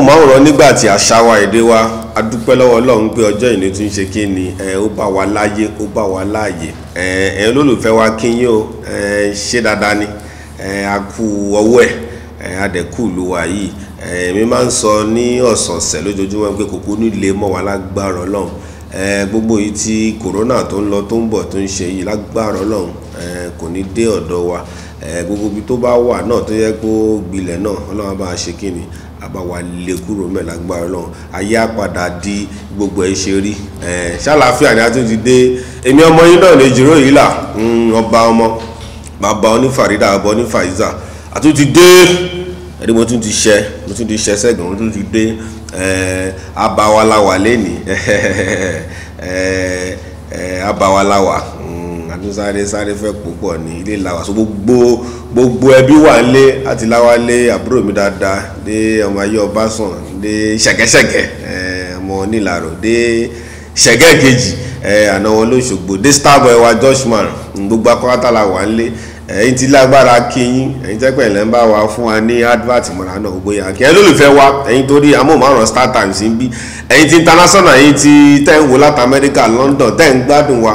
amóhùnmáwòrán nígbà tí àṣà wa èdè wa a lọ́wọ́ ọlọ́run pé ọjọ́ ìní tún ṣe kí ni ẹ ó bá wa láyé ó bá wa láàyè ẹ ẹ olólùfẹ́ wa kí yín o ẹ ṣe dáadáa ni ẹ a kú ọwọ́ ẹ ẹ adẹ̀kù ló wà yìí ẹ mi máa ń sọ ní ọ̀sọ̀ọ̀sẹ̀ lójoojúmọ́ pé kòkó nílé mọ́ wa lágbára ọlọ́run gbogbo yìí tí kòrónà tó ń lọ tó ń bọ̀ tó ń ṣe yìí lágbára ọlọ́run kò ní dé ọ̀dọ̀ wa gbogbo ibi tó bá wà náà tó yẹ kó gbilẹ̀ náà ọlọ́run bá ṣe kí ni àbáwá lè kúrò mẹ́ lágbára ọlọ́run ayé àpàdà di gbogbo ẹ̀ ṣe rí ṣàlàáfíà ni a tún ti dé èmi ọmọ yín náà lè jíró yìí là hmm, ọba ọmọ bàbá onífàrídà ọba onífàyíṣà a tún ti dé ẹni mo tún ti ṣe mo tún ti ṣe sẹ́gun mo tún ti dé abawalawa lẹ́nìí abawalawa ní sáré sáré fẹ́ púpọ̀ ní ilé làwà so gbogbo gbogbo ẹbí wà lé àti láwálé àbúrò mi dáadáa dé ọmọ ayé ọbásàn dé ṣẹ̀gẹ́ṣẹ̀gẹ́ eh, ọmọ onílàrọ̀ dé ṣẹ̀gẹ́ kejì eh, àná wọn lóṣogbo dé starboy wa joshman gbogbo akọ́kátà la wà lé eh, ẹ̀yin tí lágbára kíyín ẹ̀yin tẹ́pẹ̀ ilẹ̀ ń bá wa fún wa ní advert mọ̀ra náà gbogbo yà kí ẹ lólùfẹ́ wa ẹ̀yin torí amóhùnmáwòrán star times ń bí ẹ̀yin tí international ẹ̀yin tí tẹ́ ń wò láti amẹ́ríkà london tẹ́ ń gbádùn wa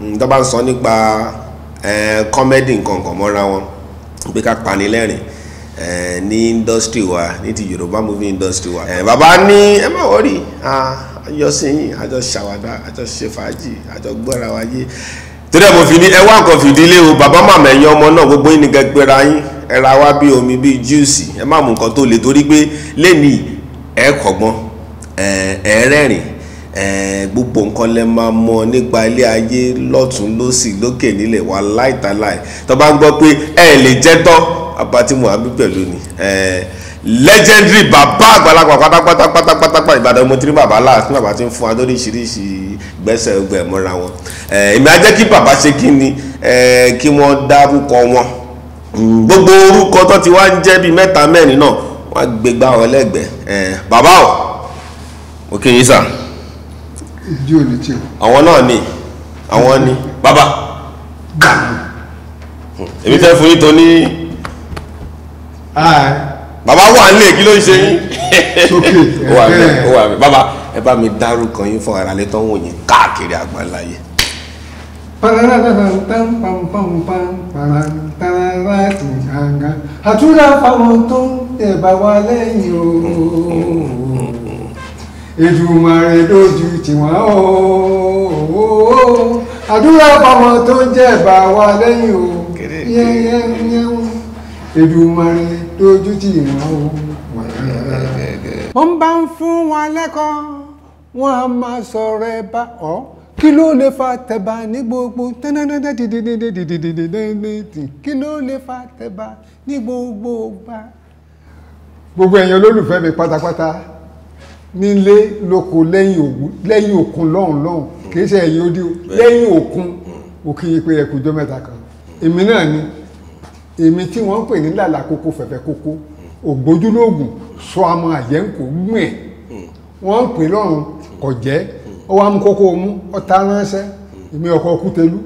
Mm, tó bá ń sọ nípa kọ́mẹ́dì nkankan mọ́ra wọn pé ká pani lẹ́rìn ní indọ́sítírì wa ní ti yorùbá movie indọ́sítírì wa. bàbá ní ẹ má wọrí àjọ sẹ́yìn àjọ ṣàwádà àjọ ṣe fàájì àjọ gbọ́ra wáyé torí ẹ mo fi ní ẹ wá nǹkan fìdílé o bàbá màmá ẹ̀yìn ọmọ náà gbogbo yín ni gẹgbẹ́ra yín ẹ ra wá bí omi bí júùsì ẹ má mú nǹkan tó le torí pé lẹ́nìí ẹ kọ̀gbọ́n ẹ rẹ́rìn gbogbo nǹkan lẹ máa mọ nípa ilé ayé lọ́tún lọ́sì lókè nílẹ̀ wà láìtàláì tó bá ń gbọ́ pé ẹ lè jẹ́ tán abati muhammed pẹ̀lú ni legendary Baba, àgbàlagbà pátápátá pátápátá ìbàdàn mo ti rí bàbá láàfin bàbá ti ń fún wa lóríṣiríṣi gbẹ́sẹ̀ ọgbà ẹ̀mọ́ra wọn èmi á jẹ́ kí bàbá ṣe kí ni kí wọ́n dárúkọ wọn hmm, gbogbo orúkọ tó ti wá ń jẹ́ bíi mẹ́ta mẹ́rin náà wọ́n á gbégbá wọn lẹ́gbẹ̀ẹ́ bàbá o mo kí sáà ìdí òní tiẹ̀. àwọn náà ni àwọn ni bàbá èmi fẹ́ fún yín tó ní. bàbá wà nílé kí ló ń ṣe yín. ó wà mí ó bàbá ẹ bá mi dárúkọ yín fún ara létọ́ wò yín káàkiri àgbáláyé. àtúrà fáwọn tó ń tẹ̀ bá wa lẹ́yìn o. Èdùmàrè lójú tiwọn o àdúrà báwọn tó ń jẹ̀bà wa lẹ́yìn o yẹ́yẹ́yẹ́ Èdùmàrè lójú tiwọn o. mo ń bá ń fún wọn lẹ́kọ̀ọ́ wọn a máa sọ̀rọ̀ ẹ bá ọ kí ló lè fa tẹ̀bà ní gbogbo kí ló lè fa tẹ̀bà ní gbogbo gbà. gbogbo ẹ̀yin olólùfẹ́ mi pátápátá nílé lóko lẹ́yìn òkun lọ́hùn lọ́hùn kì í ṣe ẹ̀yìn odi lẹ́yìn òkun òkè ìpè ẹ̀kú ọjọ́ mẹ́ta kan èmi náà ni èmi tí wọ́n ń pè ní làlà kókó fẹ̀fẹ̀ kókó hmm. ògbójúlógún sọ àmọ́ àyẹ̀ǹkó gbìn ẹ̀ hmm. wọ́n ń pè lọ́rùn kọ̀ jẹ́ ọwọ́ hmm. amúkókó mú ọ̀tá ránṣẹ́ èmi ọkọ̀ kútẹ́lú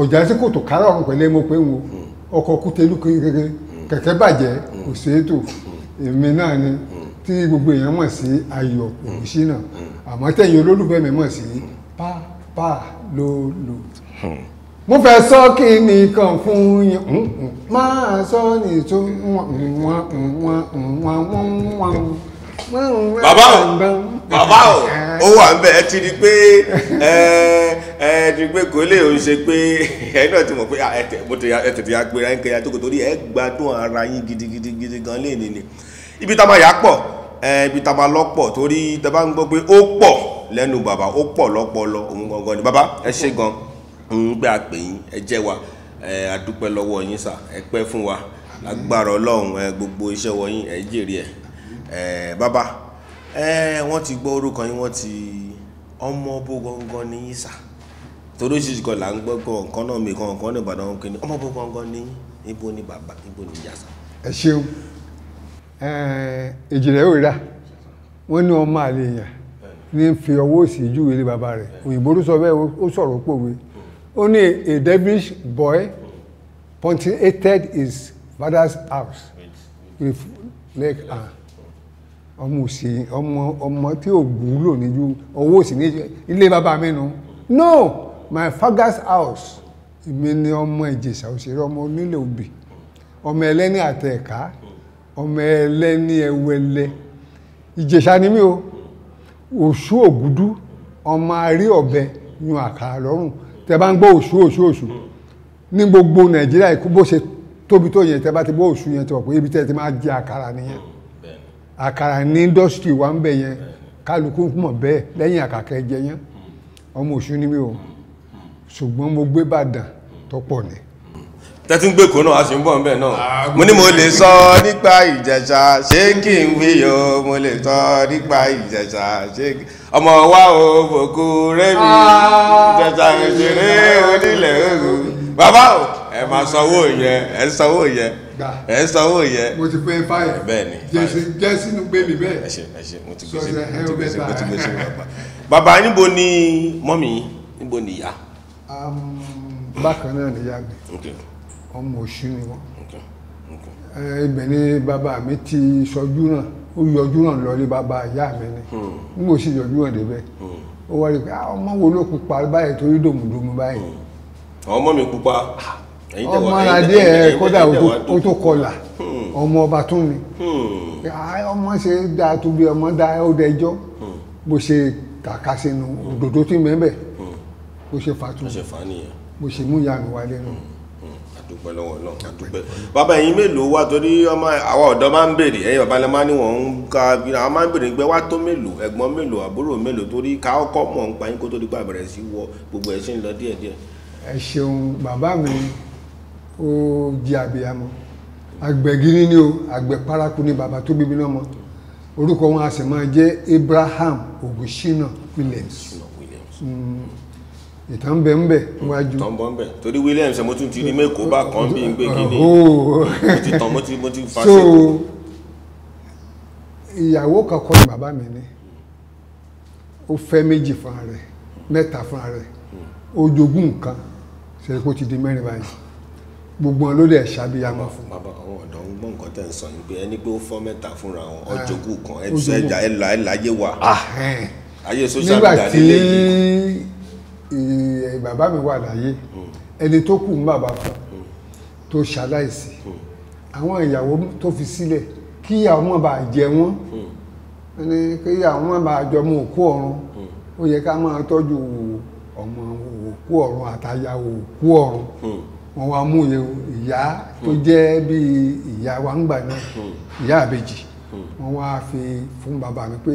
ọ̀jà sí kòtò kárà ọ̀run pẹ̀lẹ́ mo pé ń wo ọkọ̀ kútẹ́lú kékeré kẹ̀kẹ́ bàjẹ́ òṣètò èmi náà ni tí gbogbo èèyàn mọ̀ sí ayọ̀ òṣìnà hmm. hmm. àmọ́ tẹ̀yìn olólùfẹ́ mi mọ̀ sí hmm. pápá lólo. mo fẹ́ sọ kí ni kan fún yín máa sọ ní tó bàbá o bàbá o ó wà ń bẹ ẹ ti di pé ẹ ẹ ti pé kò lè ń ṣe pé ẹ náà ti mọ̀ pé ẹ tètè ya pé ẹ ń kẹyà tó kò torí ẹ gbádùn ara yín gidigidi gan lè nìyí ibi tá a máa yà á pọ̀ ẹbí taba lọ́pọ̀ torí taba ń gbọ́ pé ó pọ̀ lẹ́nu bàbá ó pọ̀ lọ́pọlọ òun gangan ni bàbá ẹ ṣe gan ń gbé àpè yín ẹ jẹ́ wa ẹ adúpẹ́ lọ́wọ́ yín sà ẹ pẹ́ fún wa lágbára ọlọ́run ẹ gbogbo iṣẹ́ wọ̀nyí ẹ jèrè ẹ ẹ bàbá ẹ wọ́n ti gbọ́ orúkọ yín wọ́n ti ọmọ bó gangan ni yín sà torí oṣiṣi kan là ń gbọ́ gan nǹkan náà mi kan nǹkan náà Ìbàdàn kìíní ọmọ bó gangan ni yín ibo ni bàbá ibo ni ìyá sà. ẹ ṣeun Eh, ìjìnlẹ̀ ò rà wọ́n ní ọmọ àlè èèyàn ní fi ọwọ́ òsì ju ilé bàbá rẹ̀ òyìnbó ló sọ bẹ́ẹ̀ ó sọ̀rọ̀ pòwe ó ní a devilish boy pointed his father's house with leg and ọmọ òsì ọmọ ọmọ tí ò wúlò níjú ọwọ́ òsì ní ilé bàbá mi nu no my father's house èmi ni ọmọ ìjèṣà òṣèré ọmọ onílé òbí ọmọ ẹlẹ́ni àtẹ̀ẹ̀ká ọmọ ẹlẹ́ni ẹwẹlẹ ìjẹ̀ṣà ni mí o òṣù ògúdú ọmọ àrí ọ̀bẹ yun àkàrà lọ́rùn tẹ bá ń gbọ́ òṣù òṣù òṣù ní gbogbo nàìjíríà ikú bó ṣe tóbi tó yẹn tẹ bá ti gbọ́ òṣù yẹn tó pé ibi tẹ́ ti máa jẹ àkàrà nìyẹn àkàrà ní wa ń bẹ̀ yẹn kálukú ni. tẹ́tí ń gbèkó náà a sì ń bọ̀ ń bẹ̀ náà ah, mo ní mo lè sọ nípa ìjẹ̀ṣà ṣé kí n wí o mo lè sọ nípa ìjẹ̀ṣà ṣé kí ọmọ wa o bòkú rẹ́mi ìjẹ̀ṣà ìṣeré onílẹ̀ òru bàbá o ẹ máa sanwó yẹn ẹ sanwó yẹn ẹ sanwó yẹn. mo ti pé fáyà bẹ́ẹ̀ ni jẹ́ sínú gbé ẹ ṣe ẹ ṣe mo ti gbé mo ti gbé mo ti gbé bàbá. bàbá níbo ni mọ́mì níbo ni ìyá. Um, bákan náà ni ìyá mi ọmọ òṣù ni wọ́n ibẹ̀ ni bàbá mi ti sọjú náà ó yọjú náà lọlé bàbá ìyá mi ni hmm. n kò sì yọjú náà débẹ̀ hmm. ó wá rí i pé ah, ọmọ wo ló pupa báyìí torí dòmùdòmù báyìí. Hmm. ọmọ mi pupa ah, ọmọ adé ẹ kódà ó tó kọlà ọmọ ọba tún ni ah, ọmọ ṣe dáa tó bí ọmọ dáa ó dẹjọ́ bó ṣe kàkà sínú òdòdó tí mẹ́bẹ̀ bó ṣe fà tún bó ṣe mú ìyá mi wálé náà dúpẹ́ lọ́wọ́ Ọlọ́run a dúpẹ́ bàbá ẹ̀yin mélòó wà torí ọmọ àwa ọ̀dọ́ máa ń béèrè ẹ̀yin bàbá lẹ́mọ́ ni wọ́n ń ka àwọn máa ń béèrè pé wá tó mélòó ẹ̀gbọ́n mélòó àbúrò mélòó torí ká ọkọ mọ̀ ń pa yín kó tó di pa bẹ̀rẹ̀ sí wọ gbogbo ẹ̀ ṣe ń lọ díẹ̀díẹ̀. ẹ ṣeun bàbá mi ó jí abiyamọ àgbẹ̀ ni o àgbẹ̀ paraku ni bàbá tó bíbí lọ́mọ orúkọ wọn a sì máa jẹ́ Abraham Ogunṣina Williams. Williams. Mm ìtàn bẹ ń bẹ níwájú. ìtàn bọ ń bẹ torí Williams mo tún ti rí mẹ́kọ̀ọ́ bá kan bí n gbé kí ni ah, oh. mo ti tàn mo ti mo ti fa ṣe. ìyàwó kankan ni bàbá mi ní ó fẹ́ méjì fúnra rẹ̀ mẹ́ta fúnra rẹ̀ ó jogún nǹkan ṣe kó ti di mẹ́rin báyìí gbogbo wọn ló dẹ̀ ṣàbíyamọ fún. bàbá àwọn ọ̀dọ́ ń gbọ́ nǹkan tẹ̀ ń sọ yín pé ẹni pé ó fọ́ mẹ́ta fúnra wọn ọjọ́gùn kan ẹ̀ tún ẹ̀ láyé wa ah, ayé social bàbá mi wà láyé ẹni tó kù ń bàbá fún tó ṣaláìsí àwọn ìyàwó tó fi sílẹ̀ kí àwọn má bàa jẹ wọ́n ní kí àwọn má bàa jọ mú òkú ọ̀run ó yẹ ká máa tọ́jú ọmọ òkú ọ̀run àtàyà òkú ọ̀run wọn wá mú ìyá tó jẹ́ bí ìyá wa ń gbà náà ìyá àbèjì wọn wá fi fún bàbá mi pé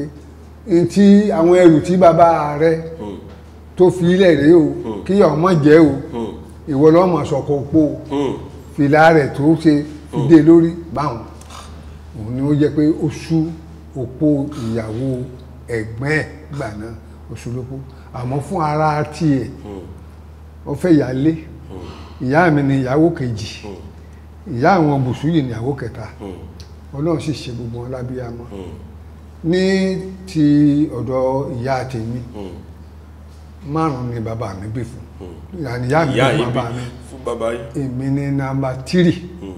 ntí àwọn ẹrù tí bàbá rẹ tó fi ilẹ̀ rèé o hmm. kí ọmọ jẹ́ o hmm. ìwọ lọ́mọ sọ̀kọ̀ po hmm. fìlà rẹ̀ tó ṣe fìdé lórí báwọn òun ni ó jẹ́ pé ó sú opó ìyàwó ẹ̀gbọ́n ẹ̀ gbà náà ó sú lópó àmọ́ fún ara tiẹ̀ ó fẹ́ yálé ìyá mi ni ìyàwó kejì ìyá àwọn bùsù yìí ni ìyàwó kẹta ọlọ́run sì ṣe gbogbo wọn lábíyá mọ́ ní ti ọ̀dọ̀ ìyá tèmi. Mm márùn ni bàbá mi bí fún hmm. ìyá mi bí bàbá mi fún bàbá yìí èmi ni nàmbà tírì hmm.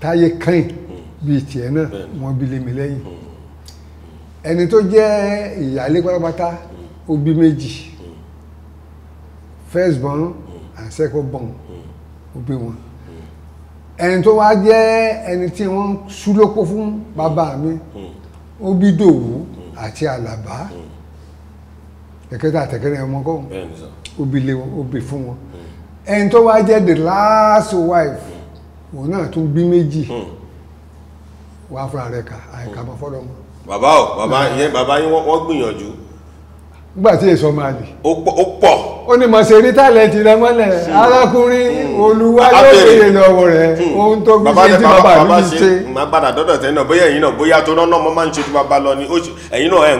táyé kẹ́yìn hmm. bíi tiẹ̀ náà wọ́n bí lé mi lẹ́yìn ẹni tó jẹ́ ìyáálé pátápátá ó méjì first born and second born ó wọn ẹni tó wá jẹ́ ẹni tí wọ́n súlókó fún bàbá mi ó Dòwú àti Àlàbá. Mm ẹ̀kẹta àtẹ̀kẹrin ọmọ kọ́ obì lé wọn obì fún wọn ẹni tó wá jẹ́ the last wife òun náà tún bí méjì hmm. wàá fúnra rẹ̀ kà àìkà mọ́ fọ́dọ̀ mọ́. bàbá o bàbá yẹn bàbá yín wọ́n gbìyànjú nígbà tí èso máa lè. ó pọ̀. ó ní mọ̀sẹ̀ rí tálẹ̀ǹtì rẹ mọ́lẹ̀ hmm. arákùnrin hmm. olúwa yóò béèrè lọ́wọ́ rẹ hmm. ohun tó gbé ṣe tí bàbá mi ti ṣe. màá padà dọ́dọ̀ tẹ́ náà bóyá ẹ̀yin náà bóyá tó náà mọ́ máa ń ṣe ju bàbá lọ ni ẹ̀yin náà ẹ̀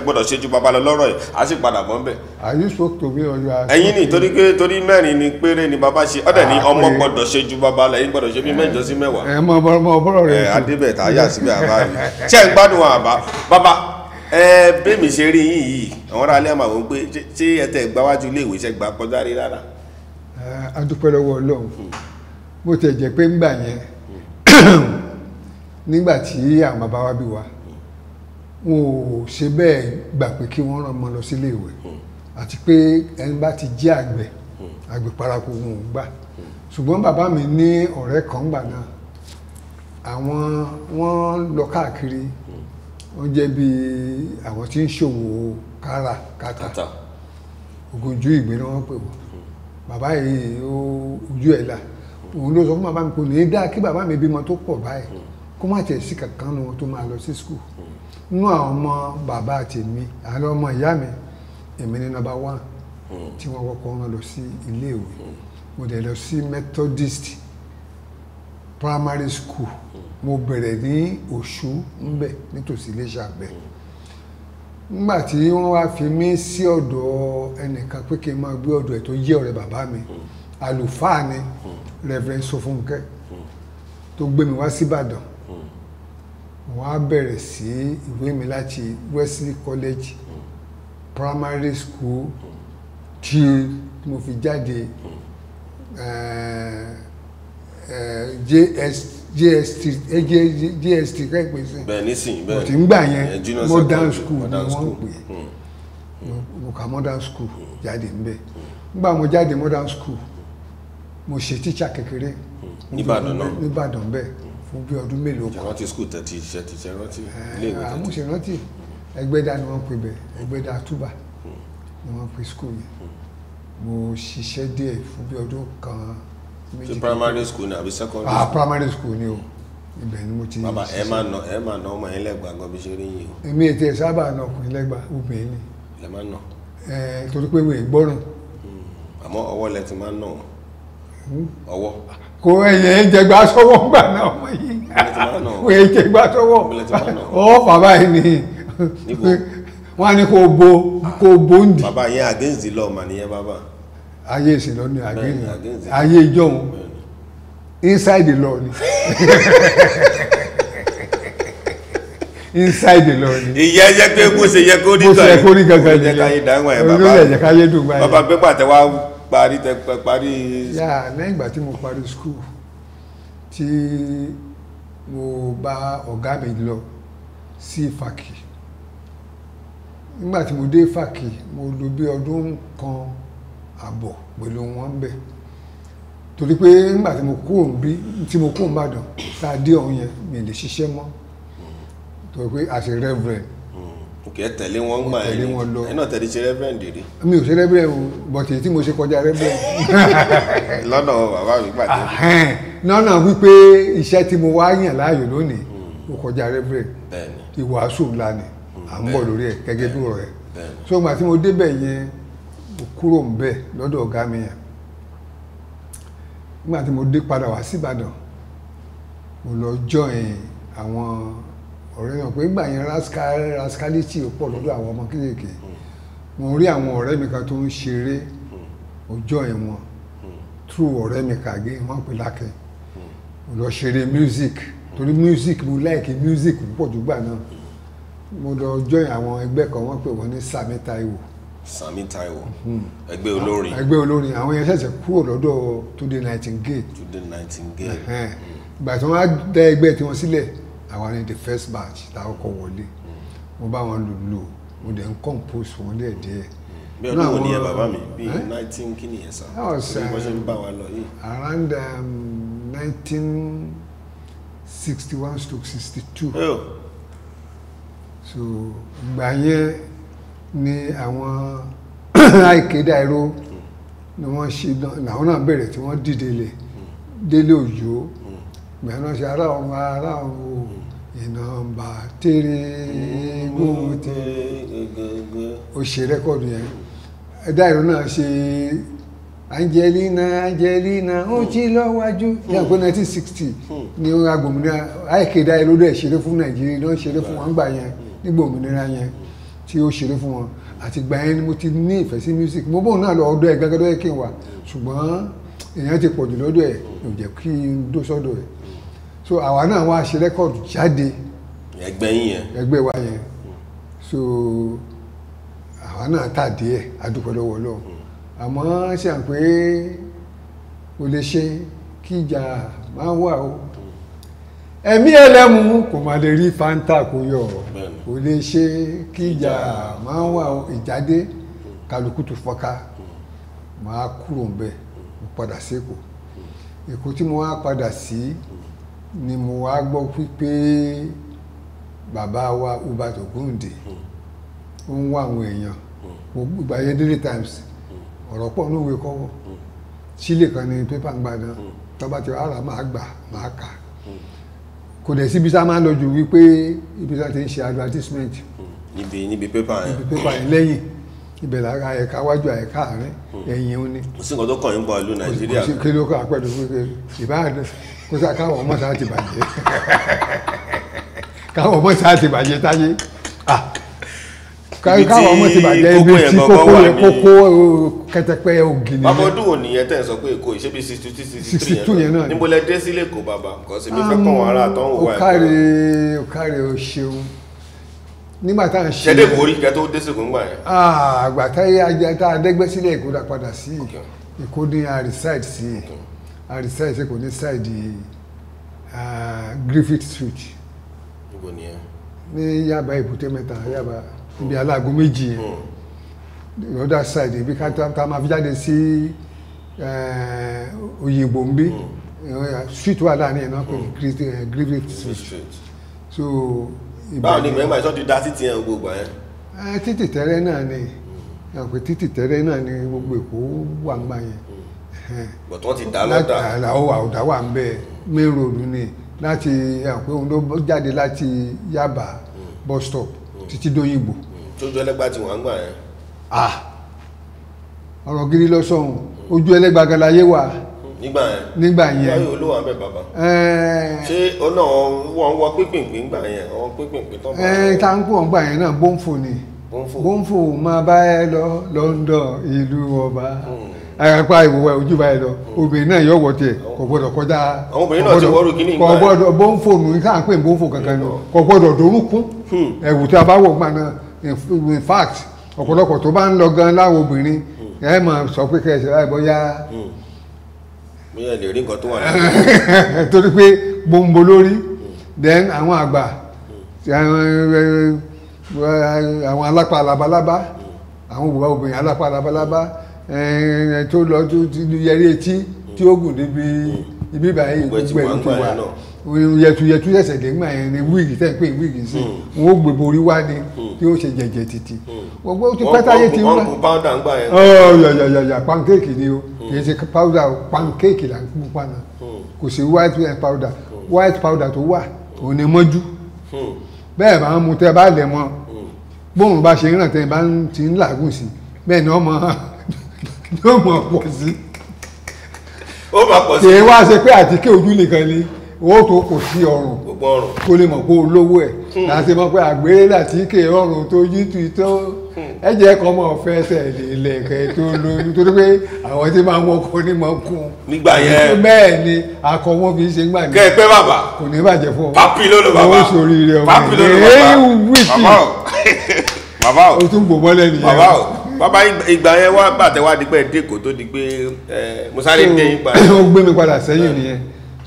gbọ́dọ̀ ṣe ju bàbá lọ lọ́rọ̀ ẹ̀ á sì padà bọ́ ńbẹ̀. àyè sọ́kù tó bí ọjọ́ àṣẹ. ni torí pé torí mẹ́rin ni péré ni bàbá ṣe ọ̀dẹ̀ ni ah, ọmọ gbọ́dọ̀ ṣe ju bàbá lọ ẹ̀yin gbọ́dọ̀ ṣe bí mẹ́jọ sí mẹ́wàá. ẹ mọ ọbọrọ rẹ. ẹ adébẹ̀ tá a yà àbá rẹ. ṣé ẹ gbádùn àbá bàbá ẹ bẹ́ẹ̀mì ṣe rí yín yìí àwọn ará alẹ́ àmàwò ń pé ṣé ẹ tẹ̀ gbáwájú ilé ìwé iṣẹ́ gbà kọjá rí rárá. a dúpẹ́ lọ́wọ́ ọlọ́run hmm. bó tẹ̀ jẹ́ pé ńgbà yẹn hmm. nígbà tí àwọn bàbá wa bí wa hmm. wọn ò ṣe bẹ́ẹ̀ gbà pé kí wọ́n rán ọmọ lọ sílé ìwé àti pé ẹni bá ti jẹ́ àgbẹ̀ àgbẹ̀ paraku wọn ò gbà ṣùgbọ́n bàbá mi ní ọ̀rẹ́ kan gbà náà àwọn wọ́n lọ káàkiri ó jẹ́ bí àwọn tí ń ṣòwò kára kàtà ògùnjú ìgbé ni wọ́n pè wọ́n bàbá yìí ó ojú ẹ̀ là òun ló sọ fún bàbá mi kò ní í dá kí bàbá mi bímọ tó pọ̀ báyìí hmm. kó má tiẹ̀ sí kankan nu tó máa lọ sí skul hmm. nínú àwọn ọmọ bàbá tèmi àwọn ọmọ ìyá mi èmi ni nọ́mbà one hmm. tí wọ́n kọ́kọ́ rán lọ sí iléèwé mo dẹ̀ lọ sí Methodist. Mm primary school hmm. mo bẹ̀rẹ̀ ní Òṣù ńbẹ̀ hmm. nítòsí Iléṣà bẹ̀ hmm. nígbà tí wọ́n wá fi mí sí ọ̀dọ̀ ẹnìkan pé kí n máa gbé ọ̀dọ̀ ẹ̀ tó jẹ́ ọ̀rẹ́ bàbá mi àlùfáà ni Reverend Sofunke tó gbé mi wá síbàdàn wọ́n á bẹ̀rẹ̀ sí ìwé mi láti Wesley College primary school tí mo fi jáde ẹ̀ẹ́. Eh, JST JST kẹ́pẹ́ sí bẹ́ẹ̀ nísìnyí bẹ́ẹ̀ tí ń gbà yẹn modern school ni wọ́n pè hmm. mo ka modern school jáde ń bẹ̀ nígbà mo jáde modern school mo ṣe tíṣà kékeré hmm. nìbàdàn náà nìbàdàn bẹ́ẹ̀ fún bí ọdún mélòó kan. ìrántí school tẹ̀tí iṣẹ́ ti ṣe rántí iléèwé tẹ̀tí. àmúṣe rántí ẹgbẹ́dá ni wọ́n pè bẹ̀ ẹgbẹ́dá túbà hmm. ni wọ́n pè school yẹn mo ṣiṣẹ́ díẹ̀ fún bí ọdún kan ṣe primary school ni àbí secondary ah, school. primary school ni o ibẹ̀ ni mo ti. Baba ẹ ma nọ ẹ ma nọ ọmọ yẹn lẹ́gbàá gan bí ṣe rí yìí o. èmi ètò ẹ̀ sábà nà ọkùnrin lẹ́gbàá obìnrin ni. ẹ torí pé gbọ́rùn. Hmm, lẹ ti hm? ọmọ yìí bàbá yìí ni bo kò bo bàbá yẹn against the law ayé ìsìnlọ ni ayé ìjọun inside the law ni inside the law ni. ìyá jẹ́ pé bó ṣe yẹ kó rí gangan yẹn bó ṣe yẹ kó rí gangan yẹn káyé dáhùn ẹ̀ bàbá olóyè káyé dùn bàbá pépà tẹ wá parí tẹ parí. yà lẹ́yìn ìgbà tí mo parí school tí mo bá ọ̀gá mi lọ sí fàkì nígbà tí mo dé fàkì mo lò bí ọdún kan àbọ̀ pẹ̀lú wọn bẹ̀ torí pé nígbà tí mo kú òun bí tí mo kú òun bàdàn tá a dé ọ̀hún yẹn mi lè ṣiṣẹ́ mọ́ torí pé àti reverend. òkè hmm, ẹ tẹ̀lé wọn gbà ẹ ní ẹ náà tẹ̀lé ṣe reverend rí. mi ò ṣe reverend o but èyí tí mo ṣe kọjá reverend. lọ́nà bàbá mi pàdé. lọ́nà wípé iṣẹ́ tí mo wá yàn láàyò lónìí ó hmm. kọjá reverend ìwàásù ńlá ni à ń bọ̀ lórí ẹ̀ gẹ́gẹ́ bí ọ̀rọ̀ ẹ̀ so ìgbà tí mo débẹ̀ yẹn mo kúrò ń bẹ̀ lọ́dọ̀ ọ̀gá mi yẹn nígbà tí mo dé padà wá síbàdàn mo lọ join àwọn ọ̀rẹ́ náà pé nígbà yẹn rascality ó pọ̀ lọ́dọ̀ àwọn ọmọ kéékèèké mo rí àwọn ọ̀rẹ́ mi kan tó ń ṣeré mo join wọn through ọ̀rẹ́ mi kàgé wọ́n pè lákẹ́ mo lọ ṣeré music torí music mo like music púpọ̀ jùgbà náà mo lọ join àwọn ẹgbẹ́ kan wọ́n pè wọ́n ní Sami Taiwo Sami Taiwo mhm. ẹgbẹ́ olórin ẹgbẹ́ olórin àwọn yẹn ṣẹ̀ṣẹ̀ kúrò lọ́dọ̀ Tunde Nightingale Tunde Nightingale hmm. ìgbà tí wọ́n á dá ẹgbẹ́ tiwọn sílẹ̀ àwa ni the first batch tá a kọ́ wọlé hmm. mo bá wọn lò lò mo dẹ̀ ń compose wọn díẹ̀ díẹ̀. bí ọdún wo ni ẹ bàbá mi bíi nineteen kí ni ẹ sá bí wọ́n ṣe ń um, bá wa lọ yìí. around um, nineteen sixty one stroke sixty two so ìgbà yẹn ni àwọn àìkédà ìró ni wọ́n ṣe làwọn náà bẹ̀rẹ̀ tí wọ́n dìde lè délé òjò gbẹ̀rún ṣe ará ọ̀run ará ọ̀run ìnàmbà tèrè gbóhùn tèrè ó ṣe rẹ́kọ̀dù yẹn ẹ̀dá ìró náà ṣe Angelina Angelina ó jí lọ́wájú yàgò 1960 ni agbòmìnira àìkédà ìró dẹ̀ ṣeré fún Nàìjíríà náà ṣeré fún wọn gbà yẹn hmm. nígbòmìnira yẹn tí ó ṣeré fún wọn àti ìgbà yẹn ni mo ti ní ìfẹ́ sí music mo bóun náà lọ ọ̀dọ̀ ẹ̀ gángan tó yẹ kí n wà ṣùgbọ́n èèyàn ti pọ̀ jù lọ́dọ̀ ẹ̀ kò jẹ́ kí n dó sọ́dọ̀ ẹ̀ so àwa náà wá ṣe rẹ́kọ̀dù jáde ẹgbẹ́ yín yẹn ẹgbẹ́ wa yẹn so àwa náà tàdé ẹ̀ adúpẹ́ lọ́wọ́ Ọlọ́run àmọ́ ṣe à ń pé o lè ṣe kí máa wà o ẹ̀mí ẹlẹ́mu kò má lè rí fanta kó yọ kò lè ṣe kí ìjà máa ń wà ìjáde kálukú tó fọ́ká máa kúrò ń bẹ̀ mo padà sí èkó tí mo wá padà sí ni mo wá gbọ́ pípé bàbá wa ubato Ògúndé ó ń wá àwọn èèyàn ìgbà yẹn Daily Times ọ̀rọ̀ pọ̀ níwèé kọ́wọ́ sílè kan ní pépà ń gbà tọ́ba ti wá rà máa gbà máa kà á kò dẹ̀ síbi tá a máa ń lọ wípé ibi tá ti ń ṣe advertisement. Hmm, níbi níbi pépà yẹn níbi pépà yẹn lẹ́yìn ibẹ̀ lára ẹ̀ka wájú ẹ̀ka rẹ̀ hmm. ẹ̀yìn ó ní. kò sí nǹkan tó kàn yín bọ̀ ìlú nàìjíríà. kò sí kí ló kọ́ àpẹẹrẹ fún kí ìbáàdàn kó sá káwọn ọmọ sáà ti bàjẹ́ káwọn ọmọ sáà ti bàjẹ́ táyé káwọn ọmọ ti bàjẹ́ ibi tí kókó yẹ kókó kẹtẹpẹ ògìnì. bàbá ọdún wo nìyẹn tẹ̀ ń sọ pé èkó ìṣẹ́bí sixty two sixty three yẹn náà níbo lẹ dé sílé èkó bàbá nǹkan sí mi fẹ́ kọ́ wọn ará tán wò wá ẹ̀kọ́. òkàrè òkàrè o ṣeun nígbà tá à ń ṣe. ṣẹ́dẹ̀ kò rí ìjà dé sí ìgbà yẹn. àgbà táyé ajá tá a dẹ́gbẹ́ sílé èkó dá padà sí èkó ní àrísáìd sí àrísáìd sí kò ní sáìdì Griffith Street. ni ní yaba èbúté mẹ́ta yaba. Okay níbi aláàgó méjì yẹn hmm. the other side ibi ká tá máa fi jáde sí oyègbò ń bí street wà láàrin ẹ̀ náà pé hmm. eh, grivet street so. báwo ni mẹ́gbà ìṣọ́ ti da títì yẹn gbogbo yẹn. Eh, títì tẹ́rẹ́ náà ni àpè hmm. títì tẹ́rẹ́ náà ni gbogbo èkó wà ń gbà yẹn. bọ̀tọ́ ti dá lọ́dà. àwọn àwòdà wà ń bẹ main road ni láti àpè òun ló jáde láti Yaba bus stop títí dóyìnbó tójú ẹlẹ́gbà tí wọ́n ń gbà yẹn. ah ọ̀rọ̀ gidi lọ sọ̀hún ojú ẹlẹ́gbà galaye wà. nígbà yẹn nígbà yẹn báyọ̀ olówó àbẹ̀ bàbá. ṣé ọ̀nà wọn wọ pínpín gbà yẹn wọn pínpín tán. ẹ táǹkù ọ̀gbà yẹn náà bọ́ǹfò ni bọ́ǹfò máa bá ẹ lọ London ìlú ọba àyàpá hmm. ìwòwà ojú bá ẹ lọ hmm. obìnrin náà yọ wọ tiẹ̀ kò gbọ́dọ̀ kọjá àwọn obìnrin náà ti wọrù kí ní ìgbà yẹn kò gbọ́dọ̀ bọ́ǹfò nù ní káà pè bọ́ǹfò kankan ni hmm. kò gbọ́dọ̀ dorúkún ẹ̀wù tí a bá wọ̀ gbà náà in fact ọ̀pọ̀lọpọ̀ tó bá ń lọ gan láwọn obìnrin hmm. ẹ mọ̀ sọ pé kẹsì láì bọ́yá. bóyá hmm. lè rí nǹkan tó wà lára. torí pé gbòǹgbò lórí hmm. then àwọn àgbà eh, àwọn alápá labalábá àwọn òbúwa obìnrin alápá labalábá eh, tó lọ tó yẹrí etí tí ó gùn débi ibi ìbàyẹ̀ gbogbo ẹ̀ wà yẹtuyẹtu ẹsẹ dẹgbà yẹn ni wíìgì tẹ pé wíìgì sí wọn hmm. ó gbé borí wá ni hmm. tí ó ṣe jẹjẹ títì hmm. gbogbo ó ti pátáyé ti wá wọn kò pàwùdà ń gbà yẹn. ọ yàyàyàyà pankéèkì ni o kì í ṣe pàwùdà o pankéèkì là ń kú pàná kò sí white eh, powder white powder tó wà òun ni mọ́jú bẹ́ẹ̀ bá ń mu tẹ́ bá lẹ̀ mọ́ bóun bá ṣe ń ràn tẹ́ bá ti ń làágùn sí bẹ́ẹ̀ ni ọmọ yóò mọ̀ pọ̀ sí. ó máa pọ̀ sí. kì í wá ṣe pé àtíkè ojú nìkan ni owó tó kò sí ọrùn kó lè mọ̀ kó olówó ẹ̀ hmm. láti mọ̀ pé àgbélé láti ké ọrùn tó yí tu tó hmm. ẹ jẹ́ kọ́ mọ̀ fẹsẹ̀ lélẹ̀ kẹ́ tó lóyún torí pé àwọn tí máa ń wọkọ ní mọ̀ kún. nígbà yẹn bẹ́ẹ̀ ni akọ wọn fi ṣe gbà ní. kẹ́ ẹ pẹ́ bàbá kò ní bàjẹ́ fún ọ. papi ló ló bàbá owó sórí rẹ ọmọ rẹ èyí wíìtì bàbá o tún gbò mọ́lẹ̀ nìyẹn. bàbá o bàbá ìgbà yẹn wá bàtẹ́ wá di pé dèkó tó di pé mùsàlẹ̀ dé ìgbà yẹn. ó gbé mi padà sẹ́yìn nìyẹn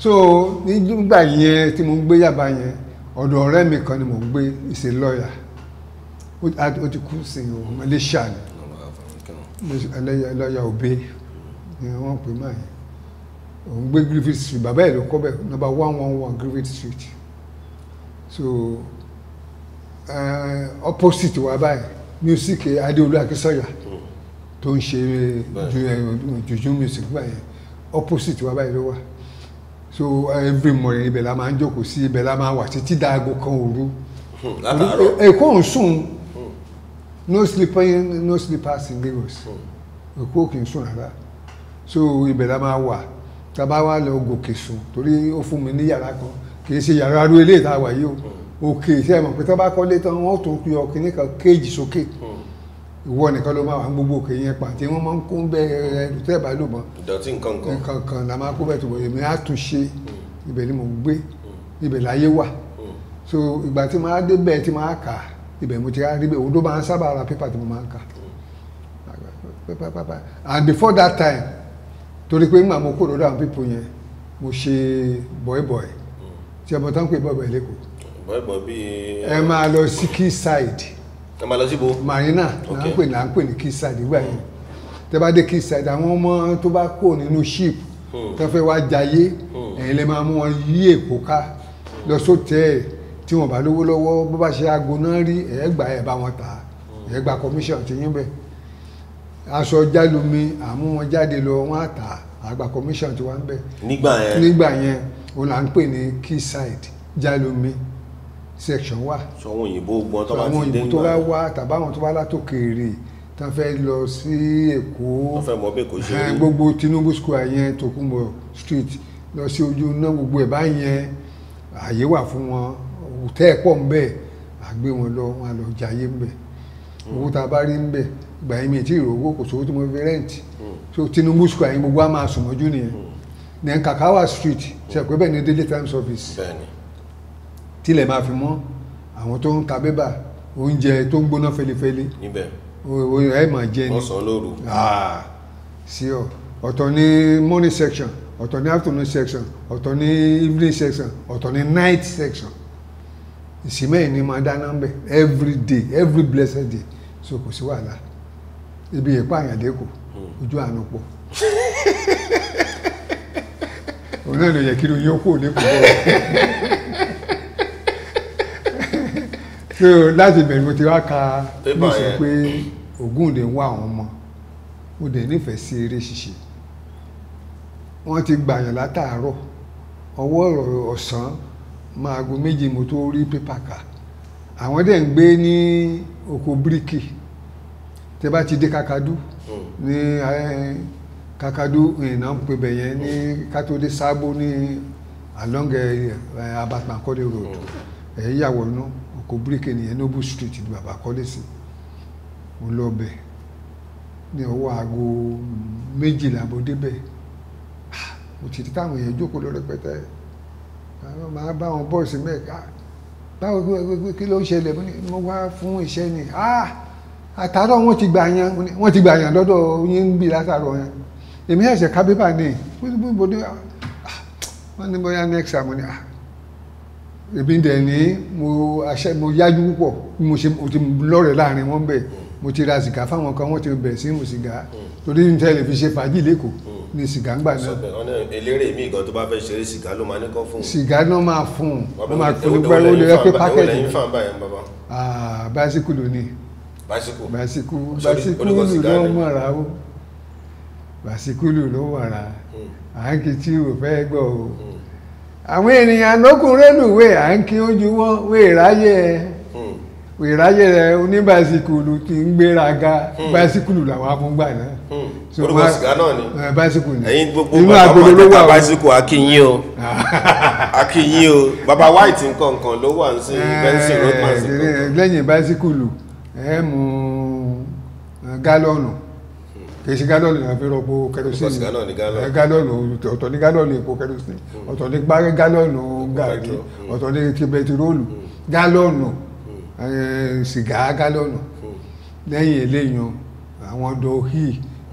so nígbà yẹn tí mo ń gbé yàbá yẹn ọ̀dọ̀ ọ̀rẹ́ mi kan ni mo ń gbé ìṣe lọ́ọ̀yà ó ti kú sí o Malaysia ni lọ́ọ̀yà òbí ni wọ́n pè máa yẹn òun gbé Griffith Street bàbá ẹ̀ ló kọ́ bẹ̀ nọ́mbà one one one Griffith Street so uh, opposite wa báyìí music Adéolú Akínsọ́yà tó ń ṣe juju music báyìí opposite wa báyìí ló wà. Wa so every morning ibẹ̀ la máa ń jókòó sí ibẹ̀ la máa wà títí dáago kan òru èkó hmm, ń sùn hmm. no sleeping no sleepers in Lagos èkó kì í sùn rárá so ibẹ̀ la máa wà tá a bá wá lọ gòkè sùn torí ó fún mi ní yàrá kan kì í ṣe yàrá aró eléyìí tá a wà yìí o òkè iṣẹ́ mọ̀ pé tá a bá kọ́lé tán wọ́n tún yọ kínní kan kéèjì sókè. So ìwọ nìkan ló máa wà gbogbo òkè yẹn pa tí wọ́n máa ń kó ń bẹ ẹrù tẹ́ ẹ̀ bá lò mọ́. ìdọ̀tí nǹkan kan nǹkan kan la máa kó bẹ̀ tó bọ̀ èmi á tún ṣe hmm. ibẹ̀ ni mò ń gbé hmm. ibẹ̀ láyé wà hmm. so ìgbà tí màá dé bẹ́ẹ̀ tí màá kà ibẹ̀ mo ti rá rí bẹ́ẹ̀ odó máa ń sábà ra pépà tí mo máa ń kà and before that time torí pé nígbà mo kó lọ́dọ̀ àwọn pípọ̀ yẹn mo ṣe bọ̀ẹ̀bọ̀ẹ̀ tí ọmọ tán pè bọ̀ẹ̀bọ̀ẹ̀ lẹ́kọ̀ọ́ bọ̀ẹ̀bọ̀ẹ̀ bíi. ẹ máa lọ síkì side ẹ máa lọ síbo. marina là ń pè là ń pè ní quayside ìgbà yẹn tẹ bá dé quayside àwọn ọmọ tó bá kó nínú ship hmm. tó fẹ́ wá jayé hmm. ẹ̀yin lè máa mú wọn yí èkó ká lọ sótẹ́ẹ̀ tí wọn bá lówó lọ́wọ́ bó bá ṣe aago náà rí ẹ̀ẹ́gbà ẹ̀ bá wọn tà hmm. ẹ̀ẹ́gbà commission ti yín bẹ̀ aṣọ jálumi àmú wọn jáde lọ wọn àtà àgbà commission ti wá ń bẹ̀. nígbà yẹn nígbà yẹn òun là ń pè ní quayside jálumi section wà. sọ̀wọ́n òyìnbó gbọ́n tó bá ti dé ìgbà. sọ̀wọ́n òyìnbó tó bá wá tàbáwọn tó bá látòkèèrè tó fẹ́ lọ sí èkó. tó fẹ́ mọ bẹ́ẹ̀ kò ṣe gbogbo Tinubu square yẹn Tòkunbọ̀ street lọ sí ojú ná gbogbo ẹ̀ bá yẹn àyè wà fún wọn òtẹ́ pọ̀ ń bẹ̀ àgbé wọn lọ wọn lọ jayé ń bẹ̀ owó tá a bá rí ń bẹ̀ gbà yín mi tí ìrówó kò sówó tí mo fi rẹ́ǹtì hmm. so Tinubu square yẹn gbogbo á máa sùn mọ́jú nìyẹn hmm. then Kakawa street ṣe pé bẹ́ẹ̀ ni Daily Times office. bẹ́ẹ̀ ni tílẹ̀ máa fi mọ́ àwọn tó ń ka bébà oúnjẹ tó ń gbóná fẹlifẹli ẹ máa jẹ ni ah, sí ọ ọ̀tọ̀ ní morning section ọ̀tọ̀ ní afternoon section ọ̀tọ̀ ní evening section ọ̀tọ̀ ní night section ìsìnmẹ́ yìí ni máa dáná ń bẹ̀ every day every blessed day so kò sí wàhálà ibi ìpààyàn dẹ́kù hmm. ojú àánú pọ̀ òun náà ló yẹ kí ló yọ kó ní kò bọ̀ so láti bẹ̀rẹ̀ mo ti wá ka níṣẹ́ pé Ògúndé ń wá àwọn ọmọ mo dẹ̀ nífẹ̀ẹ́ sí eré ṣíṣe wọ́n ti gbàyàn látàárọ̀ ọwọ́ ọ̀sán máago méjì mo tó rí pépà kà àwọn dẹ̀ ń gbé ní oko bíríkì tẹ bá ti dé kakadu hmm. ní kakadu ìná ń pè bẹ̀yẹn ní hmm. kátólé sábó ní along abatankole road hmm. ẹ̀yìn náà kò bíríkì nìyẹn noble street ni bàbá kọ́lé sí mo lọ bẹ̀ ní ọwọ́ aago méjìlá mo débẹ̀ mo ti rí táwọn èèyàn jókòó lọ rẹpẹtẹ àwọn máa bá wọn bọ́ọ̀sì mẹ́ẹ̀ká báwo kí ló ń ṣẹlẹ̀ mo wá fún iṣẹ́ ni àtàrọ̀ wọ́n ti gbà yan wọ́n ti gbà yan lọ́dọ̀ yín ń bì látàrọ̀ yẹn èmi ẹ̀ṣẹ̀ kábíbà ni wọ́n ní bóyá next time ni ah èmi dẹ̀ ní mo aṣẹ mo yájú púpọ̀ mo ṣe mo ti lọ́rẹ̀ẹ́ láàrin wọn bẹ̀ mo ti ra sìgá fáwọn kan wọ́n ti bẹ̀ sí mo sìgá torí n tẹ́lẹ̀ fi ṣe fàájì lẹ́kọ̀ọ́ ni sìgá ń gbà náà. ọ̀nà eléré mi gan tó bá fẹ́ ṣeré sìgá ló máa ní kọ́ fún un. sìgá náà máa fún un wọ́n máa fún un gbẹ́rẹ́ ó lè rẹ́ pé pákẹ́tì. ẹ̀wọ̀n lẹ́yìn ló ní. básíkù básíkù básíkù ló mọ̀ra o básíkù ló mọ̀ra à ń kí tí o fẹ́ gbọ́ o. Hmm àwọn ènìyàn lókun rélùwé à ń kí ojú wọn wéèráyè hmm. wéèráyè rẹ oníbàsíkùlù ti ń gbéraga hmm. bàsíkùlù làwọn amúgbà náà. Hmm. orúkọ sìgá náà ni eh, bàsíkùlù ni ẹ̀yin gbogbo bàbá wọn tẹta bàsíkù akínyìn o akínyìn o bàbá white nkankan ló wà sí bẹ́ńsì roadman. lẹ́yìn bàsíkùlù ẹ̀ mú eh, gálọ́ọ̀nù kì í ṣe gálọ́ọ̀nù la fi rọpo kẹrosínì gálọ́ọ̀nù eh, ọ̀tọ̀ ní gálọ́ọ̀nù epo kẹrosínì hmm. ọ̀tọ̀ ní gálọ́ọ̀nù gàrí ọ̀tọ̀ ní ti bẹtiróòlù hmm. gálọ́ọ̀nù hmm. eh, sìgá gálọ́ọ̀nù lẹ́yìn eléyìí àwọn dọ̀hí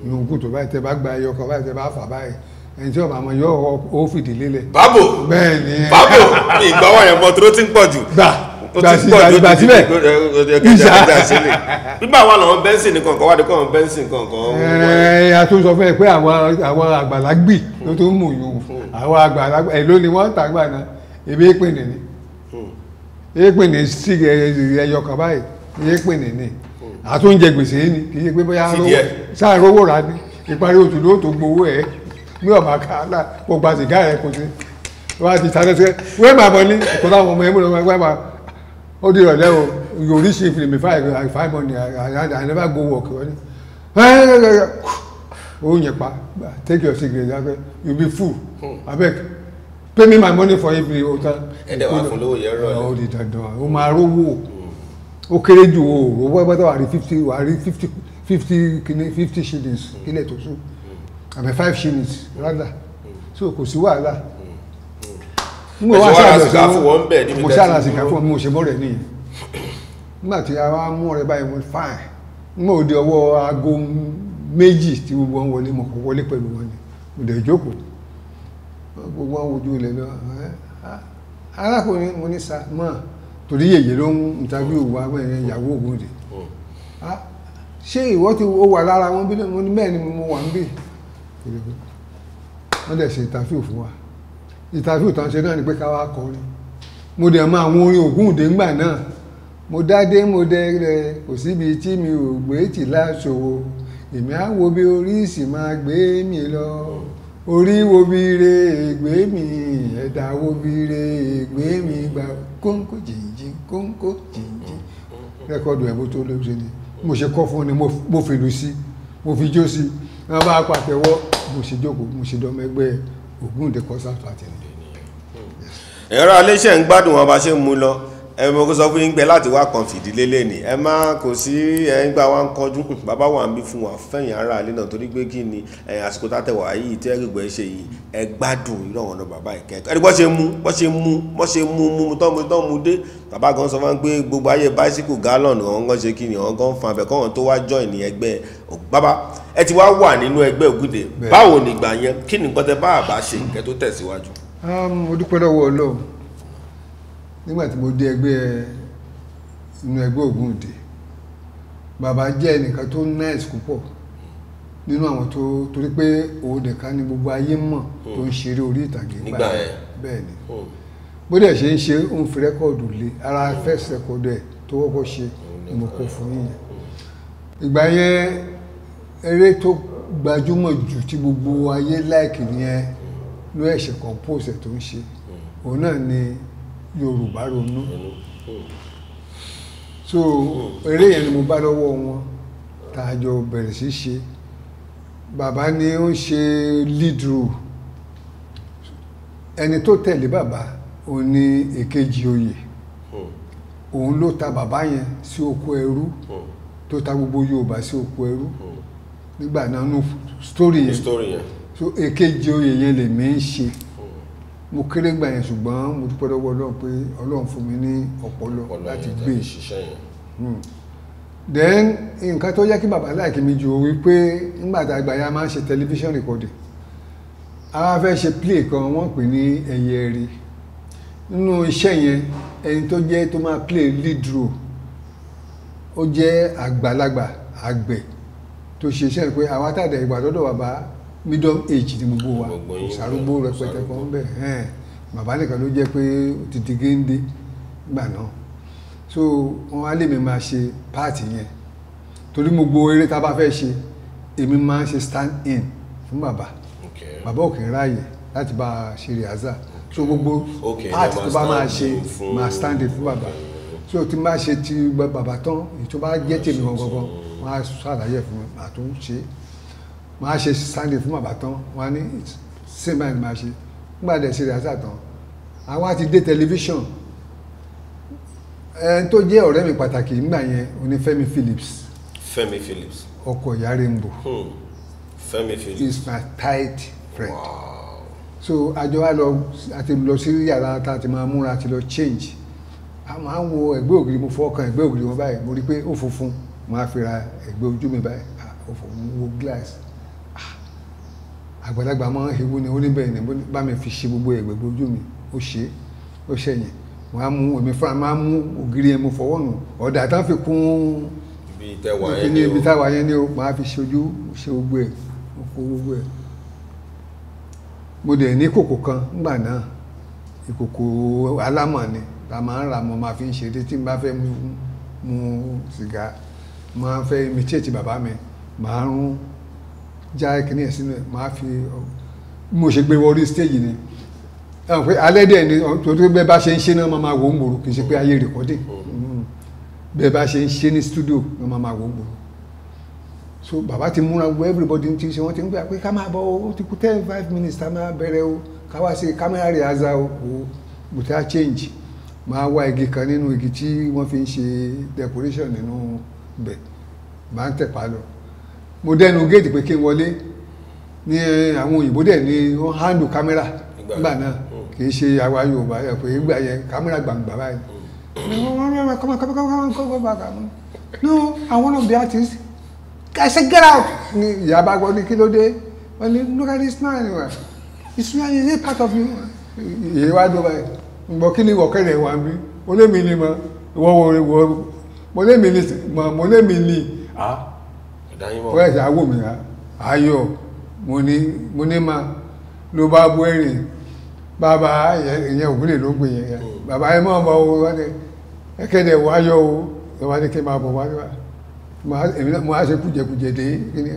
yòókù tó báyìí tẹ bá gba ẹyọ kan báyìí tẹ bá fà báyìí ẹni tí ọba àmọ́ yóò fìdí lélẹ̀. bábò bábò ìgbà wà yẹn mọ gbà síbẹ̀ ìṣá bíbá wa làwọn bẹ́ńsì nìkan kan wá dé kọ́ bẹ́ńsì nìkan kan. ẹ a tún sọ fún ẹ pé àwọn àgbàlagbì ló tó ń mú yòówù àwọn àgbàlagbì ẹ ló ni wọ́n ń tàgbà náà ebi èpè nìní èpè nìní sí ẹyọ kan báyìí èpè nìní àtúnjẹ gbèsè ni kì í ṣe pé bóyá sáà rówó rà ní ìparí oṣù ló tó gbowó ẹ̀ ní ọba kàálà kò gba sìgá ẹ̀ kò sí wọ́n á ti sáré sí wẹ́ẹ̀ máa bọ̀ ní ìkọ́lá àwọn ọmọ ẹ̀mú lọ́wọ́ ẹgbẹ́ máa ó di ìrọ̀lẹ́ o you reach if me five five money I I never go work wọ́n ní yẹn pa take your cigarette abeg you be fool abeg pay me my money for every hotel. ẹ̀dẹ̀ wà fún lówó yẹn rọ̀ ẹ̀. ó di dandan ó máa rówó ó kéré ju o owó ẹgbẹ́ tó wà rí fifty wà rí fifty fifty kìíní fifty shillings kílẹ̀ tó sùn àbẹ̀ five shillings Rather, so kò sí wàhálà mo wá ṣàlà sìkà fún mi mo ṣe mọ́ rẹ̀ nìyí nígbà a wá mú ọ̀rẹ́ báyìí mo fine mo di ọwọ́ aago méjì tí gbogbo wọn wọlé mo kò wọlé pẹ̀lú wọn ni mo dẹ̀ jókòó gbogbo wọn wojú ilẹ̀ lọ arákùnrin mo ní sa mọ́ torí yèyè ló ń tàbí òwà mẹ́rin ìyàwó Ògúndé ṣé ìwọ ti wà lára wọn bí mo ní bẹ́ẹ̀ ni mo wà ń bì wọ́n dẹ̀ ṣe ìtàfíò fún wa ìtàfíù tán ṣe náà ni pé ká wá kọrin mo dẹ̀ mọ àwọn orin Ògúndé ńgbà náà mo dádé mo dẹrẹ kò síbi tí mi ò gbé tì láṣòwò èmi á wo bí orí sì máa gbé mi lọ orí wo bí re ègbé mi ẹ̀dá wo bí re ègbé mi gba kóńkó jìnjìn kóńkó jìnjìn rẹ́kọ̀dù ẹ̀bù tó ló ṣe ni mo ṣe kọ́ fún ni mo fi lù sí mo fi jó sí wọn bá pàtẹ́wọ́ mo ṣe jókòó mo ṣe dọ́mẹgbẹ́ ẹ̀. Ògúndé concert party ni. ẹ̀rọ aléṣẹ́ ń gbádùn wọn ṣe ń mú lọ ẹ mọ kó sọ fún yín pé láti wá kan fìdílé lẹ́nì ẹ má kò sí ẹ̀yin gba wa ń kọjú bàbá wa ń bí fún wa fẹ̀yìn ara àlẹ́ náà torí pé kí ni ẹ̀yìn àsìkò tàtẹ̀wá yìí tí ẹgbẹ̀gbẹ̀ ṣe yìí ẹ gbádùn irú àwọn ọ̀nà bàbá ìkẹ́kọ̀ọ́ ẹni bọ́ ṣe mú bọ́ ṣe mú bọ́ ṣe mú mú mú tán mú tán mú dé bàbá kan sọ fún pé gbogbo ayé báísíkù gálọ̀nù ọ̀hún kan ṣe kí ni ọ̀hún kan fan abẹ kọ́hún tó wá join ẹgbẹ́ bàbá ẹ ti wá wà nínú ẹgbẹ́ Ògùdè báwo nìgbà yẹn kí ni nǹkan tẹ bá àbá ṣe nǹkan tó tẹ̀síwájú. Um, mo dúpẹ́ lọ́wọ́ Ọlọ́run nígbà tí mo dé ẹgbẹ́ inú ẹgbẹ́ ògùn òde bàbá jẹ́ ẹnìkan tó nice púpọ̀ nínú àwọn tó torí pé òun nìkan ni gbogbo ayé mọ̀ tó ń ṣeré orí ìtàgé nígbà bẹ́ẹ̀ ni hmm. bó dẹ̀ ṣe ń ṣe òun fi rẹ́kọ̀dù lé ara first record ẹ̀ tó kọ́kọ́ ṣe ni mo kó fún yìnyín ìgbà yẹn eré tó gbajúmọ̀ jù tí gbogbo ayé láìkì yẹn ló ẹ̀ṣẹ̀ kan pósẹ̀ tó ń ṣe hmm. òun náà ni yorùbá ronú so eré yẹn ni mo bá lọ́wọ́ wọn tá a jọ bẹ̀rẹ̀ sí ṣe bàbá ni ó ń ṣe lead role ẹni tó tẹ̀lé bàbá òun ni èkejì oyè òun ló ta bàbá yẹn sí oko ẹrú tó ta gbogbo yorùbá sí oko ẹrú nígbà náà nù story yẹn so èkejì oyè yẹn lèmi ń ṣe mo kéré gbà yẹn ṣùgbọ́n mo dúpẹ́ lọ́wọ́ ọlọ́run pé ọlọ́run fún mi ní ọpọlọ láti gbé hmm. then nǹkan tó jẹ́ kí bàbá láìkí mi jù wípé nígbà tá a gbà ya máa ń ṣe television recording a wá fẹ́ ṣe play kan wọ́n pè ní ẹ̀yẹ rí nínú iṣẹ́ yẹn ẹni tó jẹ́ tó máa play lead role ó jẹ́ àgbàlagbà àgbẹ̀ tó ṣe iṣẹ́ pé àwa tàdé ìgbà lọ́dọ̀ bàbá middle age ni gbogbo wa ìsàrúgbó rẹpẹtẹ kan bẹ́ẹ̀ bàbá nìkan ló jẹ́ pé di géńdé gbà náà so wọn á lè mi máa ṣe páàtì yẹn torí gbogbo eré tá fẹ́ ṣe èmi máa ń ṣe stand in fún bàbá bàbá ò kì í ráàyè láti bá a ṣe rìhásà so gbogbo páàtì tó bá máa ṣe máa stand in fún bàbá so tí n bá ṣe ti bàbá tán èyí tó bá jẹ́ tèmi gangan wọn ṣàlàyé fún mi màá tó ń ṣe é máa ṣe sunday fún bàbá tán wọn á ní same báyìí ni máa ṣe nígbà dẹ̀ ṣe rìhásà tán àwa ti dé tẹlifíṣàn ẹni tó jẹ́ ọ̀rẹ́ mi pàtàkì nígbà yẹn oní Fẹ́mi Phillips. Fẹ́mi Phillips. ọkọ Yarembo. Hmm. Fẹ́mi Phillips. is my tight friend. Wow. so àjọ wa lọ àti lọ sí yàrá ta ti máa múra ti lọ change a máa wo ẹ̀gbẹ́ ògiri mo fọwọ́ kan ẹ̀gbẹ́ ògiri wọn báyìí mo rí i pé ó funfun máa fi ra ojú mi báyìí ah, ó funfun wo glass àgbàlagbà mọ́ ewu ni ó níbẹ̀ ni bá mi fi ṣe gbogbo ẹ̀gbẹ́ ojú mi ó ṣe ó ṣẹ̀yìn wọ́n á mú èmi fún máa mú ògiri yẹn mo fọwọ́ nù ọ̀dà tá fi kún ibi táwa yẹn ni ó máa fi ṣe ojú ṣe gbogbo ẹ̀ kó gbogbo ẹ̀ mo dẹ̀ ní kòkò kan nígbà náà ìkòkò alámọ̀ ni la máa ń rà mo máa fi ń ṣeré tí n bá fẹ́ mu sìgá máa fẹ́ imitate bàbá mi máa ń rún já kìíní ẹ̀ sínú ẹ̀ máa fi mo ṣe gbé wọrí stage ni pé alẹ́ dẹ̀ ni torí bẹ́ẹ̀ bá ṣe ń ṣe náà máa máa wò ń gbòòrò kì í ṣe pé ayé recording mm-hmm. bẹ́ẹ̀ bá ṣe ń ṣe ní studio náà máa máa wò ń gbòòrò so bàbá ti múra wo everybody ti ṣe wọ́n ti ń gbà pé ká máa bọ̀ ó ti kú ten five minutes tá máa bẹ̀rẹ̀ o ká wá sí kámẹ́rà rẹ̀ o bùtá change máa wá igi kan nínú igi tí wọ́n fi ń ṣe decoration nínú bẹ̀ máa ń tẹ̀pá lọ. mo dẹnu géètì pé kí n wọlé ní àwọn òyìnbó dẹ̀ ní ó handle kámẹ́rà nígbà náà kì í ṣe àwa yorùbá yẹ pé ìgbà yẹn kámẹ́rà gbàǹgbà báyìí. no àwọn náà bí I said get out ni ìyá bá gbọ́ ní kí ló dé wọ́n ní look at this man wa this man part of you. ìyẹn wá báyìí kí ni ìwọ̀kẹ́rẹ̀ wà ń bí mo lé mi mo lé mi mo lé mi fọ́ẹ̀sì agbómìnira ayọ̀ mo ní mo ní ma ló bá bú ẹ̀rìn bàbá ìyẹn ògúnlẹ̀ ló gbé yẹn bàbá ẹ máa bọ̀ owó wá ní ẹ̀kẹ́dẹ̀ wọ ayọ̀ o ẹ wá ní kí n máa bọ̀ wá ní wa mo á ṣe kújẹkújẹ dé kí ni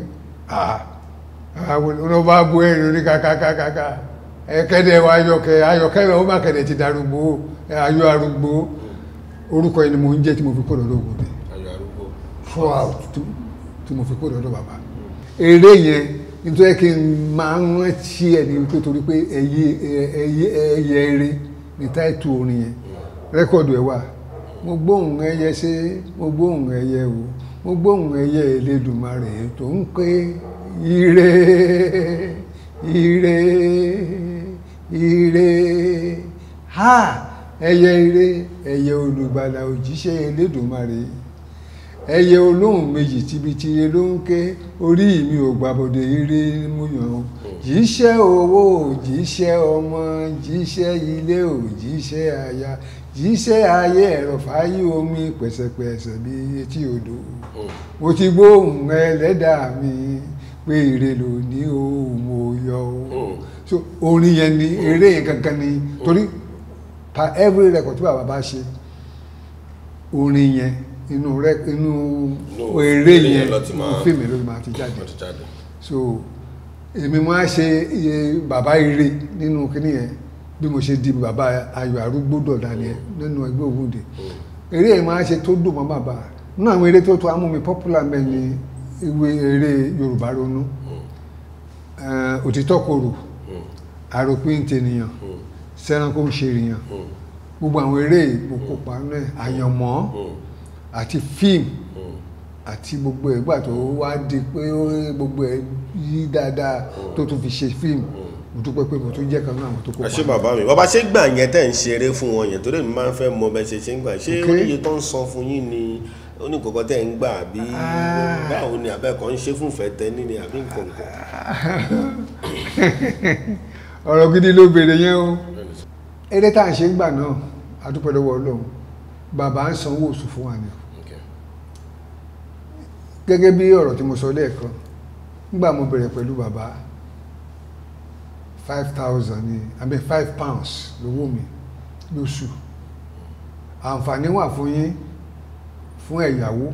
ló bá bú ẹ̀rìn ní kàkàkàkà ẹ̀kẹ́dẹ̀ wọ ayọ̀ kẹ ayọ̀ kẹrẹ ó má kẹrẹ ti darúgbó ayọ̀ arúgbó orúkọ ẹni mo ń jẹ́ tí mo fi kọ́ lọ́dọ̀ ògùn mi. ayọ̀ arúgbó tí mo fi kó lọ́dọ̀ bàbá eré yẹn nítorí kí n máa ń rántí ẹ̀ ní pé torí pé ẹyẹ ẹyẹ eré ní táìtù orin yẹn rẹ́kọ̀dù ẹ̀ wà mo gbóhùn ẹyẹ ṣe mo gbóhùn ẹyẹ wò mo gbóhùn ẹyẹ Elédùmarè tó ń pé ire ire ire ha ẹyẹ ire ẹyẹ olùgbàlà òjíṣẹ́ Elédùmarè ẹyẹ olóhùn méjì tibitì ló ń ké orí mi ò gbàbọ̀dẹ̀ eré mú yàn ó owó ò jíṣẹ́ ọmọ jíṣẹ́ ilé ò jíṣẹ́ aya jíṣẹ́ ayé ẹ̀rọ fàáyé omi pẹ̀sẹ̀pẹ̀sẹ̀ bí etí odò mo ti gbóhùn ẹlẹ́dàá mi pé ire ló ní mo yọ ó so orin yẹn ni eré kankan ni torí pa every record tí bàbá bá ṣe orin yẹn inú rẹ inú eré yẹn fíìmù ló máa ti jáde so èmi máa ṣe iye bàbá ire nínú kíní yẹn bí mo ṣe di bàbá ayọ̀ arúgbó dọ̀dà yẹn nínú ẹgbẹ́ Ògúndé mm. eré yẹn máa ṣe tó dùn mọ́ bàbá nínú àwọn eré tó tó amúmi popular mẹ́ ni ìwé eré Yorùbá ronú mm. eh, òtítọ́ korò mm. àròpin tènìyàn sẹ́ranko ń ṣe èèyàn gbogbo àwọn eré ìpò kópa náà àyànmọ́ àti fíìmù àti gbogbo ẹ̀ gbà tó wá di pé gbogbo ẹ̀ yí dáadáa tó tún fi ṣe fíìmù mo dúpẹ́ pé mo tún jẹ́ kan náà tó kópa. àṣé bàbá mi bàbá ṣé gbà yẹn tẹ̀ ń ṣeré fún wọn yẹn torí mi máa ń fẹ́ mọ bẹ́ẹ̀ ṣe ṣe ń gbà ṣé oníye tó ń san fún yín ni oníkọ̀ọ̀kan tẹ̀ ń gbà àbí ah. báwo ni àbẹ́ẹ̀kọ́ ń ṣe fúnfẹ́ tẹ nílé àbí nǹkan kan. ọ̀rọ̀ gidi ló béèrè yẹn o eré tá à ń ṣe ń gbà náà a dúpẹ́ lọ́wọ́ Ọlọ́run bàbá ń sanwó oṣù fún wa ni gẹ́gẹ́ bí ọ̀rọ̀ tí mo sọ lẹ́ẹ̀kan nígbà mo bẹ̀rẹ̀ pẹ̀lú bàbá five thousand ni i mean five pounds lówó mi lóṣù àǹfààní wà fún yín fún ẹ̀yàwó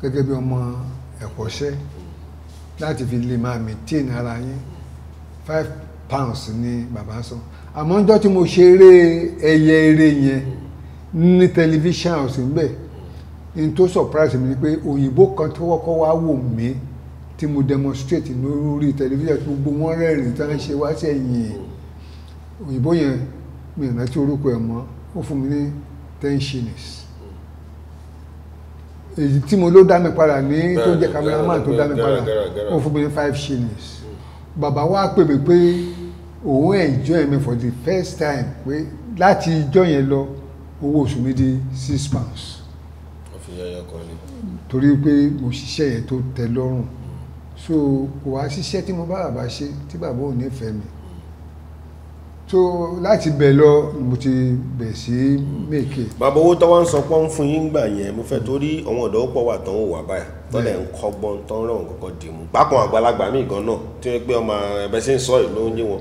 gẹ́gẹ́ bí ọmọ ẹ̀kọ́ṣẹ́ láti fi lè máa maintain ara yín five pounds ni bàbá sọ àmọ́ ọjọ́ tí mo ṣeré ẹyẹ eré yẹn ní tẹlifíṣàn ọ̀sìn bẹ́ẹ̀ In tó surprise mi ni pé òyìnbó kan tó kọ́kọ́ wá wò mí tí mo demonstrate lórí tẹlifíṣàn tí gbogbo wọn rẹ́rìn tán ṣe wá sẹ́yìn òyìnbó yẹn mi ò rántí orúkọ ẹ̀ mọ́ ó fún mi ní ten shillings èyí tí mo ló dá mi padà ní tó jẹ́ cameraman tó dá mi padà ó fún mi ní five shillings bàbá wa pè mí pé òun enjoy mi for the first time pé láti ijọ́ yẹn lọ owó oṣù mi di six pounds ẹyọ kan ni. torí pé mo ṣiṣẹ́ yẹn tó tẹ́ lọ́rùn so kò wá ṣiṣẹ́ tí mo bá bàbá ṣe tí bàbá ò nífẹ̀ẹ́ mi so láti bẹ̀ lọ mo ti bẹ̀ sí mèkè. bàbá owó tó ń sọ pé ń fún yín gbà yẹn mo fẹ́ torí àwọn ọ̀dọ́ pọ̀ wà tán ò wà báyà tọ́lẹ̀ ń kọ́gbọ́n tán ràn kọ́kọ́ dì mú pápọ̀ àgbàlagbà míì gan náà tí wọ́n gbé ọmọ ẹ̀bẹ̀ sí ń sọ ìlú oúnjẹ wọn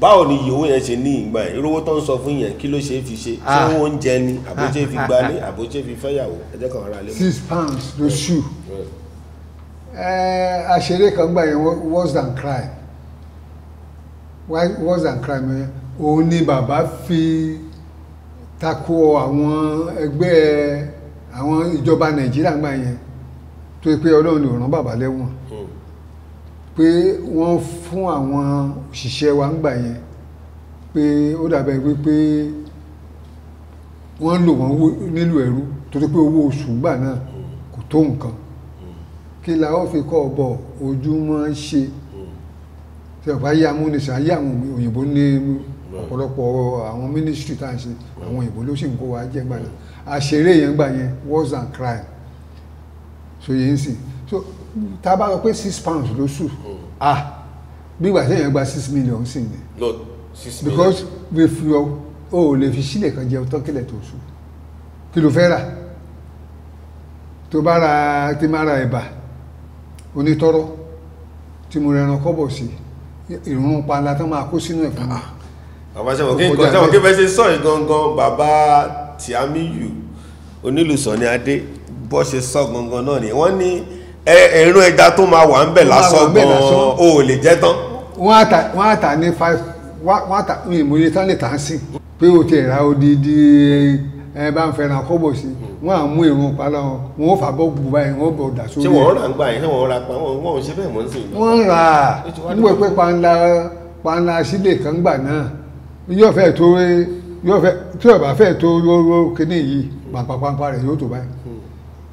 báwo ni ìyòwò yẹn ṣe ní ìgbà yẹn irówó tó ń sọ fún yẹn kí ló ṣe é fi ṣe ṣé owó oúnjẹ ni àbójẹ́ fi gba ní àbójẹ́ fi fẹ́yàwó ẹjẹ́ kan ara lé mọ́. six pounds lóṣù eh, àṣeré kan gbà yẹn worse than crime worse than crime yẹn òun ni bàbá fi tako àwọn ẹgbẹ́ àwọn ìjọba nàìjíríà gbà yẹn tó yẹ pé ọlọ́run ló rán bàbá lẹ́wọ̀n pé wọ́n fún àwọn òṣìṣẹ́ wa ń gbà yẹn pé ó dàbẹ̀ wípé wọ́n lò wọ́n nílò ẹ̀rú torí pé owó oṣù gbà náà kò tó nǹkan kí la ó fi kọ́ ọ̀bọ̀ ojúmọ́ ṣe tí ọ̀bá yé amúnisìn ayé àwọn òyìnbó ní ọ̀pọ̀lọpọ̀ àwọn ministry tá à ń ṣe àwọn òyìnbó ló sì ń kó wa jẹ́ gbà náà àṣeré yẹn gbà yẹn wars and crime so yẹn ń sìn so tá a bá sọ pé six pounds lóṣù hmm. ah bí ìgbà téèyàn gba six million sí ni. no six million because with your o ò lè fi sílẹ̀ kan jẹun tán kílẹ̀ tó ṣù kí ló fẹ́ rà tó bá ra tí má ra ẹ̀bà onítọ́rọ́ tí mo rẹran kọ́bọ̀ sí ìrún panla tán máa kó sínú ẹ̀fọn. Ah, bàbá sẹ́wọ̀n kí nǹkan sẹ́wọ̀n kí bẹ́ẹ̀ ṣe sọ yìí bàbá Tìámíyù onílùsọ̀ adé bọ́ ṣe sọ gangan náà ni wọ́n ní ẹ̀rún ẹja tó máa wà ń bẹ̀ lásán gan-an o lè jẹ́ tán. wọ́n á tà ní five wọ́n á tà ní ìmúlẹ̀ tán lè tà á sí pé o ti ra odidi ẹ bá ń fẹ́ràn kọ́bọ̀ sí wọ́n á mú ìrún palọ́ wọn ó fà bọ́ bu báyìí wọ́n bọ̀ dà sórí. ṣé wọ́n rà ń gbà yẹn wọ́n rà pa wọ́n ò ṣe bẹ́ẹ̀ mọ́ sí. wọ́n rà níwèé pé panla panla sílẹ̀ kan gbà náà yóò fẹ́ tó yóò fẹ́ tí yóò bá fẹ́ tó lóró kíní yìí pàpàpàpà rẹ̀ yóò tó báyìí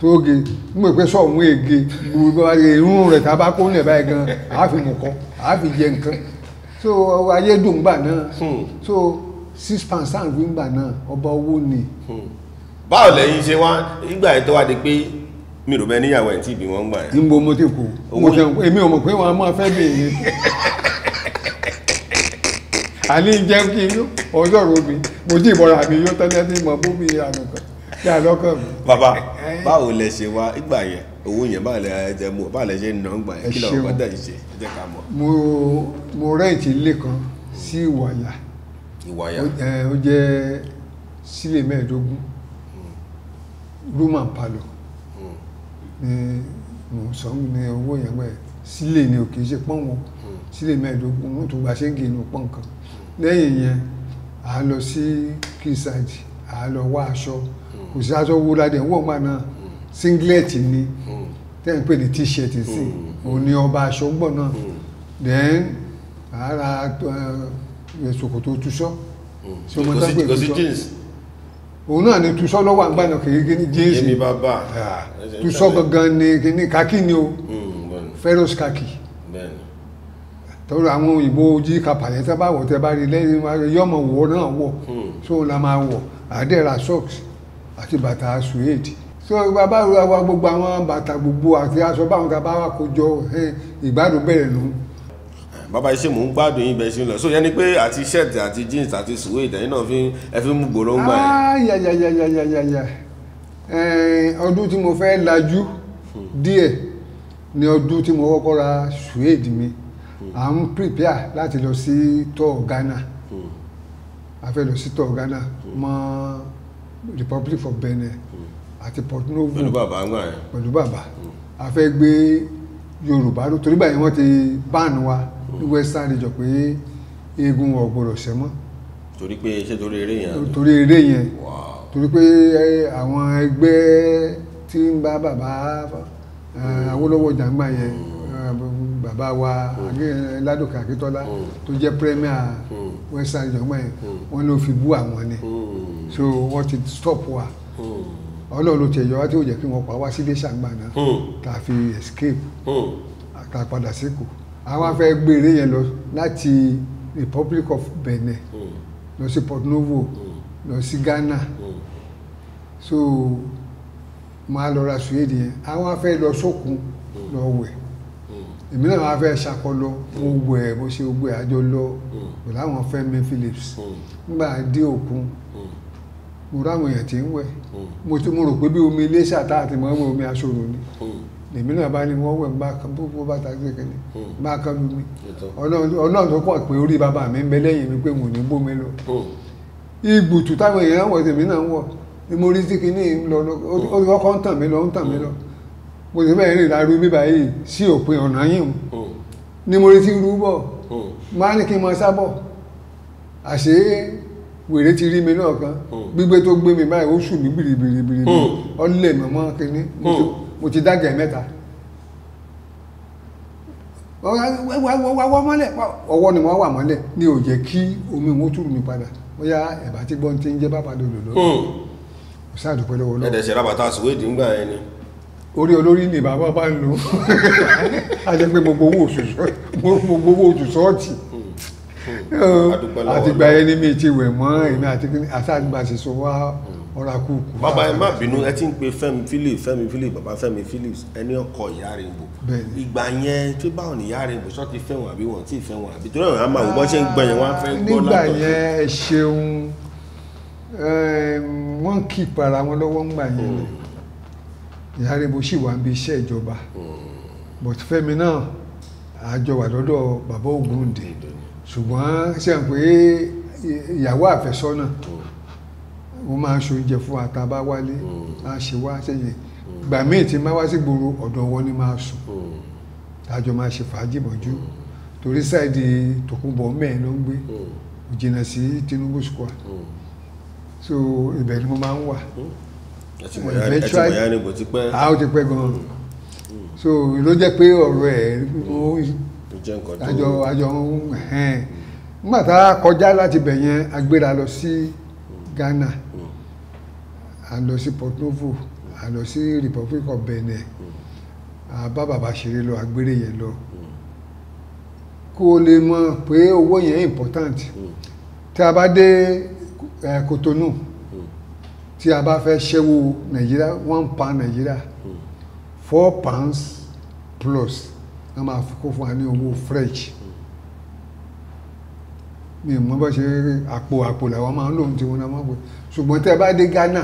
tó ge mú pé sọ̀hún ege gbogbo irun rẹ̀ tá bá kó lẹ̀ báyìí gan àáfi mọ̀kọ́ àáfi jẹ nǹkan so ayédùn gbà náà hmm. so six pound sáà gbé gbà náà ọba owó ni. Hmm. báwo lẹ́yìn ṣe wá nígbà yẹn tó di pé mi rò bẹ níyàwó ẹ̀ tí ìbí wọn gbà yẹn. níbo mo ti kú mo kàn èmi ò mọ̀ pé wọn a máa fẹ́ bèèrè àní jẹ́ kí ọjọ́ rò mi mo ti ìbọ̀ra mi yóò tẹ́lẹ̀ ní ìmọ̀ bómi ìranù kan yà lọ́kàn mi. bàbá báwo lẹ ṣe wá ìgbà yẹn owó yẹn báwo lẹ ṣe mú báwo lẹ ṣe ń ná ìgbà yẹn kí lọ́wọ́ bàtà yìí ṣe ẹ jẹ́ ká mọ̀. mo mo rẹ́ǹtì ilé kan sí ìwàyà ìwàyà ó jẹ́ sílé mẹ́ẹ̀ẹ́dógún hmm. room and parlour hmm. ni mo sọ ní owó yẹn gbẹ sílé ni ò kì í ṣe pọ́n wọn hmm. sílé mẹ́ẹ̀ẹ́dógún mo tún gba ṣéǹgì inú pọ́n kan lẹ́yìn yẹn à á lọ sí kìsàjì à á lọ wá aṣọ kò sí aṣọ wo ládẹ wọ́n gbà náà singlet ni hmm. tẹ́ ń ní t-shirt sí hmm. òun ni ọba aṣọ gbọ̀n náà hmm. then ara ṣòkòtò túṣọ́ ṣe ọmọ tó ń òun náà ni túṣọ́ lọ́wọ́ àgbàna kìrìkì ní jíǹsì túṣọ́ gangan ni kìíní kákì ni o ferrous kákì tọ́rọ àwọn òyìnbó ojí kapàlẹ́ tẹ́ wọ̀ tẹ́ bá rí lẹ́yìn yọmọ wọ̀ náà wọ̀ so la máa wọ̀ àdẹ́ra socks àti bàtà suwéèdì so bàbá ro àwa gbogbo àwọn bàtà gbogbo àti aṣọ báwọn tá a bá wà kó jọ ìgbádùn bẹ̀rẹ̀ nù. bàbá iṣẹ́ mò ń gbádùn yín bẹ́ẹ̀ ṣe ń lọ so yẹn ni pé àti ṣẹ́ẹ̀tì àti jeans àti suwéèdì ẹ̀yin náà fi ẹ fi mú gbòòrò ń gbà yẹn. ọdún tí mo fẹ́ lajú díẹ̀ ni ọdún tí mo kọ́kọ́ ra suwéèdì mi à ń prepare láti lọ sí tọ́ Ghana hmm. a fẹ́ lọ sí tọ́ Ghana mọ́. Mm. Republic of Benin àti Port Novo pẹ̀lú bàbá ń gbà yẹn pẹ̀lú bàbá hmm. a fẹ́ gbé Yorùbá ló torí báyìí wọ́n ti báànù wa ní hmm. Western region pé eégún ọ̀gbọ̀rọ̀ ṣẹ́ mọ́ torí pé ṣé torí eré yẹn torí eré yẹn torí pé àwọn ẹgbẹ́ tí ń bá bàbá hmm. Awólọ́wọ̀ jàǹgbà yẹn bàbá wa Ládòkè Akíntọ́lá tó jẹ́ premier Western region gbà yẹn wọ́n ló fi bú àwọn ni. Mm so wọ́n ti stop wa ọlọ́run ló ti ẹ̀yọ́ wá tí ò jẹ́ kí wọ́n pa wá sílé ṣàgbà náà tá a fi escape tá a padà síkù àwọn afẹ́ gbére yẹn lọ láti Republic of Benin lọ sí Port Novo lọ sí Ghana so máa lọ ra suwéde yẹn àwọn afẹ́ lọ sókun lọ wẹ̀ èmi náà máa fẹ́ ṣàkọlọ mo wẹ̀ mo ṣe gbé àjọ lọ pẹ̀lú àwọn Fẹ́mi Phillips nígbà dé òkun. Mm mo ráwọn èèyàn tí ń wẹ̀ hmm. mo ti mo rò pé bí omi ilé ṣàtà àti mọ́ wẹ̀ omi aṣòro ni lèmi hmm. náà bá ní wọ́n wẹ̀ bá kan bó bá ta gbé kẹ́lẹ́ hmm. bá kan lu mi ọlọ́run tó pọ̀ pé orí bàbá mi ń bẹ lẹ́yìn mi pé mo ní bómi lọ ìgbùtù táwọn èèyàn wọ̀ tèmi náà wọ̀ ni mo rí tí kinní ń lọ ó ti ń tàn mí lọ ń tàn mí lọ mo ti bẹ́ẹ̀ rìn láru mi báyìí sí òpin ọ̀nà yìí ni mo rí tí rú máa ní kí n máa sábọ̀ àṣé were ti rí mi náà kan oh. gbígbé tó gbé mi báyìí ó sùn mí bìrìbìrìbìrì mọ mọ kínní mo ti oh. dágẹ mẹ́ta wọ́n mọ́lẹ̀ ọwọ́ ni wọ́n wà mọ́lẹ̀ ni ò jẹ́ kí omi wọn túrù mi padà bóyá ẹ̀bà tí gbọ́n ti ń jẹ́ bàbá lòlò lọ́wọ́ kò oh. sáà lọ́wọ́ lọ́wọ́ rábàtà ẹni orí olórí ni bàbá bá ń pé àtìgbà yẹn ní mi ti wẹ̀ mọ́ èmi àti àtàgbà sì so wá ọ̀rá kúkú. bàbá ẹ má bínú ẹ ti ń pe Fẹ́mi Phillips Fẹ́mi Phillips bàbá Fẹ́mi Phillips ẹni ọkọ ìyá Rainbow ìgbà yẹn tó bá wọn ìyá Rainbow sọ ti fẹ́ wọn àbí wọn tí ì fẹ́ wọn àbí torí àwọn àmàwò bọ́ ṣe ń gbẹ̀yìn wọn fẹ́ gbọ́ látọ̀. nígbà yẹn ẹ ṣeun wọ́n kì í para wọn lọ́wọ́ ńgbà yẹn hmm. ìyá Rainbow sì wà níbi iṣẹ́ ìjọba hmm. but Fẹ́mi náà àjọ wà lọ́dọ̀ bàbá Ògúndé ṣùgbọ́n ṣe ń pé ìyàwó àfẹ́sọ́nà ó máa ń ṣoúnjẹ fún wa a bá wálé á ṣe wá sẹ́yìn gbà míì tí máa wá sí gbòòrò ọ̀dọ̀ wọn ni máa sùn tájọ máa ṣe fàájì bọ̀jú torí sáìdì tòkúnbọ̀ mẹ́ẹ̀ ló ń gbé jìnnà sí Tinubu square so ibẹ̀ ni mo máa ń wà eventually a ó ti pẹ́ gan-an so ló jẹ́ pé ọ̀rọ̀ ẹ̀ jẹ́ nǹkan tó àjọ àjọ ẹ̀hẹ́n nígbà a kọjá láti bẹ̀ yẹn a gbéra lọ sí Ghana a lọ sí Port Novo a lọ sí Republic of Benin a bá bàbá ṣeré lọ agbére yẹn lọ kó o lè mọ̀ pé owó yẹn important tí a bá dé Kotonu tí a bá fẹ́ ṣẹ́wó Nàìjíríà one pound Nàìjíríà four pounds plus wọ́n máa kó fún wa ní owó french mi mọ bá ṣe àpò àpò làwọn máa ń lòun tí wọn náà máa ń pè ṣùgbọ́n tẹ́ ẹ bá dé Ghana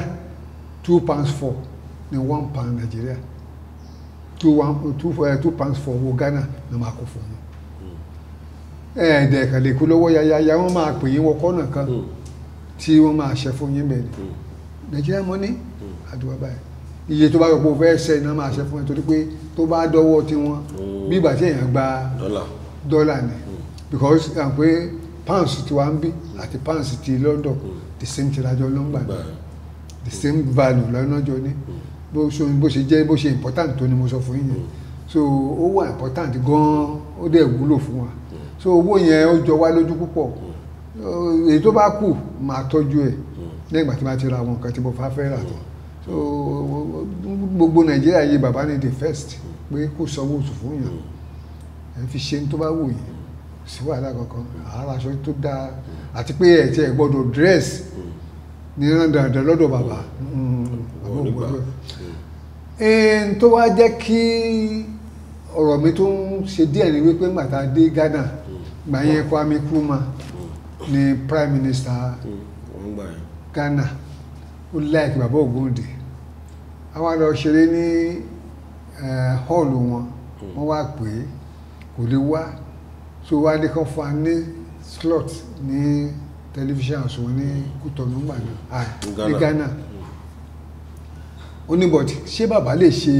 two pounds four ní one pound Nàìjíríà two one two four eh, two pounds four owó Ghana ni máa kó fún yín ẹ̀ẹ́dẹ̀ kan lè kú lọ́wọ́ yayaya wọ́n máa pè yín wọkọ́ náà kan hmm. tí wọ́n máa ṣe fún yín bẹ́ẹ̀ ni Nàìjíríà mọ́ ní àdúrà báyìí iye tó bá yọ pé o fẹ́ ṣe iná máa ṣe fún ẹ torí pé tó bá dọ́wọ́ tiwọn hmm. bí ìgbà tí èèyàn gba dọ́là ni hmm. because àwọn pé pounds ti wá ń bí àti pounds ti London hmm. the same tirajọ ló ń gbà ní the same value lọ́nàjọ ní bó ṣe jẹ́ bó ṣe important tó ni mo sọ fún yín so ó wà important gan-an ó dẹ̀ wúlò fún wa so owó yẹn ó jọ wá lójú púpọ̀ èyí tó bá kù máa tọ́jú ẹ̀ lẹ́yìn ìgbà ti ra àwọn nǹkan tí mo fà fẹ́ rà tán so gbogbo nàìjíríà yìí bàbá ni the first pé kó sanwó oṣù fún yàn ẹ fi ṣe ní tó bá wù yín sí wàhálà kankan àárọ̀ aṣọ tó dáa àti pé ẹ̀ tiẹ̀ gbọ́dọ̀ dress ní dandan lọ́dọ̀ bàbá mm. ẹn tó wá jẹ́ kí ọ̀rọ̀ mi tó ń ṣe díẹ̀ ni wípé màtá dé Ghana gbà yẹn Kwame Nkrumah ni prime minister mm. Mm. Ghana. Mm ó láìkí bàbá Ògúndé a wá lọ ṣeré ní họ́ọ̀lù eh, wọn hmm. wọ́n wá pè é kò lè wá tó wá ní kan fún wa ní slot ní tẹlifíṣàn àsùnwọ̀n ní hmm. Kútọ̀nù gbà náà ní ah, Ghana oníbọ̀dì hmm. ṣé bàbá lè ṣe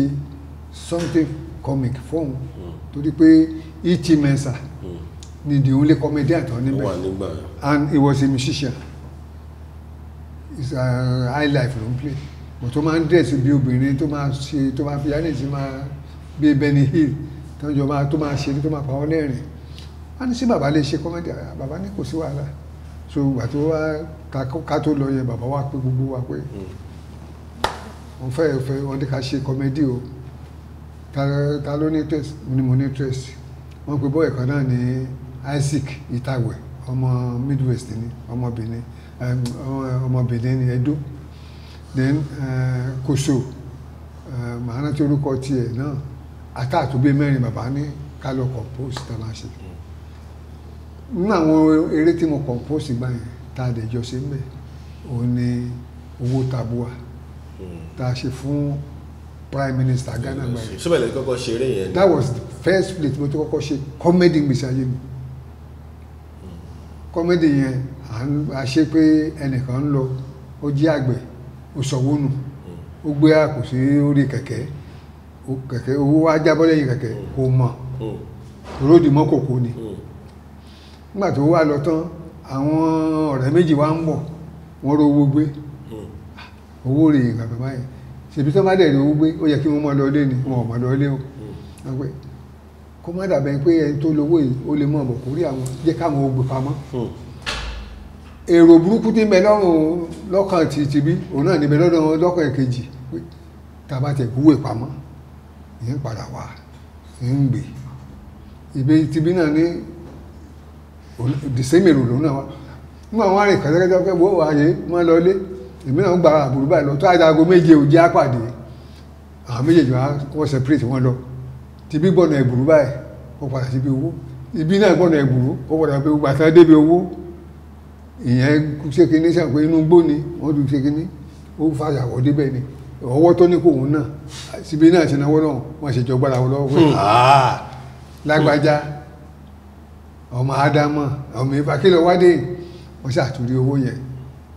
something comic fóun torí pé E.T. Mensah ni the only comedian tó níbẹ̀ and he was a musician. Uh, high life ló ń play but ó máa ń dẹ̀ sí bí obìnrin tó máa ṣe tó máa fi yánni sí máa bí Benny Hill tọ́jọ́ máa tó máa ṣe tó máa pa lẹ́rìn wọ́n ní sí bàbá lè ṣe kọ́mẹ́dì ah, bàbá ní kò sí wàhálà so ìgbà tó wá ká tó lọ yẹ bàbá wa pé gbogbo wa pé wọ́n hmm. fẹ́ fẹ́ wọ́n ní ká ṣe kọ́mẹ́dì o ta ló ní interest ni mo ní interest wọ́n pe bọ́ọ̀ ẹ̀kọ́ náà ní Isaac Itagwe ọmọ Midwest ni ọmọbìnrin ọmọbìnrin ni Ẹdó then eh, Kòso màá rántí orúkọ tiẹ̀ náà àtàtúgbé mẹ́rin bàbá ní kálọ̀ compose tá a máa ṣe nínú àwọn eré tí mo compose gbà yẹn tá a dẹ̀ jọ ṣe ń òun ni owó tabua tá a ṣe fún prime minister Ghana gbà yẹn. sọ́bẹ̀lẹ̀ kọ́kọ́ ṣeré yẹn. that was the first plate mo ti kọ́kọ́ ṣe comedy gbèsè ayé mi kọ́mẹ́dì yẹn à ṣe pé ẹnìkan ń lọ ó jí àgbẹ̀ ó sọ̀wọ́ nù ó gbé àpò sí orí kẹ̀kẹ́ kẹ̀kẹ́ owó wá jábọ́ lẹ́yìn kẹ̀kẹ́ kò mọ̀ ròdì mọ́ kòkó ni nígbà tó wà lọ tán àwọn ọ̀rẹ́ méjì wá ń bọ̀ wọ́n rówó gbé owó rèé kàkà ṣèbí tó má dẹ̀ rówó gbé ó yẹ kí wọ́n mọ̀ lọ́lé ni wọn ò mọ̀ lọ́lé o kó má dàbẹ̀ pé ẹni tó lówó yìí ó lè mọ̀ bọ̀ kó rí àwọn jẹ́ káwọn ògbè pamọ́ hmm. èrò burúkú tí ń bẹ lọ́rùn lọ́kàn ti ti bí òun náà níbẹ̀ lọ́dọ̀ wọn lọ́kàn èkejì pé tàbá tẹ̀ kúwè pamọ́ ìyẹn padà wà ń gbè ìbí ti bí náà ní dìsẹ́mì èrò lòun náà wá mú àwọn arìn kẹ́tẹ́kẹ́tẹ́ pé wọ́n wà yé wọ́n lọ lé èmi náà ń gba àbúrú báyìí lọ tó àdáago méje òjì á àwọn méjèèjì wá wọ́n separate wọn lọ tìbí gbọ́nà ẹ̀bùrú báyìí ó padà síbi owó ibi náà gbọ́nà ẹ̀bùrú ó padà pé gbogbo àtàn débi owó ìyẹn ṣe kínní ṣàpé inú gbó ni wọ́n ti ṣe kínní ó fàyàwọ́ débẹ̀ ni ọwọ́ tó ní kò wọ́n náà síbi náà ṣe náwó náà wọ́n ṣe jọgbára wọn lọ́wọ́ pé hmm. lágbájá ọmọ ádámọ̀ ọmọ ìfàkìlọ̀ wádé wọ́n ṣàtúrí owó yẹn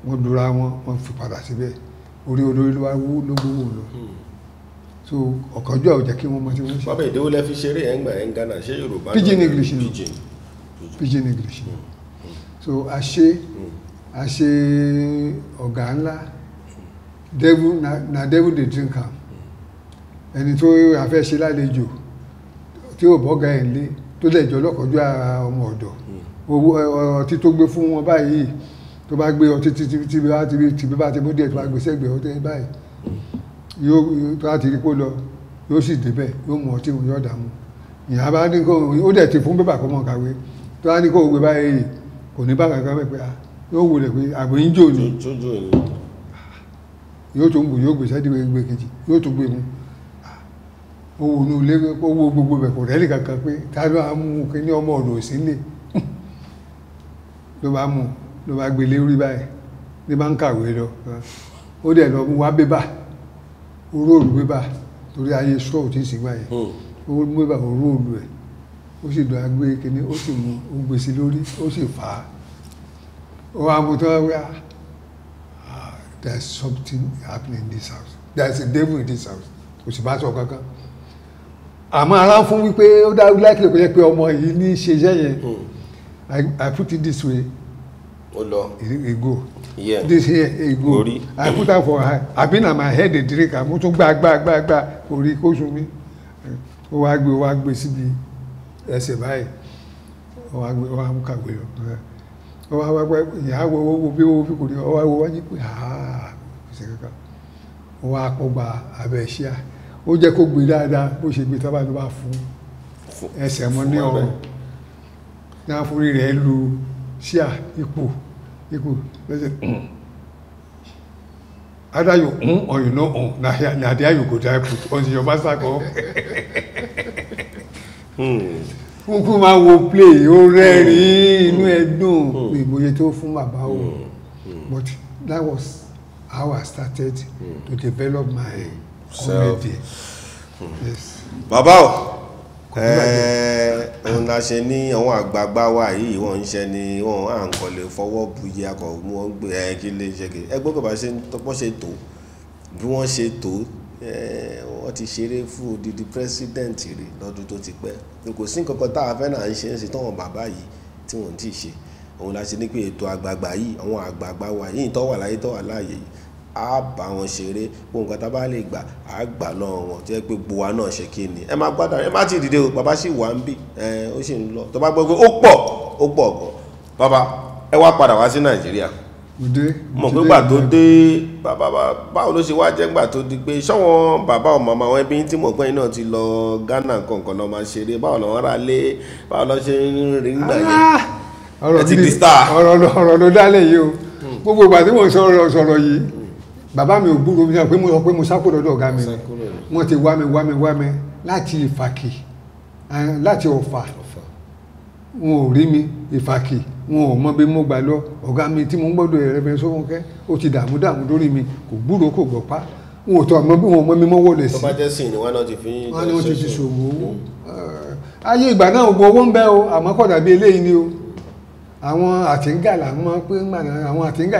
wọ́n dúra wọn wọ́n fi padà síbẹ̀ orí olórí ló wá wú ló gbówó lọ. Hmm so ọ̀kánjú àwọn jẹ́ kí wọ́n mọ tí wọ́n ṣe. bàbá èdè wo lẹ fi ṣeré ẹ̀ngbà ẹ̀ ń Ghana ṣé Yorùbá náà pidgin English ni pidgin English ni hmm. so a ṣe hmm. a ṣe ọ̀gá ńlá devil na, na devil dey drink am ẹni tó afẹ́ ṣe lálejò tí ò bọ́gà ẹ̀ lé tó dẹ̀ jọ lọ́kọ̀ọ́jú ara ọmọ ọ̀dọ̀ owó ọtí tó gbé fún wọn báyìí tó bá gbé ọtí tí bí bá ti bí bá ti bó díẹ̀ tó bá gbé sẹ́gbẹ̀ẹ́ ọtí báyìí yóò tó láti rí pó lọ yóò sì débẹ̀ yóò mú ọtí yóò dààmú ìyá bá ní kó ó dẹ̀ ti fún bébà kó mọ̀ kàwé tó bá ní kó gbé báyìí kò ní bá kankan bẹ̀ a ah, yóò wulẹ̀ pé àgbẹ̀yìn jò ní yóò tó ń bù yóò gbèsè dìbò gbé kejì yóò tó gbé mu owó ah, inú ilé owó gbogbo bẹ̀ kò rẹ́lì kankan pé ta ló kí ní ọmọ ọ̀nà òsínlẹ̀ ló bá mú ló bá gbélé rí báyìí ní bá ń kàwé lọ ó dẹ̀ lọ wá bébà oró òlù bíbà torí ayé sọ ò tí ì sígbà yẹn hmm. oró òlù bíbà oró òlù ẹ̀ ó sì dùn agbé kíní ó sì mú ó gbé sí lórí ó sì fà á ó wá mú tó wá ah, ah, there is something happening in this house there is a devil in this house kò sì bá sọ kankan àmọ́ ara fún wípé ó dá láìpẹ́ kò yẹ pé ọmọ yìí ní í ṣe iṣẹ́ yẹn hmm. I put it this way. ó lọ. he go yeah. this year ago Ori. i put out for her. I been on my head the drink I mo to gba gba gba gba orí kó sun mi ó wá gbé ó wá gbé síbi ẹsẹ̀ báyìí ó wá gbé ó wá mú kàgbé lọ ó wá wá gbé ìyá wo owó bí owó bí kò rí ó wá wo wájú pé haa kò sí kankan ó wá kó gba abẹ́ ṣíà ó jẹ́ kó gbé dáadáa bó ṣe gbé tábà ló bá fún ẹsẹ̀ mọ́ ní ọrùn ní àforí rẹ̀ lu ṣíà ipò. Igbo wey say either you mm or you no mm na here na there you go die put until your master come. kúkú máa wo play ó rẹ́rìn-ín hmm. inú ẹ̀ dùn ìgbòye hmm. tó fún bàbá o hmm. but that was how I started to develop my self. comedy. Yes. Bàbá o òun eh, la ṣe ní àwọn àgbààgbà wa yìí wọ́n ń ṣe ni wọ́n à ń kọ́lé fọwọ́ buyì akọ̀ mú wọn gbé ẹ eh, kí lè ṣe kí ẹgbẹ́ bàbá ṣe ń tọ́pọ́ ṣe tó bí wọ́n ṣe tó eh, wọ́n ti ṣeré fún odidi president rẹ̀ lọ́dún tó ti pẹ́ n kò sí nǹkan kan tá a fẹ́ náà ń ṣe ń ṣe tọ́wọ́n bàbá yìí tí wọ́n ti ṣe òun la ṣe ní pé ètò àgbààgbà yìí àwọn àgbààgbà wa yìí tó láyé tó láàyè yìí á bá wọn ṣeré gbogbo nǹkan tá a bá lè gbà á gbà lọ́wọ́ wọn tó yẹ pé gbogbo wa náà ṣe kí ni ẹ má gbádùn ẹ má ti dìde o bàbá sì wà ń bì ẹ ó sì ń lọ tó bá gbọ́ pé ó pọ̀ ó pọ̀ gan bàbá ẹ wá padà wá sí nàìjíríà mọ̀ pé gbà tó dé bàbá báwo ló ṣe wá jẹ́ gbà tó di pé ṣọ́wọ́n bàbá ọ̀ màmá àwọn ẹbí tí mọ̀ pé iná ti lọ Ghana kọ̀ọ̀kan lọ́ọ́ máa ṣeré báwo lọ́wọ́ ra lé báwo lọ́ọ́ ṣe ń rí nígbà yẹn ah, ẹ ti di star. ọ̀rọ̀ ló dálẹ̀ yìí o gbogbo ìgbà tí mo sọ̀rọ̀ sọ̀rọ̀ yìí bàbá mi ò gbúrò mi sọ pé mo sọ pé mo sáko lọ́dọ̀ ọ̀gá mi wọ́n ti wá mi wá mi wá mi láti ìfàkì láti ọ̀fà wọn ò rí mi ìfàkì wọn ò mọ bí mo gbà lọ ọ̀gá mi tí mo ń gbọ́dọ̀ rẹ̀ fẹ́ sọ́wọ́nkẹ́ ó ti dààmú dààmú lórí mi kò gbúrò kò gbọ́pá wọn ò tọ àmọ́ bí wọn mọ mi mọ́wọ́ lẹ̀ sí. tó bá jẹ́ sìn ni wọn náà ti fi ń. wọn ni wọn ti fi ṣòwò hmm. ayé ìgbà náà o àmọ́ kódà o àwọn àtìǹgà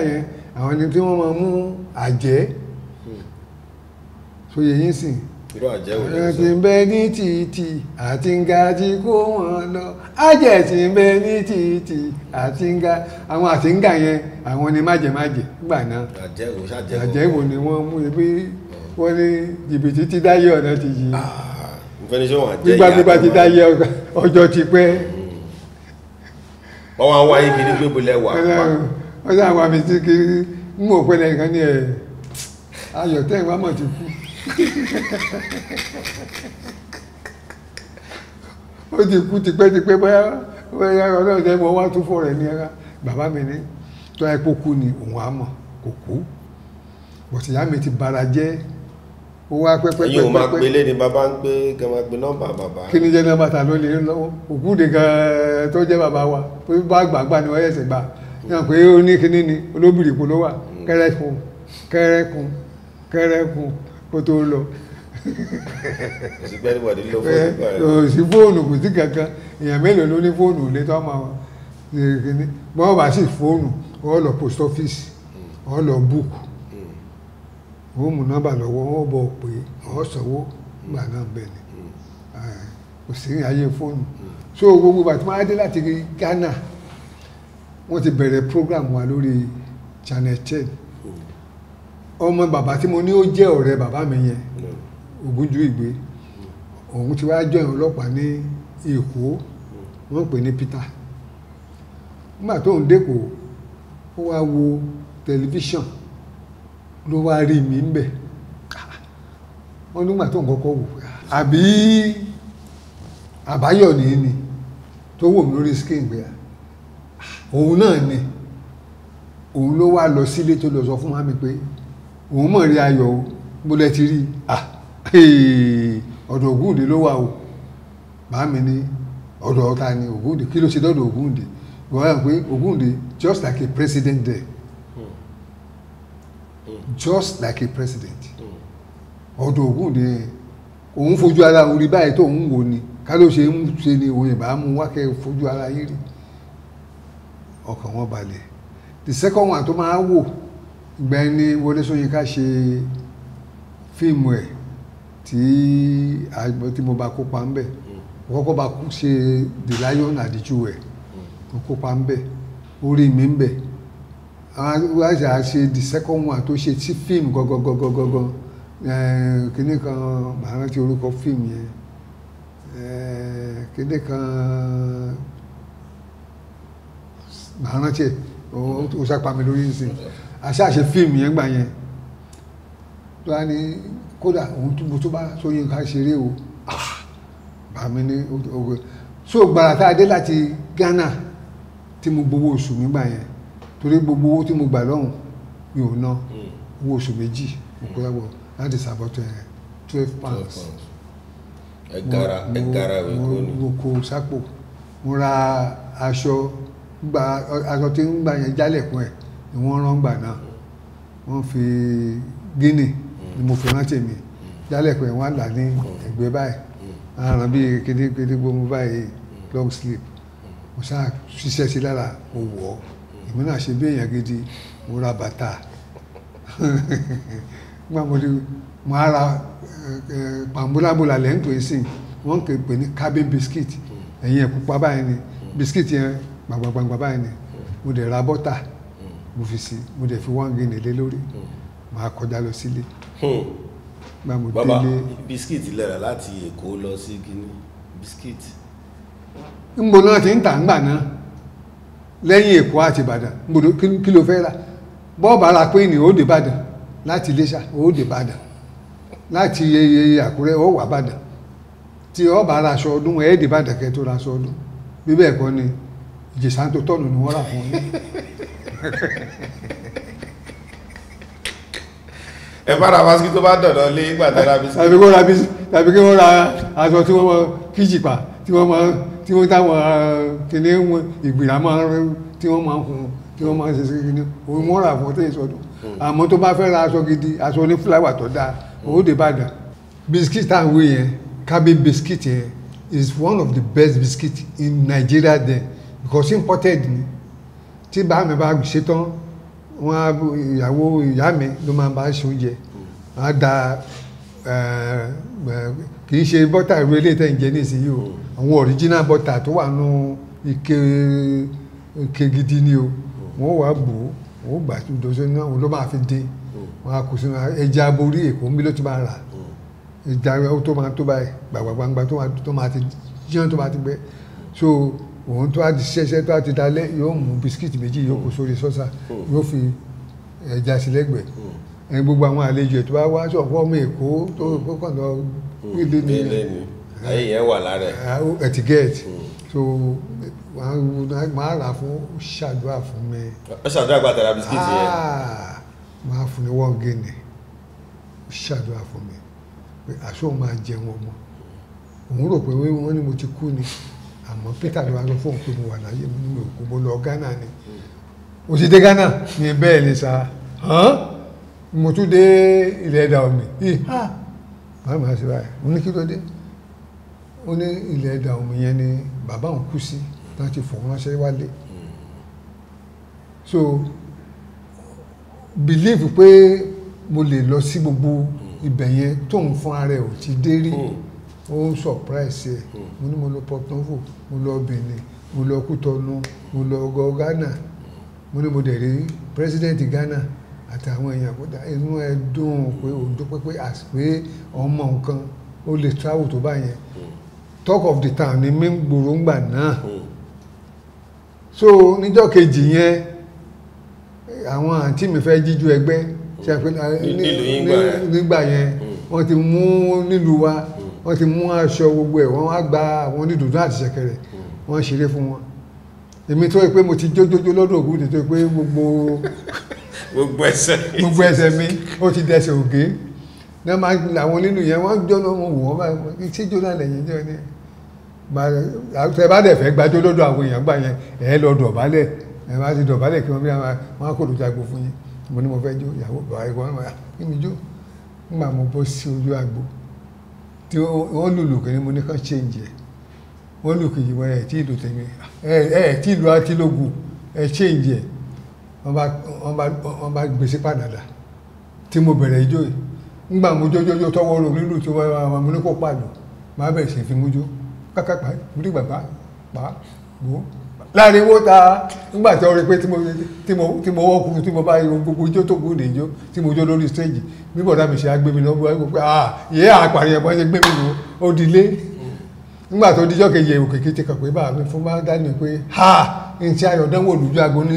là àwọn ẹni tí wọ́n máa mú àjẹ́ tó hmm. yẹ yín sìn irú àjẹ́ wò ló sọ àjẹ́ tí ń bẹ ní títì àti ngají kó wọn lọ àjẹ́ tí ń bẹ ní títì àti nga àwọn àti nga yẹn àwọn ni májèmájè gbà náà àjẹ́ wò ni wọ́n mú ebi hmm. wọ́n ní jìbìtì ti dáyé ọ̀nà ti yí gbígbàgbígbà ah, ti dáyé ọjọ́ ti pẹ́. Hmm. wọ́n wá wáyé kiri gbébulẹ̀ wà pa wọ́n sá wà mí sí kiri ń mọ̀ pẹ́lẹ́ ní ẹ̀ ayọ̀ tẹ́ ìwà mọ̀ ti kú ó ti kú tipẹ́tipẹ́ bóyá bóyá ọlọ́run tẹ́ mọ́ wá tún fọ́ rẹ̀ ní ara bàbá mi ní tó ẹ̀pọ̀ kú ni òun á mọ̀ kò kú bọ̀tì ìyá mi ti bara jẹ́ ó wá pẹ́pẹ́pẹ́ yóò máa gbé lé ní bàbá ń pé kí máa gbé nọ́mbà bàbá kí ni jẹ́ nọ́mbà ta ló lè lọ́wọ́ òkú nìkan tó jẹ́ bàbá wa bá gbàgbà ni wọ́n yẹ̀ sí gbà yàn pé ó ní kinní ni olóbìrì kò ló wà hmm. kẹrẹkùn kẹrẹkùn kẹrẹkùn kó tó lọ. sí fóònù kò sí kankan èèyàn mélòó ló ní fóònù lé tó máa ṣe kinní bọ́ọ̀ bá sì fóònù ó lọ post office ó hmm. lọ book ó hmm. mú nọ́mbà lọ́wọ́ wọ́n bọ̀ pé ó sanwó gbà náà bẹ̀ ni kò sí ayé fóònù so gbogbo bàtí máa dé láti Ghana. Mm wọ́n ti bẹ̀rẹ̀ program wa lórí channel ten ọmọ bàbá tí mo ní ó jẹ́ ọ̀rẹ́ bàbá mi yẹn Ògúnjú Ìgbé òun ti wá jọ ìrìn ọlọ́pàá ní Èkó wọ́n pè ní Peter nígbà tó ń dẹ́kọ̀ ó wá wo tẹlifíṣàn ló wá rí mi ń bẹ̀ wọ́n nígbà tó ń kọ́kọ́ wò àbí àbáyọ̀ nìyí ni tó wò mí lórí skin gbéra òun náà ni òun ló wá lọ sílé tó lọ sọ fún mami pé òun mọ̀ rí ayọ̀ o bó lẹ ti rí à ọ̀dọ̀ Ògúndé ló wà o màámi ní ọ̀dọ̀ ọ̀tá ni Ògúndé kí ló ṣe dọ́dọ̀ Ògúndé wọ́n yà pé Ògúndé just like a president there hmm. just like a president hmm. ọ̀dọ̀ Ògúndé yẹn òun fojú ara òun rí báyìí tó òun wò ni ká ló ṣe ń ṣe ni òun ìbá mú wákẹ́ fojú ara yìí rí. ọkàn wọn balẹ̀ the second one tó máa wò ìgbà ẹni Wọlé Ṣóyínká ṣe fíìmù ẹ̀ tí tí mo bá kópa ń bẹ̀ mo kọ́kọ́ bá ṣe the lion and the jewel mo kópa ń bẹ̀ orí mi ń bẹ̀ wáṣà ṣe the second one tó ṣe tí fíìmù gangan kìnnì kan màá rántí orúkọ fíìmù yẹn kìnnì kan màá rántí ẹ̀ ó sápá mi lórí ìsìn àṣàṣe fíìmù yẹn gbà yẹn tó a ní kódà òun tó mo tó bá sóyè ká ṣeré o ah, bàmí ní ogun so gbàrà tá a dé láti Ghana tí mo gbowó oṣù mi gbà yẹn torí gbogbo owó tí mo gbà lọ́hùn mi ò ná owó oṣù méjì òkúrẹ́wọ̀ láti ṣàbọ̀tọ̀ ẹ̀ twelve pounds ẹ̀gára ẹ̀gára ìkóni mo kó sápò mo ra aṣọ gba aṣọ tí ń gbà yẹn jálẹ̀kùn ẹ̀ ni wọ́n rán gbà náà wọ́n fi gíní ni mo fi rántí mi jálẹ̀kùn ẹ̀ wọ́n là ní ẹ̀gbẹ́ báyìí aràn bíi kékeré gbogbo báyìí long sleep mo sáà ṣiṣẹ́ sí lára mo wọ̀ ọ́ èmi náà ṣe bí èèyàn gidi mo ra bàtà nígbà mo di mo ara pàmbúlábùlà lẹ́yìn pé sí wọ́n kè pé ní cabin biscuit ẹ̀yìn ẹ̀ pupa báyìí ni biscuit yẹn gbàgbàgbàgbà báyìí ni mo de ra bọ́tà hmm. mo fi sí mo fi one lé lórí hmm. màá kọjá lọ sílé. Hmm. gba mo délé. bàbá bisikíìtì lẹ́ra èkó lọ si guinea bisikíìtì. ń bo náà ti ń tà ń gbà náà lẹ́yìn èkó àti kí ló fẹ́ ra bọ́ọ̀bù ara o ní òde ìbàdàn láti iléṣà òde láti yeye àkúrẹ́ wà tí ọdún ẹ̀ẹ́dì ni jìsántó tọ́nù ni wọ́n rà fún yín. ẹ bá ra wáṣíkì tó bá dọ̀dọ̀ lé gbàtà ra bisikì. tàbí kó ra bisikì tàbí kí wọ́n ra aṣọ tí wọ́n mọ kíjìpá tí wọ́n mọ tí wọ́n táwọn eh, kìnní wọn ìgbìlá máa ń tí wọ́n máa ń hun tí wọ́n máa ń ṣe kìnní òun wọ́n rà fún tẹ̀yìn sọ́dún. Hmm. àmọ́ tó bá fẹ́ ra aṣọ gidi aṣọ onífúláwà tó dáa hmm. òun dè bá dà. bisikì táwọn yẹn kábí bisikì yẹn is one of the best biscuits in Nigeria then because imported ni tí bá mi bá ṣe tán wọn á ìyàwó ìyá mi ló máa bá ṣe oúnjẹ wọn á da kì í ṣe bọ́tà ìwé ilé tẹ̀ ń jẹ nísìnyí o àwọn original bọ́tà tó wà nù ike ike gidi ni o wọn wà bò ó wọn gbà dọ̀sọ náà wọn ló máa fi dín wọn á kò sínú ẹja aborí èkó ń bí ló ti máa rà ẹja tó máa tó báyìí gbàgbàgbàgbà tó máa ti jíjàn tó máa ti gbẹ so òun tó a ti ṣẹṣẹ tó a ti dalẹ̀ yóò mú bisikíìtì méjì yóò kó sórí sọ́sà hmm. yóò fi ẹja sí lẹ́gbẹ̀ẹ́ hmm. gbogbo àwọn àlejò ètò wa wá sọ̀kọ́ ọmọ èkó tó hmm. kọ́kàn lọ wílé ní ayé yẹn wà lára ẹ̀ ah, ẹ̀tígẹ́ẹ̀tì so máa rà fún ṣàdúrà fún mi. ẹ ṣàdúrà gba tẹ̀lé bisikíìtì yẹn. Ah, máa fún ní wọ́n gẹ́nì ṣàdúrà fún mi pé àṣọ máa jẹun ọmọ òun rò pé wọ́n ní mo ti kú ni àmọ́ Peter ló wá lọ fóun pé mo wà láyé mo ní òkú mo lọ Ghana ni mo ti dé Ghana ní bẹ́ẹ̀ ni sa mo tún dé ilẹ̀ ẹ̀dà omi báyìí máa ṣe báyìí mo ní kí ló dé ó ní ilẹ̀ ẹ̀dà omi yẹn ni bàbá òun kú sí náà ti fòun ránṣẹ́ wálé so believe pé mo lè lọ sí gbogbo ibẹ̀ yẹn tóun fún ara ẹ̀ ò ti dé rí. Mm o surprise ẹ̀ hmm. mo ní mo lọ Port Novo mo lọ Benin mo lọ Kútọ̀nù mo lọ gọ Ghana mo ní mo dẹ̀ rí president Ghana àtàwọn èèyàn kódà inú ẹ dùn pé òun dúpẹ́ pé àsìpé ọmọ nǹkan ó lè travel tó bá yẹn hmm. talk of the town ni mí gbòòrò ńgbà náà hmm. so níjọ́ kejì yẹn àwọn àǹtí mi fẹ́ jíjú ẹgbẹ́ nígbà yẹn wọ́n ti mú nílùú wa wọ́n ti mú aṣọ gbogbo ẹ̀ wọ́n wá gba àwọn onídùúdú àti ṣẹ̀kẹ̀rẹ̀ wọ́n ṣeré fún wọn èmi tó yẹ pé mo ti jójójó lọ́dún ògùn tó yẹ pé gbogbo gbogbo ẹsẹ̀ mi ó ti dẹsẹ̀ ògé náà máa làwọn nínú yẹn wọ́n jọ́ náà mo wò wọ́n báyìí ṣéjó náà lẹ́yìn jọ ni tẹ bá dẹ̀ fẹ́ gbájọ́ lọ́dọ̀ àwọn èèyàn gbà yẹn ẹ̀ lọ dọ̀bálẹ̀ ẹ̀ bá ti dọ̀bálẹ̀ kí wọ́n bí wọ́n á kò fún yín mo ní mo fẹ́ jó ìyàwó bàbá ẹ̀kọ́ wọn kí mi jó nígbà mo bọ́ sí ojú àgbo tí ó lùlù kí mo ní kán change wọ́n lù kìkì wọ́n ẹ̀ tí ìlú tèmi ẹ̀ tí ìlú akílógún ẹ̀ change wọ́n bá gbèsè pàdàdà tí mo bẹ̀rẹ̀ ijó yìí ńgbà mo tọwọ́ tí wọ́n mo ní kó pàlù máa bẹ̀rẹ̀ fi kákàpá mo láàrin owó ta nígbà tí wọ́n rí pé tí mo wọ́ kúrú tí mo bá irun gbogbo ijó tó kúrú nìjó tí mo jó lórí stage bí mi ṣe á gbé mi lọ́wọ́ wọ́n pé ah yé àpàrí ẹ̀bọ́n ṣe gbé mi lọ ó di lé nígbà tó dijọ́ kejì òkè kejì kàn pé bàbá mi fún bá dání pé ha n ti ayọ̀ dánwò lójú aago ní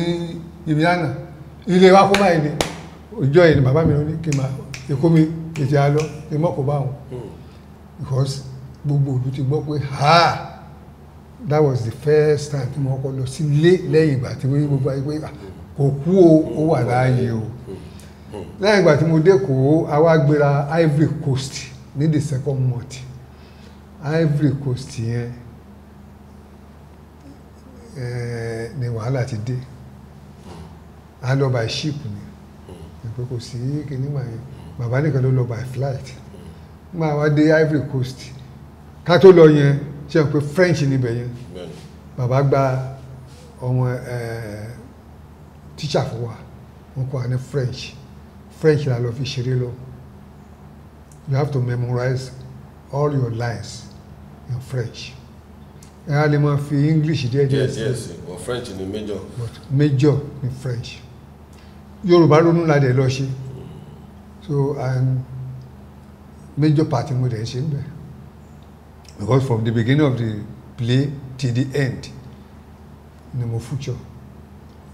ibi lánàá ilé wa fún báyìí ni ìjọ yìí ni bàbá mi ní kí n máa èkó mi ètì àlọ́ kí n mọ̀ hmm. because gbogbo òdu ti gbọ́ pé ha that was the first time tí mo kọ́ lọ sílé lẹ́yìn ìgbà tí mo bá pé ah, kò kú o ó wà láàyè o lẹ́yìn ìgbà tí mo dé kó a wá gbéra Ivory Coast ní the second month Ivory Coast yẹn eh, ni wàhálà ti dé a lọ by ship ni ìpè kò sí kíní mà yẹn bàbá nìkan ló lọ by flight nígbà wá dé Ivory Coast ká tó lọ yẹn ṣe pé French níbẹ̀ yẹn bàbá gba ọmọ tíṣà fún wa wọn kọ́ wa French French la lọ fi ṣeré lọ you have to memorize all your lines in French ẹ á lè máa fi English díẹ̀ díẹ̀ sí but French ni major but major ni French Yorùbá ronú la dẹ̀ lọ ṣe so and major part mo dẹ̀ ṣe ń because from the beginning of the play till the end ni mo future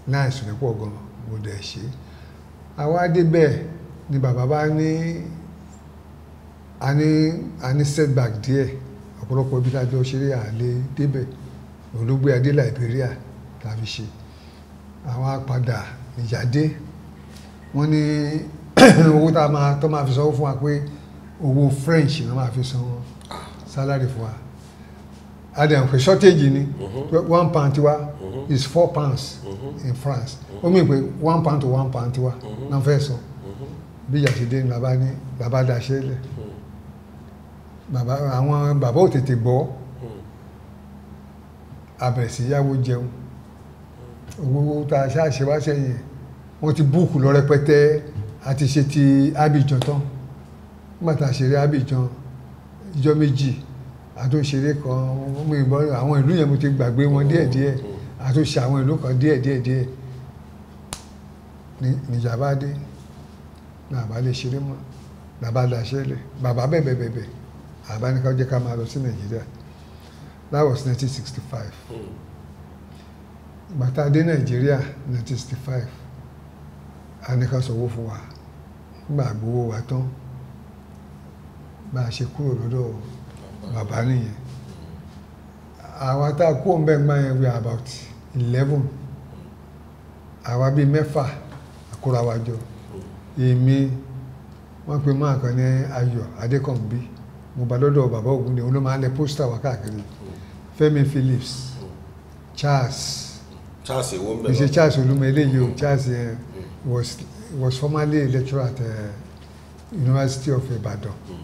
náà ìsìn pọ̀ gan mo dẹ̀ ṣe àwa débẹ̀ ni bàbá bá ní a ní a ní setback díẹ̀ ọ̀pọ̀lọpọ̀ ibi tájọ́ ṣeré àlè débẹ̀ olóògbé adé Liberia la fi ṣe àwọn apàdà ìyáde wọ́n ní owó tá a máa tó máa fi sanwó fún wa pé owó French ni wọ́n máa fi sanwó salary fún wa adam pé shortage ni mhm. one pound tiwa mhm. is four pounds mhm. in France ó mì pé one pound to one pound tiwa náà fẹ́ sọ bí ìyá ti dé ní bàbá ní bàbá daṣẹ́ lẹ̀ bàbá àwọn bàbá ò tètè gbọ́ àbẹ̀sí yáwó jẹun owó tá a ṣáàṣe wá sẹ́yìn wọ́n ti búùkù lọ rẹpẹtẹ àti ṣe ti Abidjan tán nígbà tá a ṣeré Abidjan ìjọ méjì àtúnṣeré kan mo ìbọn àwọn ìlú yẹn mo ti gbàgbé wọn díẹ̀díẹ̀ àtúnṣe oh, oh, oh. àwọn ìlú kan díẹ̀díẹ̀díẹ̀ níjà bá dé bàbá lè ṣeré mọ́ bàbá dàṣẹ́ lẹ̀ bàbá bẹ̀bẹ̀ bẹ̀bẹ̀ àbá ní ká jẹ́ ká máa lọ sí nàìjíríà that was nineteen sixty five bàtà dé nàìjíríà nineteen sixty five a ní ká sọ owó fún wa gbàgbówó wa tán bá a ṣe kúrò lọ́dọ̀ bàbá nìyẹn àwa tá a kú ọ̀nbẹ́ gbá yẹn we are about eleven àwa bíi mẹ́fà àkúrò àwa jọ èmi wọ́n pe máa kan ní ayọ̀ adékànbí mo bá lọ́dọ̀ bàbá ògúndé òun ló máa ń lẹ pósítà wá káàkiri fẹ́mi phillips charles charles ewo ń bẹ lọ charles olúmọ eléyìí o charles was was formerly lecturer at uh, university of ibadan. Mm.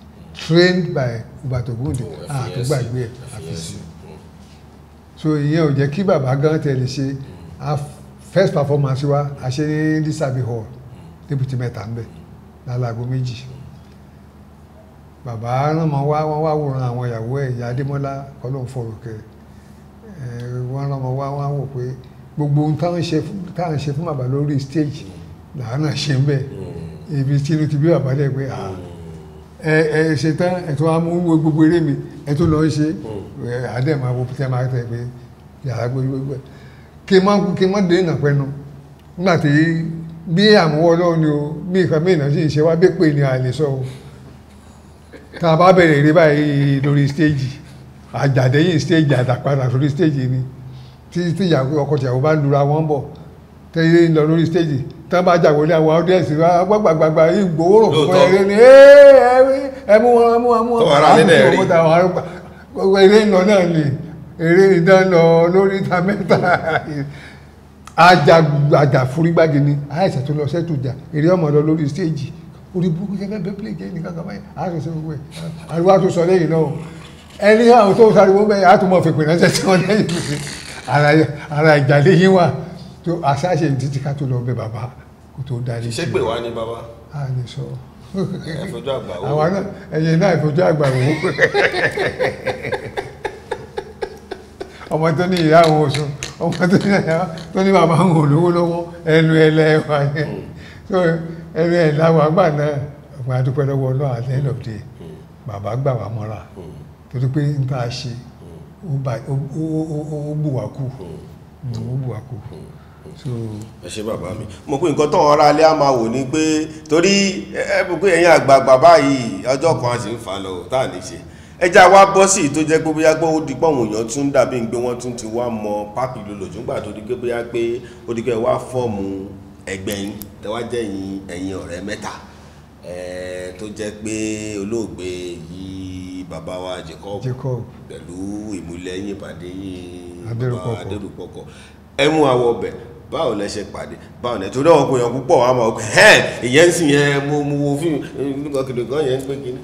trained by ubatogundi oh, ah, e àtúgbàgbé ẹ̀ e àfisì so ìyẹn ò jẹ́ kí bàbá gan tẹ̀lé ṣe mm. first performance wa a ṣe ní lisabi hall mm. débùtì mẹ́ta ń bẹ̀ mm. lálago méjì bàbá rán mọ́ wá wọ́n wá wòran àwọn ìyàwó ẹ̀ ìyá adémọ́lá ọlọ́run fọ̀rọ̀ kẹ wọ́n rán mọ́ wá wọ́n wò pé gbogbo ohun táwọn ṣe fún bàbá lórí stage làwọn náà ṣe ń bẹ̀ ibi tí inú ti bí bàbá dẹ̀ pé ah ẹ ẹ ṣetán ẹ̀tọ́ amúwo gbogbo eré mi ẹ̀tọ́ lọ ṣe àdẹ́mà hmm. wo tẹ́ máa tẹ́ pé yàrá gbogbo kí n má kí n má dènà pẹ́nu nígbà tí bí àmúwọ́ ọlọ́run ni o bí nǹkan mìíràn sì ń ṣe wá bí pé ni a lè sọ o tá a bá bẹ̀rẹ̀ eré báyìí lórí stéèjì àjàdẹ́yìn stéèjì àtàpadà lórí stéèjì ni tí tíyàwó ọkọ tíyàwó bá lura wọn bọ̀ tẹ́yẹ ń lọ lórí stéèjì tí wọ́n bá jàgbọ́ ní àwọn audience wa gbàgbàgbà ìgbòwòrò fún ẹ̀rẹ́ ni ẹ mú wọn mú wọn mú wọn eré ń lọ náà ni eré ìdán lọ lórí ìta mẹ́ta àjà ni àìsàn tó lọ sẹ́tù jà eré ọmọ lọ lórí stéèjì orí burúkú jẹ́ bẹ́ẹ̀ bẹ́ẹ̀ jẹ́ nìkan kan báyìí àá sọ gbogbo ẹ̀ àríwá tó sọ lẹ́yìn náà ẹni àwọn tó sáré wọ́n bẹ́ẹ̀ àtúmọ̀ fèpè ránṣẹ́ sí lẹ́yìn ara ìjà lẹ́yìn wa tó àṣàṣe ní títí ká tó lọ bẹ bàbá kó tó darí. ṣiṣẹ́ pè wá ní bàbá. a lè sọ. ẹ̀fọ́jú àgbà wo. àwa náà ẹ̀yẹ náà ẹ̀fọ́jú àgbà wo. ọmọ tó ní ìyá àwọn oṣù ọmọ tó ní ìyá tó ní bàbá àwọn olówó lọ́wọ́ ẹnu ẹlẹ́wà yẹn ẹnu ẹ̀láwà gbà náà ọ̀pọ̀ àdúpẹ́ lọ́wọ́ ọlọ́run at the end of the day hmm. bàbá gbà wá mọ́ra hmm. torí pé n tá a ṣe hmm. ó bù wá kù ó bù wá kù ẹ bàbá mi mo pín nǹkan tán ọ̀rá alẹ́ a máa wò ní pé torí ẹ̀bùn pé àgbààgbà báyìí ọjọ́ kan a sì ń fa lọ tá lè ṣe ẹja wa bọ́ sí tó jẹ́ pé bóyá pé ó di pọ̀wọ̀n èèyàn tún dàbí ń gbé wọ́n tún ti wá mọ pápì lòlòjú nígbà tó di pé pé ó di pé wá fọ́ọ̀mù ẹgbẹ́ yín tẹ́wá jẹ́ ọ̀rẹ́ mẹ́ta tó jẹ́ pé olóògbé yìí bàbá wa Jacob pẹ̀lú ìmúlẹ̀ yín ìpàdé yín bàbá Adérúpọ̀kọ̀ ẹ̀mú àwọ̀ bẹ̀ báwo lẹ ṣe pàdé báwo lẹ torí àwọn ọkùnrin púpọ̀ wà máa gbé ẹ ìyẹn ń sìn yẹn mo mo wo fíìmù nígbà kìlọ̀ kan yẹn ń pè kíní.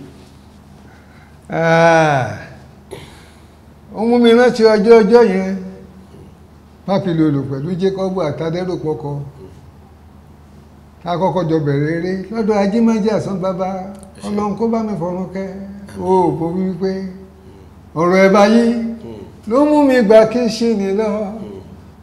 ohun ah, mi rántí ọjọ́ ọjọ́ yẹn pápílòlò pẹ̀lú Jacob àtàdérò pọkọ tá a kọ́kọ́ jọ bẹ̀rẹ̀ eré lọ́dọ̀ ajímọ́jẹ́ àsán bàbá ọlọ́run kó bá mi fọ̀run kẹ́ o mo wí pé ọ̀rọ̀ ẹ̀ báyìí hmm. ló mú mi gbà kí n ṣe nìlọ́ọ̀.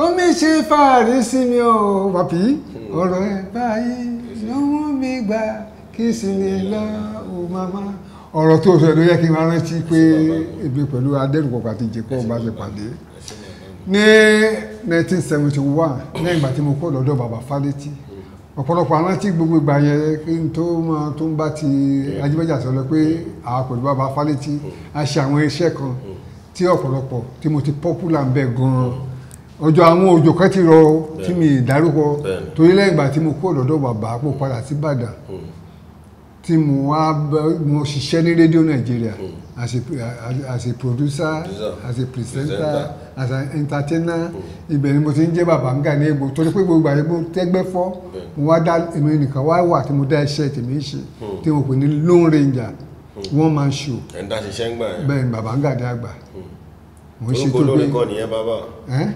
omi ṣe fàárí sí mi o bàbí ọ̀rọ̀ ẹ̀ báyìí ló mú mi gbà kí sì ni lọ o màmá ọ̀rọ̀ tó sọ ló yẹ kí n máa rántí pé èmi pẹ̀lú adẹ́rùpọ̀pọ̀ àti ìjẹ́pọ̀ bá ti pàdé ní 1971 lẹ́yìn ìgbà tí mo kọ́ lọ́dọ̀ bàbá Fálétí ọ̀pọ̀lọpọ̀ aláǹtí gbogbo ìgbà yẹn kí n tó máa tó ń bá ti ajíbẹ́jà sọ lọ pé àwọn pẹ̀lú bàbá Fálétí a ṣe àwọn iṣẹ́ kan tí ọ̀pọ̀lọpọ̀ tí mo ti pọ́pùlà ń bẹ gan-an ọjọ́ àwọn òjò kan ti rọ tí mi ìdárúkọ torí lẹ́yìn ìgbà tí mo kó ọ̀dọ̀dọ̀ bàbá mo padà sí Ìbàdàn hmm. tí mo wá mo ṣiṣẹ́ ní rédíò Nàìjíríà hmm. as a producer as a presenter as an entertainer hmm. ibẹ̀ ni mo ti ń jẹ́ bàbá ńgà ní egbò torí pé gbogbo àyè mo tẹ́gbẹ́ fọ́ mo wá dá èmi nìkan wá wà tí mo dá iṣẹ́ tèmi ṣe tí mo pè ní Lone Ranger one man show. ẹ̀ ń dá ṣiṣẹ́ ń gbà yẹn. bẹ́ẹ̀ ni bàbá ńgà dé àgbà orúkọ olórin kan nìyẹn bàbá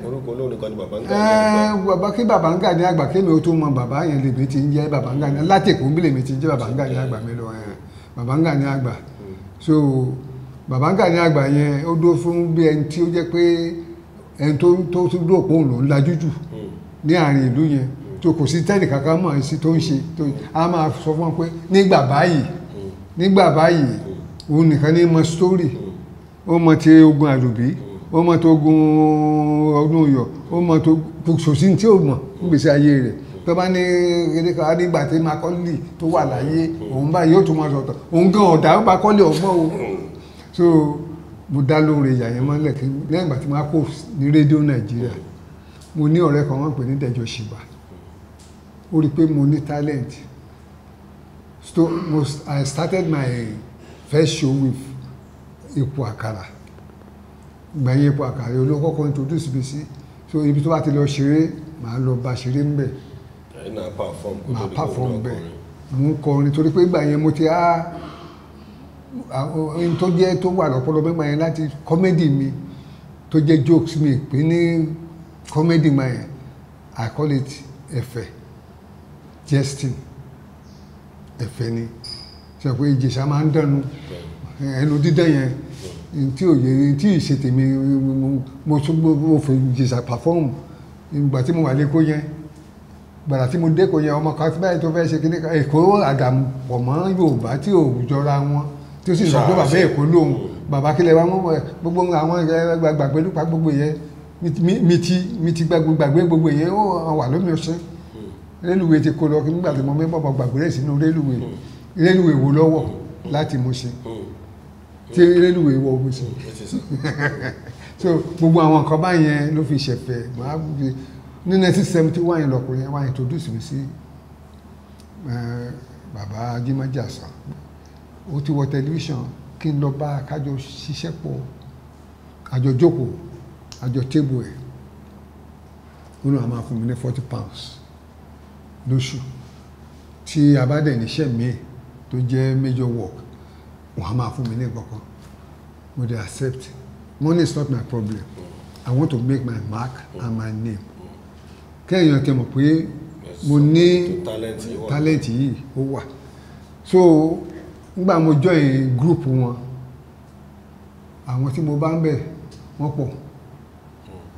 orúkọ olórin kan ni bàbá ń gà ní àgbà. bàbá kí bàbá ń gà ní àgbà kí mi ó tó mọ bàbá yẹn lèmi ti ń jẹ bàbá ń gà ní látẹkù bí lèmi ti ń jẹ bàbá ń gà ní àgbà mi lọ yẹn bàbá ń gà ní àgbà so bàbá ń gà ní àgbà yẹn ó dúró fún bí ẹni tí ó jẹ pé ẹni tó tó tó dúró pé òun ló ń lajú jù ní àárín ìlú yẹn tó kò sí tẹ́lẹ̀ kankan mọ̀ sí tó ń ṣe tó a máa sọ fún pé nígbà báyìí nígbà báyìí òun nìkan ní mọ sítórì ó mọ ti ogun àlùbí ó mọ tó gun ọdún Ọ̀yọ́ ó mọ tó sòsí tí ó mọ gbèsè ayé rẹ̀ tó bá ní kéde kan adigba tí makọ́lì tó wà láyé òun báyìí yóò tún máa sọ̀tọ̀ òun gan ọ̀dà ó makọ́lì ọgbọ́n o so mo dá lóore ìyá yẹn mọ́lẹ̀ lẹ́yìn ìgbà tí mo kó ní rédíò Nàìjíríà mo ní ọ̀rẹ́ kan wọ́n pè ní Dẹ̀jọ́ Ṣìbà ó rí i pé mo ní talent so I started my first show with Epo Àkàrà gbẹ̀yìn epo àkàrà olówó kọ́kọ́ introduce mi sí so ibi tó bá ti lọ ṣeré màá lọ bá ṣeré ń bẹ̀ màá perform bẹ̀ mò ń kọrin torí pé ìgbà yẹn mo ti á ohun tó jẹ́ tó wà lọ́pọ̀lọ́ mẹ́gbà yẹn láti comedy mi tó jẹ́ jokes mi pé ní comedy ma yẹn I call it ẹ̀fẹ̀ jesting ẹ̀fẹ̀ ni ṣe pé ìjẹ̀ṣà máa ń dànù ẹnu dídán yẹn ntí òye ntí ìṣètèmí mo tún mo fi jìṣà pàfọ́ọ̀mù ìgbà tí mo wà lẹ́kọ̀ọ́ yẹn gbàrà tí mo dẹ́kọ̀ọ́ yẹn ọmọ kan báyìí tó fẹ́ ṣe kíní kan èkó àdàpọ̀ mọ́ Yorùbá tí ò jọra wọn tí ó sì sọ pé bàbá èkó lòun bàbá kílẹ̀ wa mọ̀ gbogbo àwọn gbàgbé lùpà gbogbo yẹn mi ti mi ti gbàgbé gbogbo yẹn ó wà lómi ọ̀sẹ̀ hmm. rélùwé ti kó lọ nígbà tí mo mẹ́ bọ̀bọ̀ gbàgbé rẹ̀ sínú rélùwé hmm. rélùwé wo lọ́wọ́ láti mo ṣe. Hmm tí rélùwé wọ omi sí so gbogbo àwọn nǹkan báyẹn ló fi ṣẹ̀fẹ̀ màá fi ní 1971 yẹn lọkùnrin yẹn wá introduce mi sí eh, bàbá Jímọ̀jì Àṣà ó ti wọ tẹlifíṣàn kí n lọ bá kájọ ṣiṣẹ́ pọ̀ àjọ jókòó àjọ tébù ẹ̀ ó lóun àmà fún mi ní forty pounds lóṣù tí a bá dẹ̀ níṣẹ́ mi tó jẹ́ major work wọ́n á máa fún mi ní kankan mo dey accept money is not my problem i want to make my mark and my name kéèyàn kẹ́ mọ̀ pé mo ní talent yìí ó wà so nígbà mo join group wọn àwọn tí mo bá ń bẹ̀ wọ́n pọ̀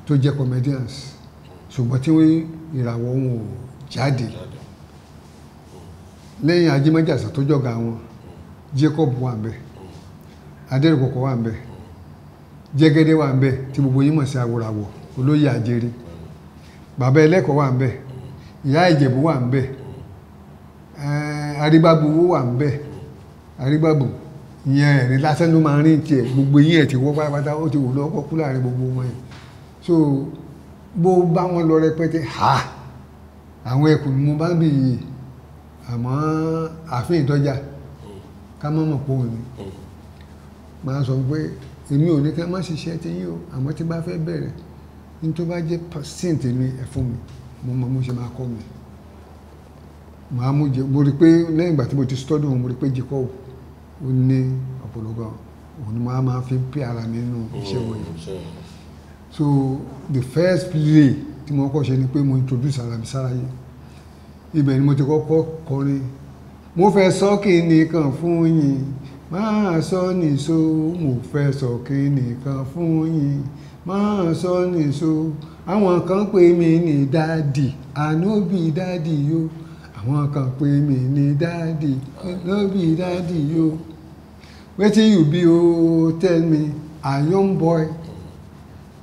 tó jẹ́ comedians ṣùgbọ́n tí ìràwọ̀ wọn ò jáde lẹ́yìn ajímọ́jàsán tó jọ̀gá wọn Jacob wà ń bẹ Adẹ́rìpọ̀kọ̀ wà ń bẹ Jẹ́gẹ́dẹ́ wà ń bẹ tí gbogbo yín mọ̀ sí awòràwọ̀ olóyè àjèrè bàbá ẹlẹ́kọ̀ọ́ wà ń bẹ ìyá ìjẹ̀bú wà ń bẹ arígbábuwó wà ń bẹ arígbábù ìyẹn ẹ̀rín lásán ló máa ń rìn tiẹ̀ gbogbo yín ẹ̀ ti wọ́ pátápátá ó ti wò lọ́kọ̀ kú láàrin gbogbo wọn yìí so bó bá wọn lọ rẹpẹtẹ ha àwọn ẹkùn ni mo bá ń bì yìí àmọ́ àfihàn ìtọ́jà ká mọ̀ mọ̀ pòwe mi máa sọ pé èmi ò ní ká má ṣiṣẹ́ tí yín o àmọ́ tí bá fẹ́ bẹ̀rẹ̀ ní tó bá jẹ́ percent mi ẹ̀ fún mi mo mọ mo ṣe máa kọ́ mi màá mú jẹ mo rí pé lẹ́yìn ìgbà tí mo ti stọ́dù mo rí pé jẹ́kọ̀ ó ní ọ̀pọ̀lọpọ̀ òun ni màá máa fi pè ara mi nínú iṣẹ́ mm, wọ̀nyí so the first play tí mo kọ́ ṣe ni pé mo introduce ara mi sára yìí ibẹ̀ ni mo ti kọ́kọ́ kọrin mo fẹ́ sọ kíni kan fún yín máa sọ nìṣó mo fẹ́ sọ kíni kan fún yín máa sọ nìṣó àwọn kan pè mí ní dáàdì ànóbì dáàdì yó àwọn kan pè mí ní dáàdì ànóbì dáàdì yó wetin you be o tell me a young boy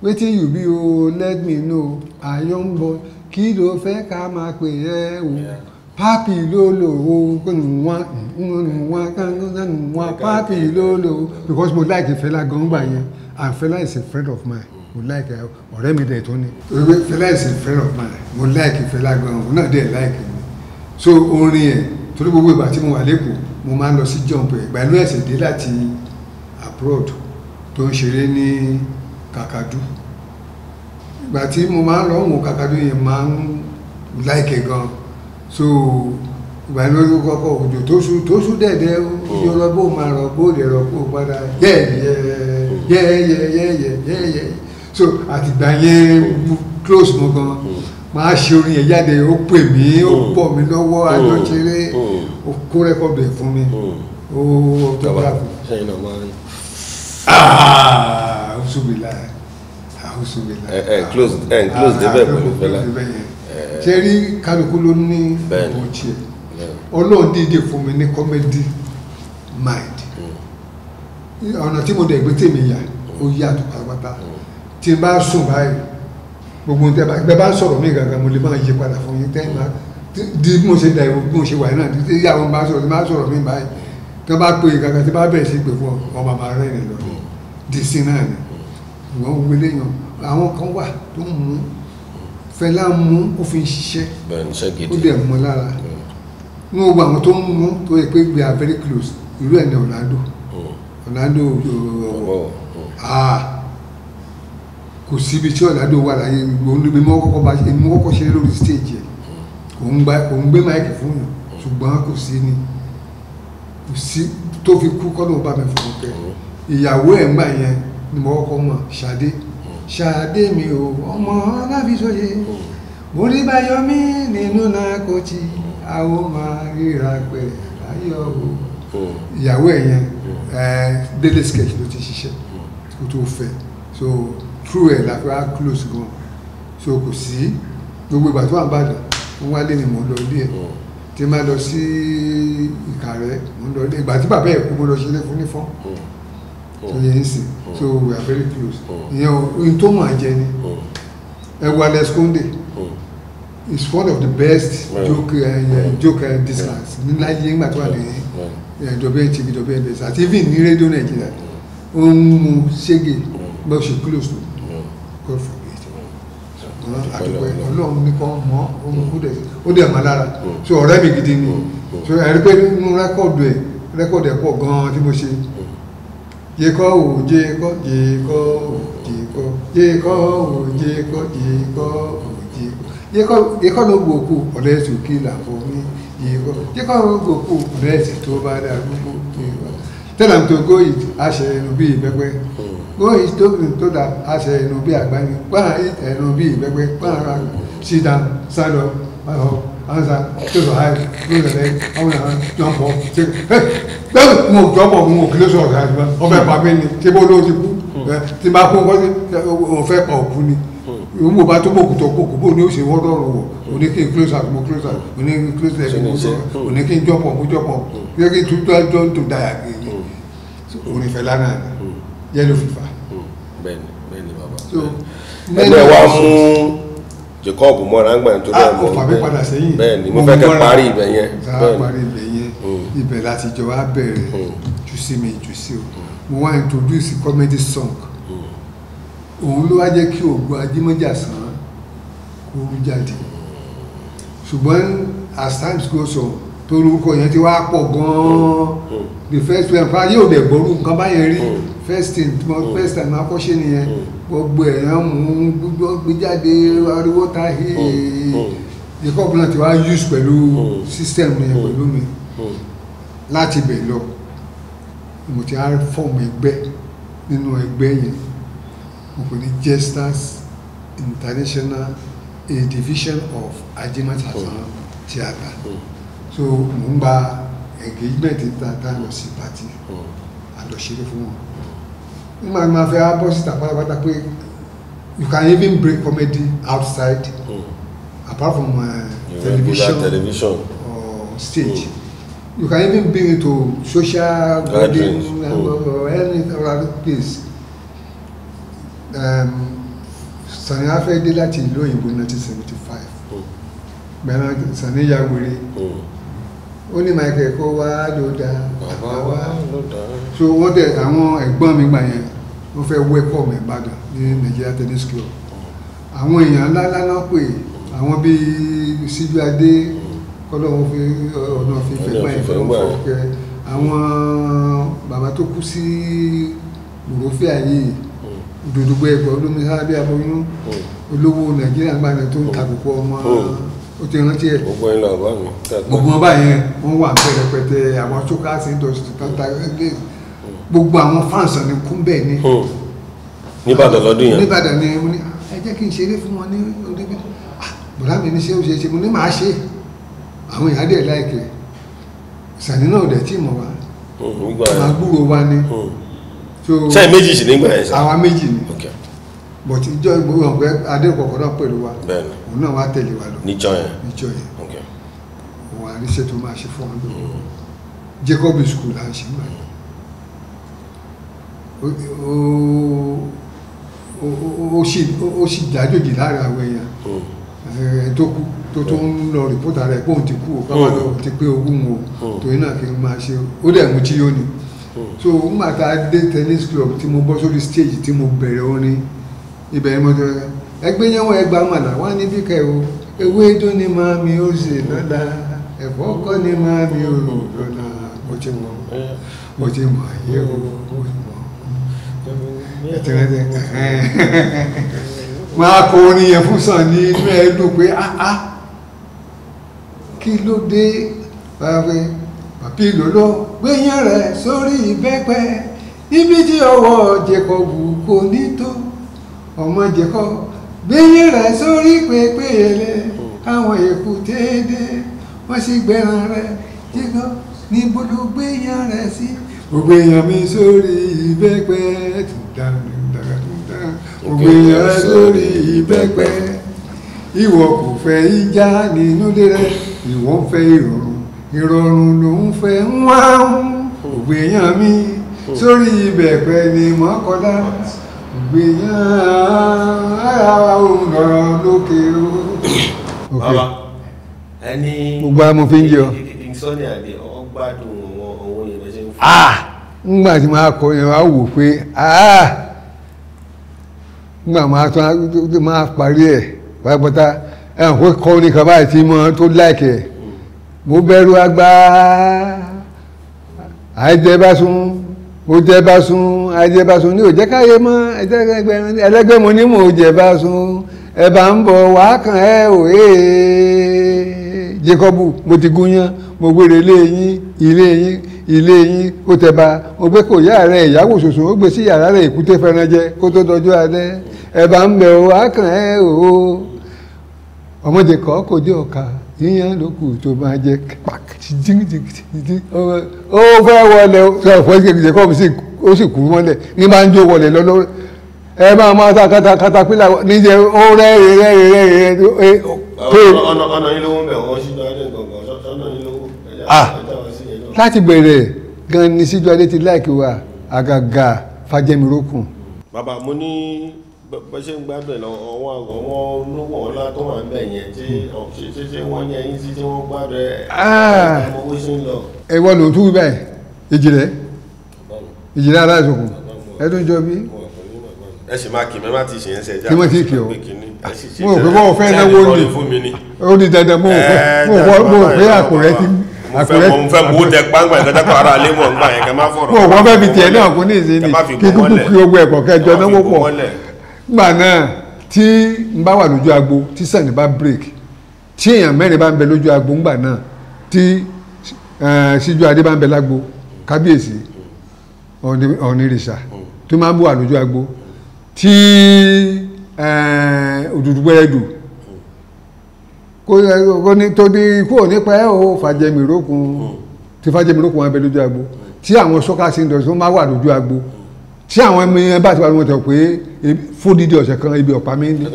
wetin you be o let me know a young boy kí ló fẹ́ ká máa pè ẹ́ o. Yeah pápì lólòwò nùwọ̀n nùwọ̀n nùwọ̀n nùwọ̀n pápì lólòwò because mo like Fẹlá gan gbà yẹn and Fẹlá is a friend of mine mo like ọ̀rẹ́ mi dẹ̀ tó ní Fẹlá is a friend of mine mo like Fẹlá gan òun náà dẹ̀ like mi so orin ẹ̀ torí gbogbo ìgbà tí mo wà lẹ́kọ̀ọ́ mo máa ń lọ sí jump ẹ̀ ìgbà inú ẹ̀sìn dé láti abroad tó ń ṣeré ní Kakadu ìgbà tí mo máa ń lọ òun Kakadu yẹn máa ń like gan so ìgbà lórí kọ́kọ́ òjò tó ṣú tó ṣú dẹ̀dẹ̀ ojú hmm. ọlọ́gbó máa rọ̀ kó lè rọ̀ kó padà yẹ́ẹ̀yẹ́ẹ̀yẹ́ẹ̀yẹ́ẹ̀yẹ́ so àtìgbà yẹn close mọ́ gan máa hmm. ṣe orin yẹn jáde ó pè mí ó pọ̀ hmm. mí lọ́wọ́ àjọṣeré ó kó rẹ́kọ̀dù ẹ̀ fún mi ó tó bá kù. ah ọ̀ṣùgbìlà ọ̀ṣùgbìlà. ẹ ẹ close ẹ eh, ah, close débẹ̀ ah, pẹ̀lú fẹ́lá ṣe rí kálukú ló ní ìbòjì ẹ̀ Ọlọ́run dídè fún mi ní comedy mind hmm. ọ̀nà tí mo dẹ̀ gbé tèmi yà ó yàtọ̀ pátápátá hmm. tí n bá sùn báyìí gbogbo tẹ bá gbẹ bá sọ̀rọ̀ mí gangan mo lè máa yí padà fún yín tẹ́yìn máa hmm. di bí mo ṣe dà ìwò bí mo ṣe wà náà di tí àwọn bá sọ̀rọ̀ tí bá sọ̀rọ̀ mí báyìí tí wọ́n bá pe gangan tí bá bẹ̀rẹ̀ sí pé fún ọmọ àmà rẹ̀ nìlọ di sí náà ni ìwọ̀n gbélé yan àwọn kan wà tó ń mú fẹlá mú òfin ṣiṣẹ́ ó dẹ̀ mọ́ lára hmm. ní gbogbo àwọn tó ń mú tó yẹ pé we are very close irú ẹ̀ ní Orlando hmm. Orlando uh, hmm. ah, kò síbi tí Orlando wà láyé olùgbé mọ́ kọ́kọ́ bá ṣe mú kọ́kọ́ ṣe lórí stage ẹ̀ kò ń gbé máìkì fún yàn ṣùgbọ́n kò sí ni kò sí tó fi kú kọ́nà bá mi fọwọ́ kẹ́ ìyàwó ẹ̀ ń gbà yẹn ni mo kọ́kọ́ mọ̀ Ṣadé ṣàdé mi ò ọmọ láfiṣọyé borí bá yọ mí nínú náà kò tí a ó máa ríra pẹ láyọ̀ o ìyàwó ẹ̀ yẹn sketch ló ti ṣiṣẹ́ kó tó fẹ́ so through ẹ̀ la fi wá close gan so kò sí gbogbo ìgbà tó wà ń bàdàn wọ́n wá lé ni mò ń lọ ilé ẹ̀ tí máa lọ sí Ìkàrẹ́ mò ń lọ ilé ìgbà tí bàbá ẹ̀ kú mo lọ ṣe fún nífọ́n tó oh. oh. so we are very close oh. ìyẹn o ohun tó mọ̀ àjẹ ni ẹwà les conde is one of the best joke eh, eh, joke uh, eh, discount níláyé ńgbà tó wà ní WNTV WNBS àti even ní rédíò nàìjíríà ó ń mu ṣége bá ṣe close to God forbid àdúgbò ọlọ́run ní kọ́ mọ́ mm. ó dẹ̀ mọ́ lára mm. so ọ̀rẹ́ mi gidi ni mm. so ẹ̀rí pé nínú rẹ́kọ̀dù ẹ̀ rẹ́kọ̀dù ẹ̀ pọ̀ gan-an tí mo ṣe. Jeko o jeko jeko jeko jeko o jeko jeko jeko jeko jeko no gboku ọ̀rẹ́ ètò kìlà fún jeko jeko no gboku ọ̀rẹ́ ètò tó bá dá gbogbo jeko tẹ́lá tó góyì aṣẹ ẹnu bí ìbẹ́pẹ́ hmm. góyì tó kìí tó dá aṣẹ ẹnu bí àgbáyé pààrọ̀ ẹnu bí ìbẹ́pẹ́ pààrọ̀ sídà sálọ pààrọ̀. 啱晒，跟住係跟住你，我哋兩婆即係，等我咗我我幾多歲係點啊？我咪話俾你，即係我攞住股，誒，即係買股嗰啲，我飛牛股你。o mo ba to mo kuto ko ko ni o se wo dọrọ wo o ní kí n close out mo close out o ní kí n close out mo close out o ní kí n jọpọ mo jọpọ yẹ kí n tún tún tún tún dayà kiri o ní fẹ lánàá yẹ ló fi fa. bẹ́ẹ̀ni bẹ́ẹ̀ni bàbá. ẹgbẹ́ wa mú. Jacob mọ́ra ń gbà ní torí ẹ̀mọ́ ah, bẹ́ẹ̀ ni mo fẹ́ kẹ́ parí ibẹ̀ yẹn. parí ibẹ̀ yẹn hmm. ibẹ̀ láti jọ wá bẹ̀rẹ̀ hmm. jù sí mi jù sí o hmm. mo wá introduce comedy song òun ló wá jẹ́ kí ògùn ajímọ́jà sàn kó rú jáde ṣùgbọ́n as time goes on torúkọ yẹn ti wá pọ̀ gan-an the first time fáyé ò dẹ̀ gbọ́rú nǹkan báyẹn rí first thing mo mm. first time akọ ṣe nìyẹn mm. gbogbo èèyàn mú gbogbo gbéjáde ariwo ta hee mm. government ti wá use pẹ̀lú system yẹn pẹ̀lú mi láti bẹ̀ lọ mo ti á fọ́ọ̀mù ẹgbẹ́ nínú ẹgbẹ́ yẹn mo pè ní Jesters International a division of Ajimat Hasan theatre so mo ń gba engagement tata lọ sí party a lọ ṣeré fún wọn. My nígbà máa fẹ́ bọ́ síta about pé you can even break comedy outside mm. apart from uh, television, television or stage mm. you can even bring it to social gathering mm. or any other place um, Sani afẹ́ dé láti ìlú òyìnbó 1975 gbẹ̀rẹ̀ hmm. Sani ya wèrè. Hmm ó ní michael kó wá ló dá bàbá wa so wọ́n tẹ̀ àwọn ẹ̀gbọ́n mi gbà yẹn ó fẹ́ wẹ́kọ̀mù ìbàdàn ní nigeria tennis club àwọn èèyàn ńláńlá náà pè àwọn bíi síjú adé kọ́lọ́hún fi ọ̀nà fífẹ́ gbà yẹn fún ọ̀fẹ́ àwọn bàbá tó kú sí mòrófíà yìí òdòdó gbẹ̀gbọ́ olómi sábẹ́ aboyún hmm. olówó nàìjíríà gbàgbẹ́ tó ń takòkò ọmọ. Hmm o ti rántí ẹ. gbogbo ẹ lọ bá mi. gbogbo ọba yẹn wọn wà pẹrẹpẹtẹ àwọn sókàsì dọ̀sì tata ẹgbẹ́ gbogbo àwọn fáǹsì ni kún bẹ́ẹ̀ ni. Hmm. nìbàdàn lọ́dún yẹn. nìbàdàn ni mo ní ah, ẹ jẹ́ kí n ṣeré fún wọn ní orí bí ah, bọ̀dá mi ní ṣé ó ṣe ṣe mo ní màá ṣe àwọn ìyá dẹ̀ láìpẹ́ sàní náà dẹ̀ tí mọ̀ wá hmm, àwọn àbúrò wa ni. Hmm. sẹ́yìn méjì sì nígbà yẹn sá. àwa méjì ni bọ̀tí ìjọ ìgbòho ọ̀gbẹ́ adé kọ̀ọ̀kan náà pẹ̀lú wa. bẹ́ẹ̀ ni òun náà wá tẹ̀lé wa lọ níjọ yẹn níjọ yẹn òun àríṣẹ́ tó máa ṣe fún ọdún mm. Jacob school là ń ṣe mọ́ yẹn ó sì dájòjì láàrin àwọn èèyàn mm. tó kú tó tó ń lọ rìpótà rẹ̀ pé òun ti kú o káwọn lọ mm. ti pé ogún o torí náà kí n máa ṣe ó dẹ̀ mú tí yóò ní so nígbà tá a dé tennis club tí mo bọ́ sórí stage tí mo bẹ̀rẹ̀ orin ibẹ̀ ni mo tẹ́ ẹgbẹ́ yẹn wọ́n ẹgbàá màdà wọ́n ní bí kẹ́ o ewé tó ní máa mi ó sì lọ́la ẹ̀fọ́ kọ́ ní máa mi ó rò lọ́la mo ti mọ̀ mo ti mọ̀ yé o mo ti mọ̀ ẹ̀tẹ̀ ẹ̀tẹ̀ máa kọ orin yẹn fún sàn ní inú ẹ dùn pé áá ah, ah, kí ló dé báwẹ̀ pàpí lòló gbẹ̀yìn rẹ̀ sórí ìbẹ́pẹ níbi tí ọwọ́ jẹ̀kọ̀ bù kò ní tó ọmọ jẹ̀kọ̀ gbéyé rẹ̀ sórí pépé ẹlẹ káwọn èkúté dé wọ́n sì gbẹran rẹ̀ jíkọ́ níbo ló gbéyàn rẹ̀ sí. gbogbo èèyàn mi sórí ìbẹ́pẹ gbogbo èèyàn sórí ìbẹ́pẹ ìwọ kò fẹ́ ìjà nínú dẹrẹ ìwọ fẹ́ ìrọ̀rùn ìrọ̀rùn ló ń fẹ́ ń wá ń gbogbo èèyàn mi sórí ìbẹ́pẹ ni mọ́kànlá bàbá ẹni gbogbo amòfin jẹ ọ ìsọ́ni àdé ọgbádùn àwọn èèyàn ṣe ń fún ngbà ah! tí máa kọ yẹn wá wò pé ah! ngbà máa tún máa parí ẹ̀ pátápátá ẹ̀hùn kó kọ́ ní kaba àti mọ́ tó láìkẹ̀ mo bẹ̀rù agbáá àìjẹ́ bá sún mo jẹ Basun ajẹ Basun ní òjẹ káyé mọ ẹlẹgbẹ mo ní mo jẹ Basun ẹbà ń bọ wàá kàn ẹ òye Jacob mo ti gúnyán mo gbére ilé yín ilé yín ilé yín ó tẹba mo gbé kò yá rẹ ìyàwó ṣoṣo ó gbé sí yàrá rẹ èkúté fẹran kó tó dọjọ́ alẹ́ ẹbà ń bẹ wàá kàn ẹ òo ọmọdé kọ kò dé ọkà yíyan ló kù tó bá jẹ pak ó fẹ́ wọlé ọ̀fọ̀ ìkejì kọ́ ó sì kú mọ́lẹ̀ ní máa ń jó wọlé lọ́lọ́ ẹ máa máa ta katapila níjẹ ó rẹ́rìn rẹ́rìn rẹ́rìn rẹ́rìn. ọ̀nà yín lówó mẹ́wọ́ ṣíjọ́ adé gbọ̀ngàn ṣọ́nà yín lówó ah, láti bẹ̀rẹ̀ gan ni síjọ́ adé ti láìkí wa àgàgà fàjẹmìrókùn. bàbá mo ní bó ṣe ń gbádùn ẹ̀ lọ ọwọ́ ọwọ́ olówó ọlá tó wà ń bẹ̀ yẹn tí ṣe ṣe wọ́n yẹ yín sí tí wọ́n gbádùn ẹ̀ ah! ṣe ń lọ. ẹ wọ́n lò ó tún bẹ́ẹ̀ ìjìnlẹ̀ ìjìnlẹ̀ aláìsòkò ẹ tó ń jọ bí. ẹ sì máa kì mẹ́ ti ṣe yẹn ṣe kí wọ́n ti kì ọ́ mo rò pé wọ́n fẹ́ náwó ni ó ní dandan mo rò pé àpò rẹ ti àkùrẹ́ mo fẹ́ mú tẹ gbangba ìtọ́jà kan ara lé mọ̀ ń yẹn kẹ́ má fọ̀rọ̀. mo wọ́n fẹ́ fi tiẹ̀ náà kún ní ìsinmi kí kúkú kí ogun ẹ̀kọ́ kẹjọ náwó pọ̀ gbà náà tí n bá wà lójú agbo tí sàn bá break tí èèyàn mẹ́rin bá ń bẹ lójú agbo ńgbà náà tí síjú adé bá ń bẹ lágbo kábíyèsí ọ̀nìrìṣà tó máa ń bọ̀ wà lójú agbo tí òdùdú gbẹ́rẹ́dù tó ní ikú ò nípa ẹ̀ o fàjẹmìrókun tí fàjẹmìrókun wọn bẹ lójú agbo tí àwọn sọ́kà sí ìdọ̀tí máa wà lójú agbo tí àwọn ẹmọ yẹn bá ti wà ní wọn tọ pé fódìdí ọ̀sẹ̀ kan ibi ọ̀pá mi ní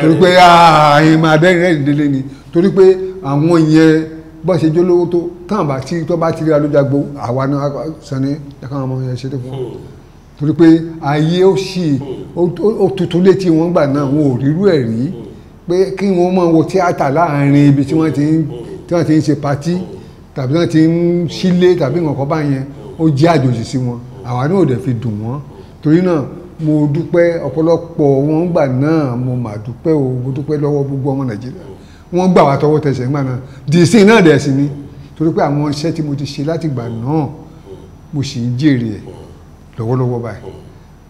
torí pé ààyè ah, máa dẹ́rìn rẹ́rìn délé ni torí pé àwọn yẹn bọ́ ṣe jólówó tó tán bá tí tó bá ti rí alójàgbó àwa náà sani ẹ̀ka àwọn ọmọ yẹn ṣe tó fún wọn hmm. torí pé ayé ó sì hmm. ó tuntun létí wọn gbà náà wọn ò rírú ẹ̀ rí hmm. pé kí wọ́n máa wo tíátà láàrin ibi tí wọ́n ti ń tí wọ́n ti ń ṣe patí tàbí tí wọ́n ti ń sílé tàbí nǹkan bá yẹn ó jẹ́ àjòjì sí wọn àwa náà ò dẹ̀ fi dùn wọ́n torí náà mo dúpẹ́ ọ̀pọ̀lọpọ̀ wọn gbà náà mo mà dúpẹ́ o mo dúpẹ́ lọ́wọ́ gbogbo ọmọ nàìjíríà wọ́n gbà wá tọwọ́ tẹsẹ̀ ńgbà náà dìísìn náà dẹ̀ sí ni torí pé àwọn iṣẹ́ tí mo ti ṣe láti gbà náà mo sì ń jèrè ẹ̀ lọ́wọ́lọ́wọ́ báyìí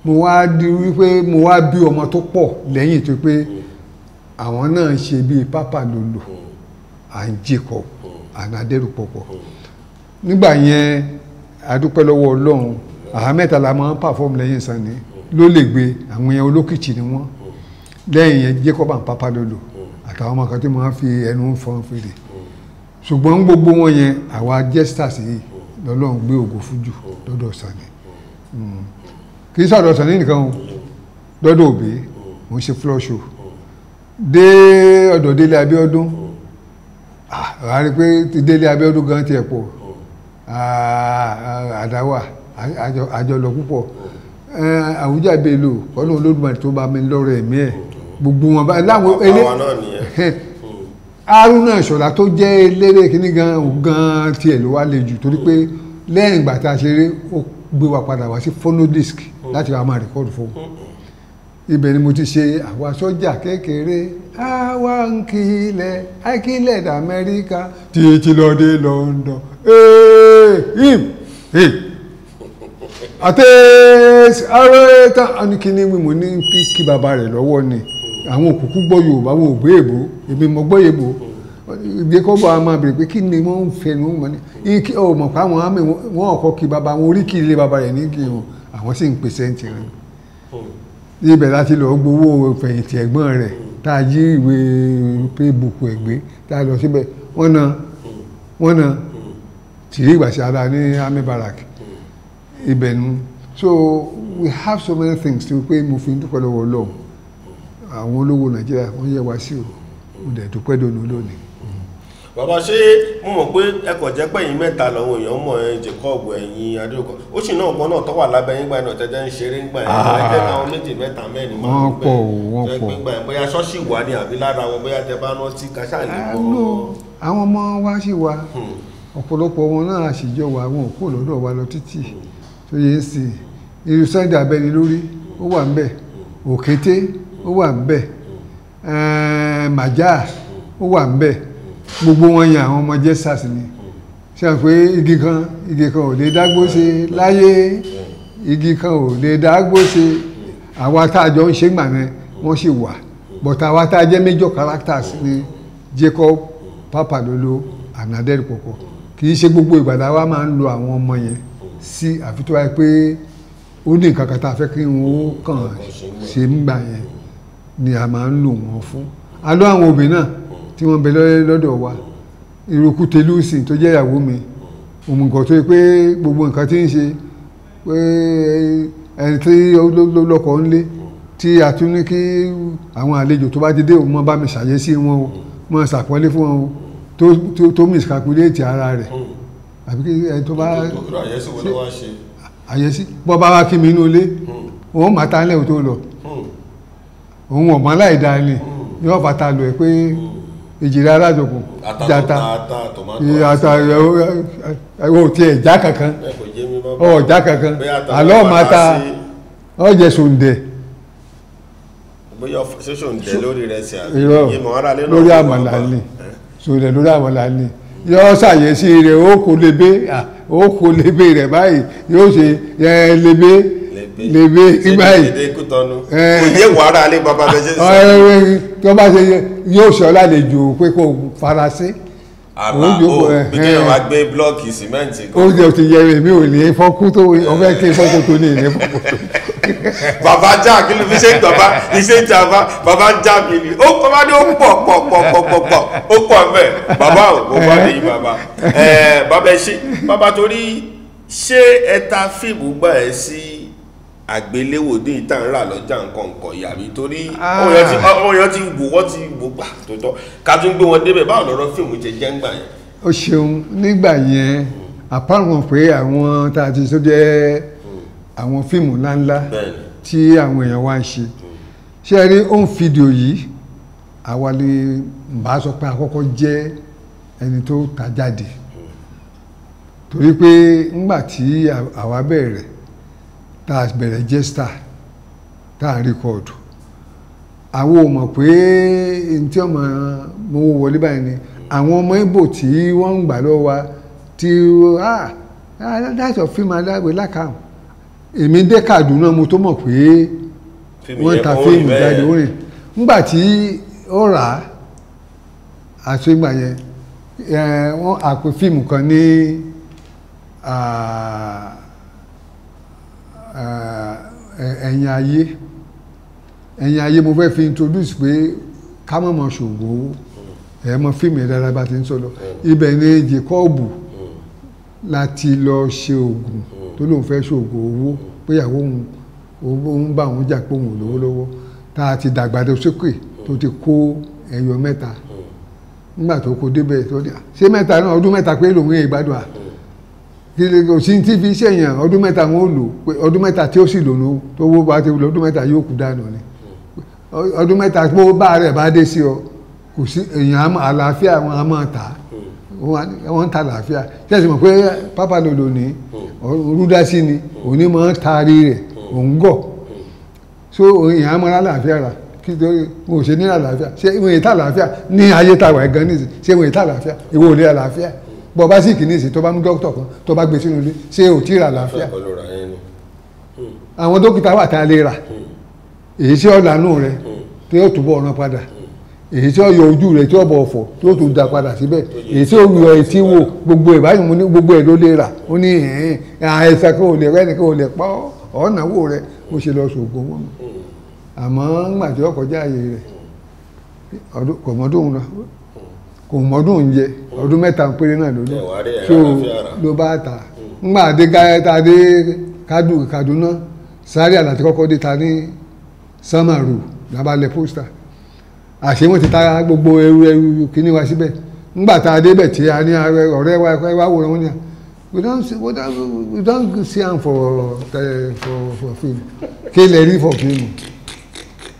mo wá di wípé mo wá bí ọmọ tó pọ̀ lẹ́yìn tó pé àwọn náà ṣe bíi pápá lòlò à ń jẹkọ̀ à ń adẹ́rù pọ̀pọ̀ nígbà yẹn a lọ́wọ́ ọlọ́run àhámẹ́ta la máa ń pàfọ́ọ̀mù lẹ́yìn Sunday ló lè gbé àwọn yẹn olókìtì ni wọ́n lẹ́yìn yẹn Jacob and Papa Lolo àtàwọn ọmọ kan tí wọ́n fi ẹnu fọn fèrè ṣùgbọ́n gbogbo wọn yẹn àwa jesters yìí lọ́lọ́run gbé ògo fújù lọ́dọ̀ Sunday hmm. kì í sọ̀dọ̀ Sunday nìkan o lọ́dọ̀ òbí mo ń ṣe floor show dé ọ̀dọ̀ Délé Abíọ́dún ah, àárín pé ti Délé Abíọ́dún gan tiẹ̀ pọ̀ ah, àdáwà àjọ lọ púpọ̀ àwùjá bèlò ọlọ́run olódùmarè tó bá mi lọ́rọ̀ ẹ̀mí ẹ̀ gbogbo wọn báyìí láwọn elé Haruna Ìṣọ̀lá tó jẹ́ eléré kíní gan gan tiẹ̀ ló wá le jù torí pé lẹ́yìn ìgbà tá a ṣeré ó gbé wa padà wá sí phonodisc láti wá máa rẹ́kọ́ọ̀dù fún ibẹ̀ ni mo ti ṣe àwa sọ́jà kékeré àwa ń kílẹ̀ àìkílẹ̀ d'Amẹ́ríkà títí lọ dé London ee im ee àti arẹ́ta anìkíní mi mo ní kí bàbá rẹ̀ lọ́wọ́ ni àwọn òkùnkùn gbọ́ yorùbá àwọn ògbé èbó èmi mo gbọ́ èbó ìgbé kọ́ bọ̀ àmọ́ àbèrè pé kí ni wọ́n ń fẹ́ ni wọ́n mọ̀ ní ike ọmọ pa àwọn àmì wọn ọkọ kí bàbá wọn orí kí ilé bàbá rẹ̀ ní kí wọn àwọn sì ń pèsè ń tirẹ̀ ibẹ̀ láti lọ gbowó fẹ̀yìntì ẹ̀gbọ́n rẹ̀ tá a yí ìwé pébùkù ẹ̀gbé tá a lọ síbẹ̀ wọ́n na wọ́n na tìrí ìgbàsí ara ní army barrack ibẹ̀ so we have so many things tí pé mo fi ń dúpẹ́ lọ́wọ́ Ọlọ́run àwọn olówó Nàìjíríà wọ́n yẹ wá sí o mo dẹ̀ dúpẹ́ dònú lónìí. bàbá ṣé mo mọ̀ pé ẹkọ̀ jẹ́ pẹ̀yìn mẹ́ta lọ́wọ́ èèyàn mọ̀ ẹ́ Jacob ẹ̀yìn adéòkọ̀ ó sì náà gbọ́n náà tọ́wà lábẹ́ yín gbà náà tẹ́tẹ́ ń ṣeré ńgbà yẹn ẹgbẹ́ àwọn méjì mẹ́ta mẹ́rin máa ń pẹ́ wọ́n pọ̀ bóyá ṣọ́ọ̀ṣì wà ní àbí lára wọn bóyá tẹ bá rántí káṣá lè mọ́. àwọn ọmọ wa ṣì wà hmm. ọ̀pọ̀lọpọ̀ wọn náà ṣìjọ wà wọn ò kúrò lọ́dọ̀ wa lọ títì. Hmm tó yẹ ń sìn irú sunday abẹ́ni lórí ó wà ń bẹ̀ òkété ó wà ń bẹ̀ màjá ó wà ń bẹ̀ gbogbo wọn yẹn àwọn ọmọ jésàs ni ṣe à pé igi kan igi kan ò lè dágbó ṣe láyé igi kan ò lè dágbó ṣe àwa tá a jọ ń ṣe gbà yẹn wọ́n sì wà but àwa tá a jẹ́ major characters ni Jacob Papalolo and Aderikoko kì í ṣe gbogbo ìgbà la wa máa ń lo àwọn ọmọ yẹn sí àfi tó wáyé pé ó ní nǹkan kan tá a fẹ́ kí wọ́n kàn ṣe nígbà yẹn ni a máa ń lò wọ́n fún alọ́ àwọn obìnrin náà tí wọ́n bẹ lọ́dọ̀ wa ìrokú telúùsì tó jẹ́ ìyàwó mi òmùgọ̀ tó yẹ pé gbogbo nǹkan tí ń ṣe pé ẹni tí lọ́kọ̀ ń lé tí a tún ní kí àwọn àlejò tó bá ti dé òun mọ́ bá mi ṣàyẹ́sí wọn o mọ́ ṣàpọ́nlé fún wọn o tó miscalculate ara rẹ̀ àbí kí ẹni tó bá àyẹ́sí wo ló wá ṣe àyẹ́sí bọ́ bá wá kí mi inú ilé hmm. òun máa ta lẹ́wọ̀ tó lọ hmm. òun ọ̀mọ́ láì dá ni hmm. yóò fata lò ẹ́ pé ìjìrì aládùnkù jata ata o tiẹ̀ já kankan ọ̀ já kankan àlọ́ máa ta ọ̀ jẹ́ sòǹdẹ̀ bóyá ṣoṣo ń tẹ lórí rẹ sí àgbẹ̀ yìí mọ̀ ara lé lórí àmàlà ni sòrè lórí àmàlà ni yóò ṣàyẹ̀sí rẹ̀ ó kó lebe ó kó lebe rẹ̀ báyìí yóò ṣe lebe lebe báyìí. kò yé wàhálà alẹ́ bàbá bẹ́ẹ̀ sọ. tó bá ṣe yóò ṣọ́ lálejò pé kò farasin àmà o gbẹgẹ wa gbé blọọkì sìmẹ́ǹtì kan. oúnjẹ ò ti yẹ èmi ò ní fọ́kú tó ọbẹ̀ kí fọ́kú tó ní ìní fọ́kú tó. bàbá jack ló fi ṣe bàbá iṣẹ́ ìjà bá bàbá jack ni ó kọ́ bá ní ó pọ̀ pọ̀ pọ̀ pọ̀ pọ̀ pọ̀ ó pọ̀ mẹ́ bàbá o kò bá lè yí bàbá bàbá ẹ ṣe bàbá torí ṣé ẹ ta fíìmù gbà ẹ sí àgbéléwò dé ìta ń rà lọ́jà nǹkan nǹkan ìyàbí torí ah. ọmọ yẹn ti wò wọ́n ti wò gbà tó tọ́ ká tún gbé wọn débẹ̀ báwo lọ́rọ́ fíìmù ṣe jẹ́ ńgbà yẹn. o ṣeun nígbà yẹn àpárùn hmm. pé àwọn tá a ti sọ jẹ́ hmm. àwọn fíìmù ńláńlá tí àwọn èèyàn wá ń ṣe hmm. ṣé ẹ rí home fídíò yìí àwa lè bá a sọ pé àkọ́kọ́ jẹ́ ẹni tó ta jáde torí pé ńgbà tí àwa bẹ̀rẹ̀ tá a bẹ̀rẹ̀ jẹ́sítà tá a rékọ̀dù àwọn ò mọ̀ pé ntí ọmọ mo wọlé báyìí ni àwọn ọmọ Ìgbò tí wọ́n ń gbà lọ́wọ́ wa ti ah láti ọ̀fin máa dáwé lákàá èmi dé Kàdúná mo tó mọ̀ pé wọ́n ta fíìmù jáde orin nígbà tí ó rà á àti ìgbà yẹn wọ́n àpè fíìmù kan ní ah, Eh, eh, ẹ̀yìn ayé ẹ̀yìn ayé mo fẹ́ fi introduce pé ká mọ̀ mọ̀ ṣògbó ẹ̀ mọ fíìmù dáadáa bá ti ń sọ̀rọ̀ ibẹ̀ ni Jacob láti lọ ṣe oògùn tó lóun fẹ́ ṣoògùn owó pé ìyàwó òun òun bá òun jà pé òun ò lówó lọ́wọ́ tá a ti dàgbàdo sókè tó ti kó ẹyọ mẹ́ta nígbà tó kó débẹ̀ tó ní ṣé mẹ́ta náà ọdún mẹ́ta pé lòun èèyàn gbádùn à òsín tí fi ṣèyàn ọdún mẹ́ta wọn ò lò pé ọdún mẹ́ta tí ó sì lò ló tó wó bá ti lọ ọdún mẹ́ta yóò kú dànù ni ọdún mẹ́ta tó bá rẹ̀ bá dé sí ọ kò sí èèyàn àlàáfíà wọn a máa tà wọn ń ta àlàáfíà ṣẹ́sì mọ̀ pé pápá lòlò ní rúdásí ni òní máa ń taari rẹ̀ òun gọ̀ so èèyàn á máa láàfíà rà kí torí wọn ò ṣe ní àlàáfíà ṣé wọn tà àlàáfíà ní ayé tàwa ẹ̀gán nìyí ṣé wọn tà àlàáfíà ìwọ bọ́ bá sì kìíní sí tó bá mú dókítà kan tó bá gbé sínú ilé ṣé ò tí ì rà láàfíà hmm. àwọn dókítà wà tá a lè rà hmm. èyí tí ó lànà rẹ hmm. tí ó túbọ̀ ọ̀ràn padà èyí tí ó yọ ojú rẹ tí ó bọ̀ ọ̀fọ̀ tí ó tún da padà síbẹ̀ èyí tí ó yọ etí wò gbogbo ẹ̀ báyìí mo ní gbogbo ẹ̀ ló lè rà ó ní àìsàn kan ò lè rẹ́ni kan ò lè pa ọ̀nà wò rẹ bó ṣe lọ sògùn wọn àmọ́ ńgbà tí kọjá àyè rẹ̀ kò mọ́dún ń jẹ ọdún mẹ́ta péré náà ló ní o ló bá ta ngbà dé gáyẹta dé Kaduna sáré àlàtí kọ́kọ́ dé ta ní samaru labalẹ̀ pósítà àṣé wọ́n ti ta gbogbo ẹrù ẹrù kíní wa síbẹ̀ ngbà tá a débẹ̀ tí a ní ọ̀rẹ́ wa ẹ wá wòran wọn ni we don see we don we don see am for uh, for for film kí lè rí for film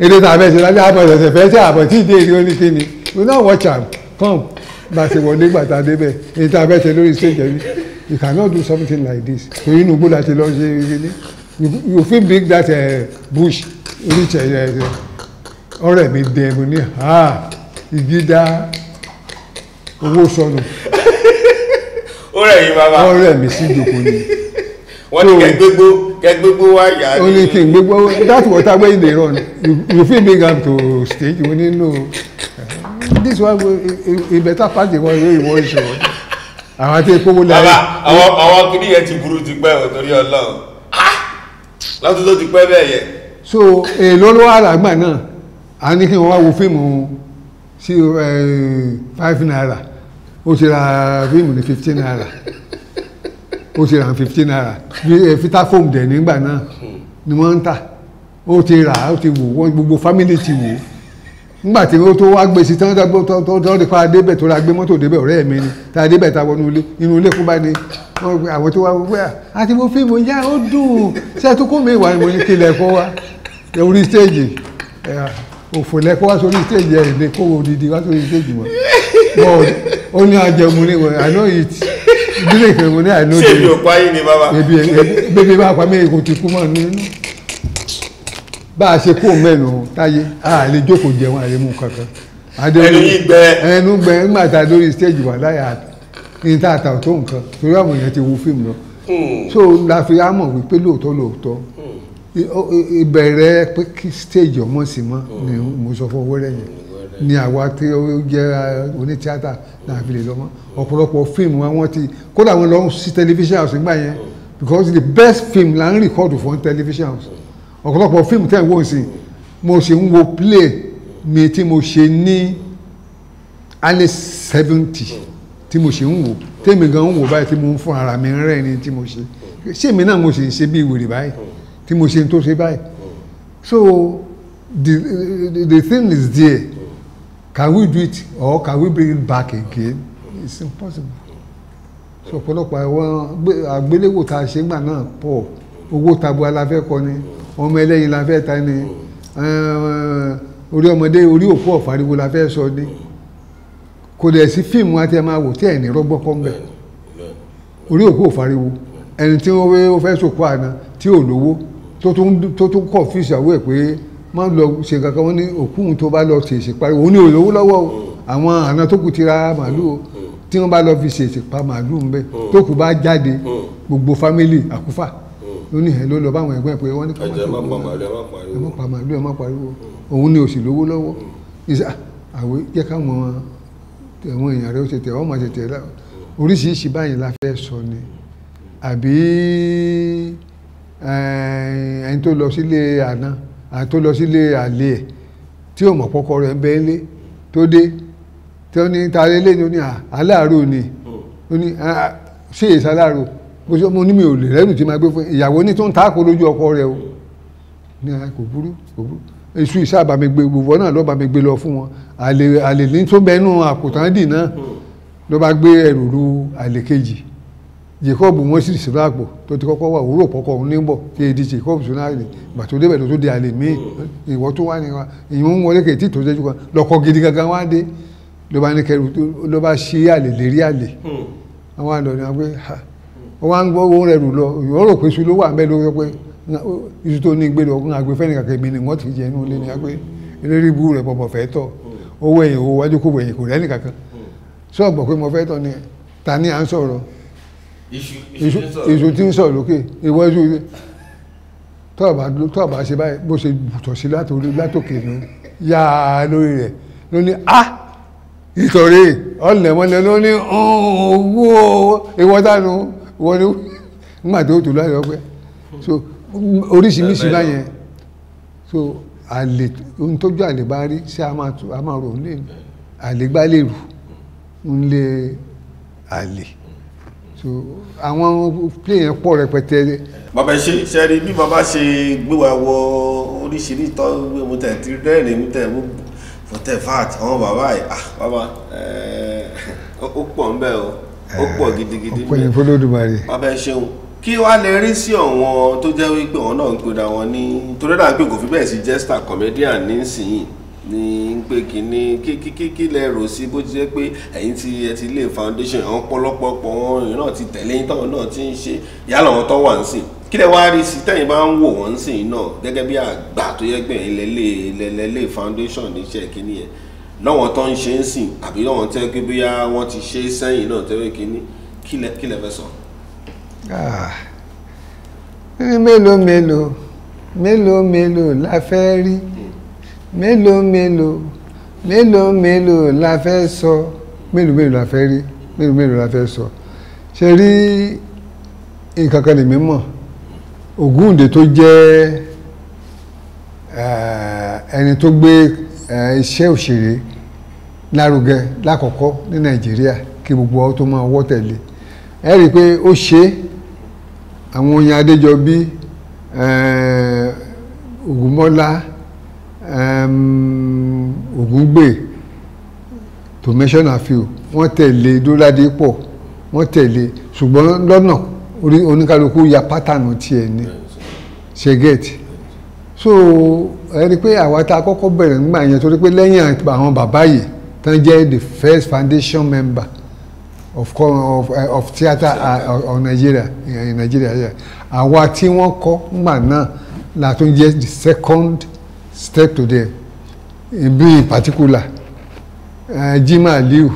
eré tàbí ẹsẹ lábẹ́ àbọ̀ ẹsẹ̀ fẹ́ ṣe àbọ̀ tí ìdí èrè ó ní kíni we don watch am come bá a ṣe wọlé gbàtà débẹ̀ èyí tá a fẹ́ ṣe lórí stage ẹ̀mí you cannot do something like this torí inú gbọ́dọ̀ àti lọ ṣe ilé you fit big that uh, bush reach eh, eh, ọ̀rẹ́ mi dẹ̀ mo ní ha igi dá owó sọnù. ọ̀rẹ́ yìí bàbá ọ̀rẹ́ mi sì jòkó ni. wọ́n ní kẹgbégbó kẹgbégbó wá yá ni. ó ní kí n gbégbó that's what I wey dey run you fit big am to stage we need know this one a better pass the one wey you wan show àwọn àti ìpowó lẹ́yìn. bàbá àwọn àwọn kìnìún yẹn ti burú ti pẹ́ òtórí ọlọ́run lọ́dún tó ti pẹ́ bẹ́ẹ̀ yẹn. so èèló ló wà lágbà náà a ní kí wọ́n wá wo fíìmù sí five naira ó ti ra fíìmù ní fifteen naira ó ti ra fifteen naira fita foam dẹ̀ nígbà náà ni wọ́n ń tà ó ti rà ó ti wò wọ́n gbogbo family ti wò ó nígbà tí ó tó wá gbé sí tán tó rí pa débẹ̀ tó ra gbé mọ́tò débẹ̀ ọ̀rẹ́ mi ni tá débẹ̀ ta wọnú ilé inú ilé kú bá ní àwọn tó wá wípé àti mo fíìmù yá ó dùn ṣe tó kó mi ìwà ni mo ní kílẹ̀ kó wá orí stéèjì òfò lẹ́kọ́ wá sórí stéèjì ẹ̀ lè kó wo didi wá sórí stéèjì mọ́ ó ní ajẹmu ní wọn àná ìtì ìdílé ìfẹ́ mo ní àná ìdílé ṣé ibi ò pa yín ni bàbá bébí bá pa mí èkó ti kú mọ́ nínú bá a ṣe kó mẹ́nu táyé a lè jókòó jẹun àyè mú kankan. ẹnu yìí gbẹ. ẹnu gbẹ nígbà tá a lórí stage wà láyà ní tá a ta ọ̀tọ̀ nǹkan torí àwọn èèyàn ti wo fíìmù lọ. Hmm. so la fi á mọ̀ wípé lóòótọ́ lóòótọ́ hmm. ìbẹ̀rẹ̀ pé kí stage ọmọ sí mọ́ hmm. ni mo sọ fún Owórẹ̀ yẹn ni àwa tí ó jẹ́ onítíátà náà fi lè lọ́mọ́ ọ̀pọ̀lọpọ̀ fíìmù wọn ti kódà wọn lọ sí television house nígbà yẹn because the best film la ń rìkọ́dù fún television house ọ̀pọ̀lọpọ̀ fíìmù tẹ́ ń wò sí mo ṣe ń wo play mi tí mo ṣe ní alẹ́ seventy tí mo ṣe ń wò tèmi gan ń wò báyìí tí mo ń fún ara mi rẹ́ ni tí mo ṣe ṣé mi náà mo ṣe ń ṣe bí ìwèrè báyìí tí mo ṣe ń tó ṣe báyìí so the, the thing is there can we do it or can we bring it back again it's impossible so ọ̀pọ̀lọpọ̀ àwọn àgbéléwò tá a ṣe gbà náà pọ̀ owó tabua la ni ọmọ ẹlẹ́yin la fẹ́ ta ni mm. eh, orí ọmọdé orí òfú ọ̀fàriwo la fẹ́ sọ ni mm. kò dẹ̀ sí fíìmù àti ẹ̀ máa wò tí ẹ̀ ní rọ́gbọ́kọ́ ń bẹ̀ orí òfú ọ̀fàriwo ẹni tí wọ́n fẹ́ sòkó àná tí ò lówó tó tún kọ̀ fíìsì àwọ̀ ẹ̀ pé má lọ ṣe kankan wọn ní òkúhun tó bá lọ ṣèṣì pariwo òun ní òlówó lọ́wọ́ mm. àwọn àna tó kù ti ra màálù o tí wọ́n bá lọ fi ṣèṣì pa màálù ń bẹ̀ tó kù bá jáde gbogbo fámílì àkúfà ló ní ẹ̀ ló lọ báwọn ẹ̀gbọ́n ẹ̀ pé wọ́n ní kàmáṣe ẹ̀ má pa màálù ẹ̀ má pariwo òun ni òsì lówó lọ́wọ́ ah, àwẹ̀ jẹ́ káwọn ẹ̀wọ̀n èèyàn rẹ̀ ó ṣe tẹ̀ ọ́ máa ṣe tẹ̀ oríṣiríṣi báyìí la fẹ́ sọ ni àbí eh, ẹni tó lọ sílé àná àti tó lọ sílé àlè ẹ̀ tí ò mọ̀ pọ́kọ rẹ̀ ń bẹ́ ń lé tó dé tí ó ní ta lé lé ní ó ní àlàárò ah, ni ó ní ah, ṣé èsàlárò bó ṣe mo ní mi ò lè rẹ́rù tí máa gbé fún ìyàwó ní tó ń taako lójú ọkọ rẹ o ní kò burú kò burú èṣù ìṣàbà mi gbé gbogbo náà lọ́ba mi gbé lọ fún wọn àlè àlè ní tó bẹnu àkùtàn dì náà lọ́ba gbé ẹrù ru àlè kejì Jacob wọn sì sínú àpò tó ti kọ́kọ́ wà òwúrò pọ́kọ́ òun ní bọ̀ tí èdè Jacob sínú àlè ìgbà tó débẹ̀ tó tó di àlè míì ìwọ tó wà ní wa ìyún ń wọlé kèétí tó jẹ́jú kan lọ́kọ gidi gangan wá dé lọ́ba ní kẹrù lọ́ba ṣe àlè lérí àlè àwọn àlọ́ ni wọ́n gbé ha wọ́n wá ń gbọ́ owó rẹ̀ rù lọ ìwọ́n rò pé iṣu ló wà ń bẹ́ ló yọ pé iṣu tó ní gbé lọ ọkùnrin àgbẹ̀ fẹ́ni kàkẹ́ mi ni wọ́n ti jẹ inú ilé ni àgbẹ̀ eléré ibú rẹ̀ bọ̀bọ̀ fẹ́ tọ̀ owó ẹ̀yìn owó wájú kò wẹ̀yìn kò rẹ́ni kankan sọ́ọ̀gbọ̀ pé mo fẹ́ tọ̀ ni ta ni à ń sọ̀rọ̀ iṣu tí ń sọ̀rọ̀ lókè ìwọ́ iṣu tó àbá ṣe báyìí bó ṣe bùtọ̀ sí látòkè ló yáa lórí rẹ̀ ló ní ah ìtọ̀rẹ́ ọ̀lẹ̀mọ́lẹ̀ ló ní owó ìwọ́dánu wọ́n ní nígbà tó tó láyọ̀ pé so oríṣiríṣi báyẹn so àlè ohun tójú àlè bá rí ṣé a máa a máa rò nílé àlè gbá lè rù nílé àlè so àwọn play yẹn pọ̀ rẹpẹtẹ. bàbá ṣe ṣẹ́rí bí bàbá ṣe gbé wa wọ oríṣiríṣi tó gbé mo tẹ̀ tí rẹ́rìn mo tẹ̀ mo fọ́tẹ̀ fat àwọn bàbá yìí ah bàbá ó pọ̀ ń bẹ́ẹ̀ o ó pọ̀ gidigidi ọpẹ́yìn fọlọ́dúnmarè bàbá ẹ ṣeun kí wàá lè rí sí ọ̀wọ́n tó jẹ́ wípé òun náà ń pera wọn ní torí náà pé kò fi bẹ́ẹ̀ sí jester comedian nísìnyí ní pé kínní kí lẹ rò sí bó ti jẹ́ pé ẹ̀yin ti ẹ ti lé foundation àwọn pọ̀lọpọ̀pọ̀ wọn èèyàn náà ti tẹ̀lé yín táwọn náà ti ń ṣe yálà wọn tó wà ń sìn kí lẹ wá rí sí tẹ̀yin bá ń wò wọ́n ń sìn náà gẹ́gẹ́ bí àgbà tó yẹ gbẹ̀yìn lẹ́lẹ́ foundation níṣẹ́ kínní yẹn lọ́wọ́n tó ń ṣe ń sìn àbí lọ́wọ́n tẹ́ pé bóyá wọ́n ti ṣe sẹ́yìn náà tẹ́wé kínní kí lẹ fẹ́ sọ. Ah, mélòó mélòó mélòó mélòó la fẹ́ rí mélòó mélòó mélòó mélòó la fẹ́ sọ mélòó mélòó la fẹ́ rí mélòó mélòó la fẹ́ sọ ṣe rí nǹkan kan lèmi mọ̀ Ògúndé tó jẹ́ eh, ẹni tó gbé iṣẹ́ òṣèré lárugẹ lákọ̀ọ́kọ́ ní nàìjíríà kí gbogbo ọ tó máa wọ́ tẹ̀lé ẹ rí i pé ó ṣe àwọn oyin adéjọbí ògúnmọ́lá ògúngbè to mention a few wọ́n tẹ̀lé dúrádìpọ̀ wọ́n tẹ̀lé ṣùgbọ́n lọ́nà oníkálukú ya pátánù tiẹ̀ ni ṣe gẹ̀ẹ́tì so ẹni pé àwa tá a kọ́kọ́ bẹ̀rẹ̀ nígbà yẹn torí pé lẹ́yìn àwọn bàbá yìí tán jẹ́ the first foundation member of eh, ah, of of theatre uh, of Nigeria in eh, Nigeria yeah. àwa tí wọ́n kọ́ nígbà náà la tún jẹ́ the second step to them in being in particular uh, eh, Jimoh Aliu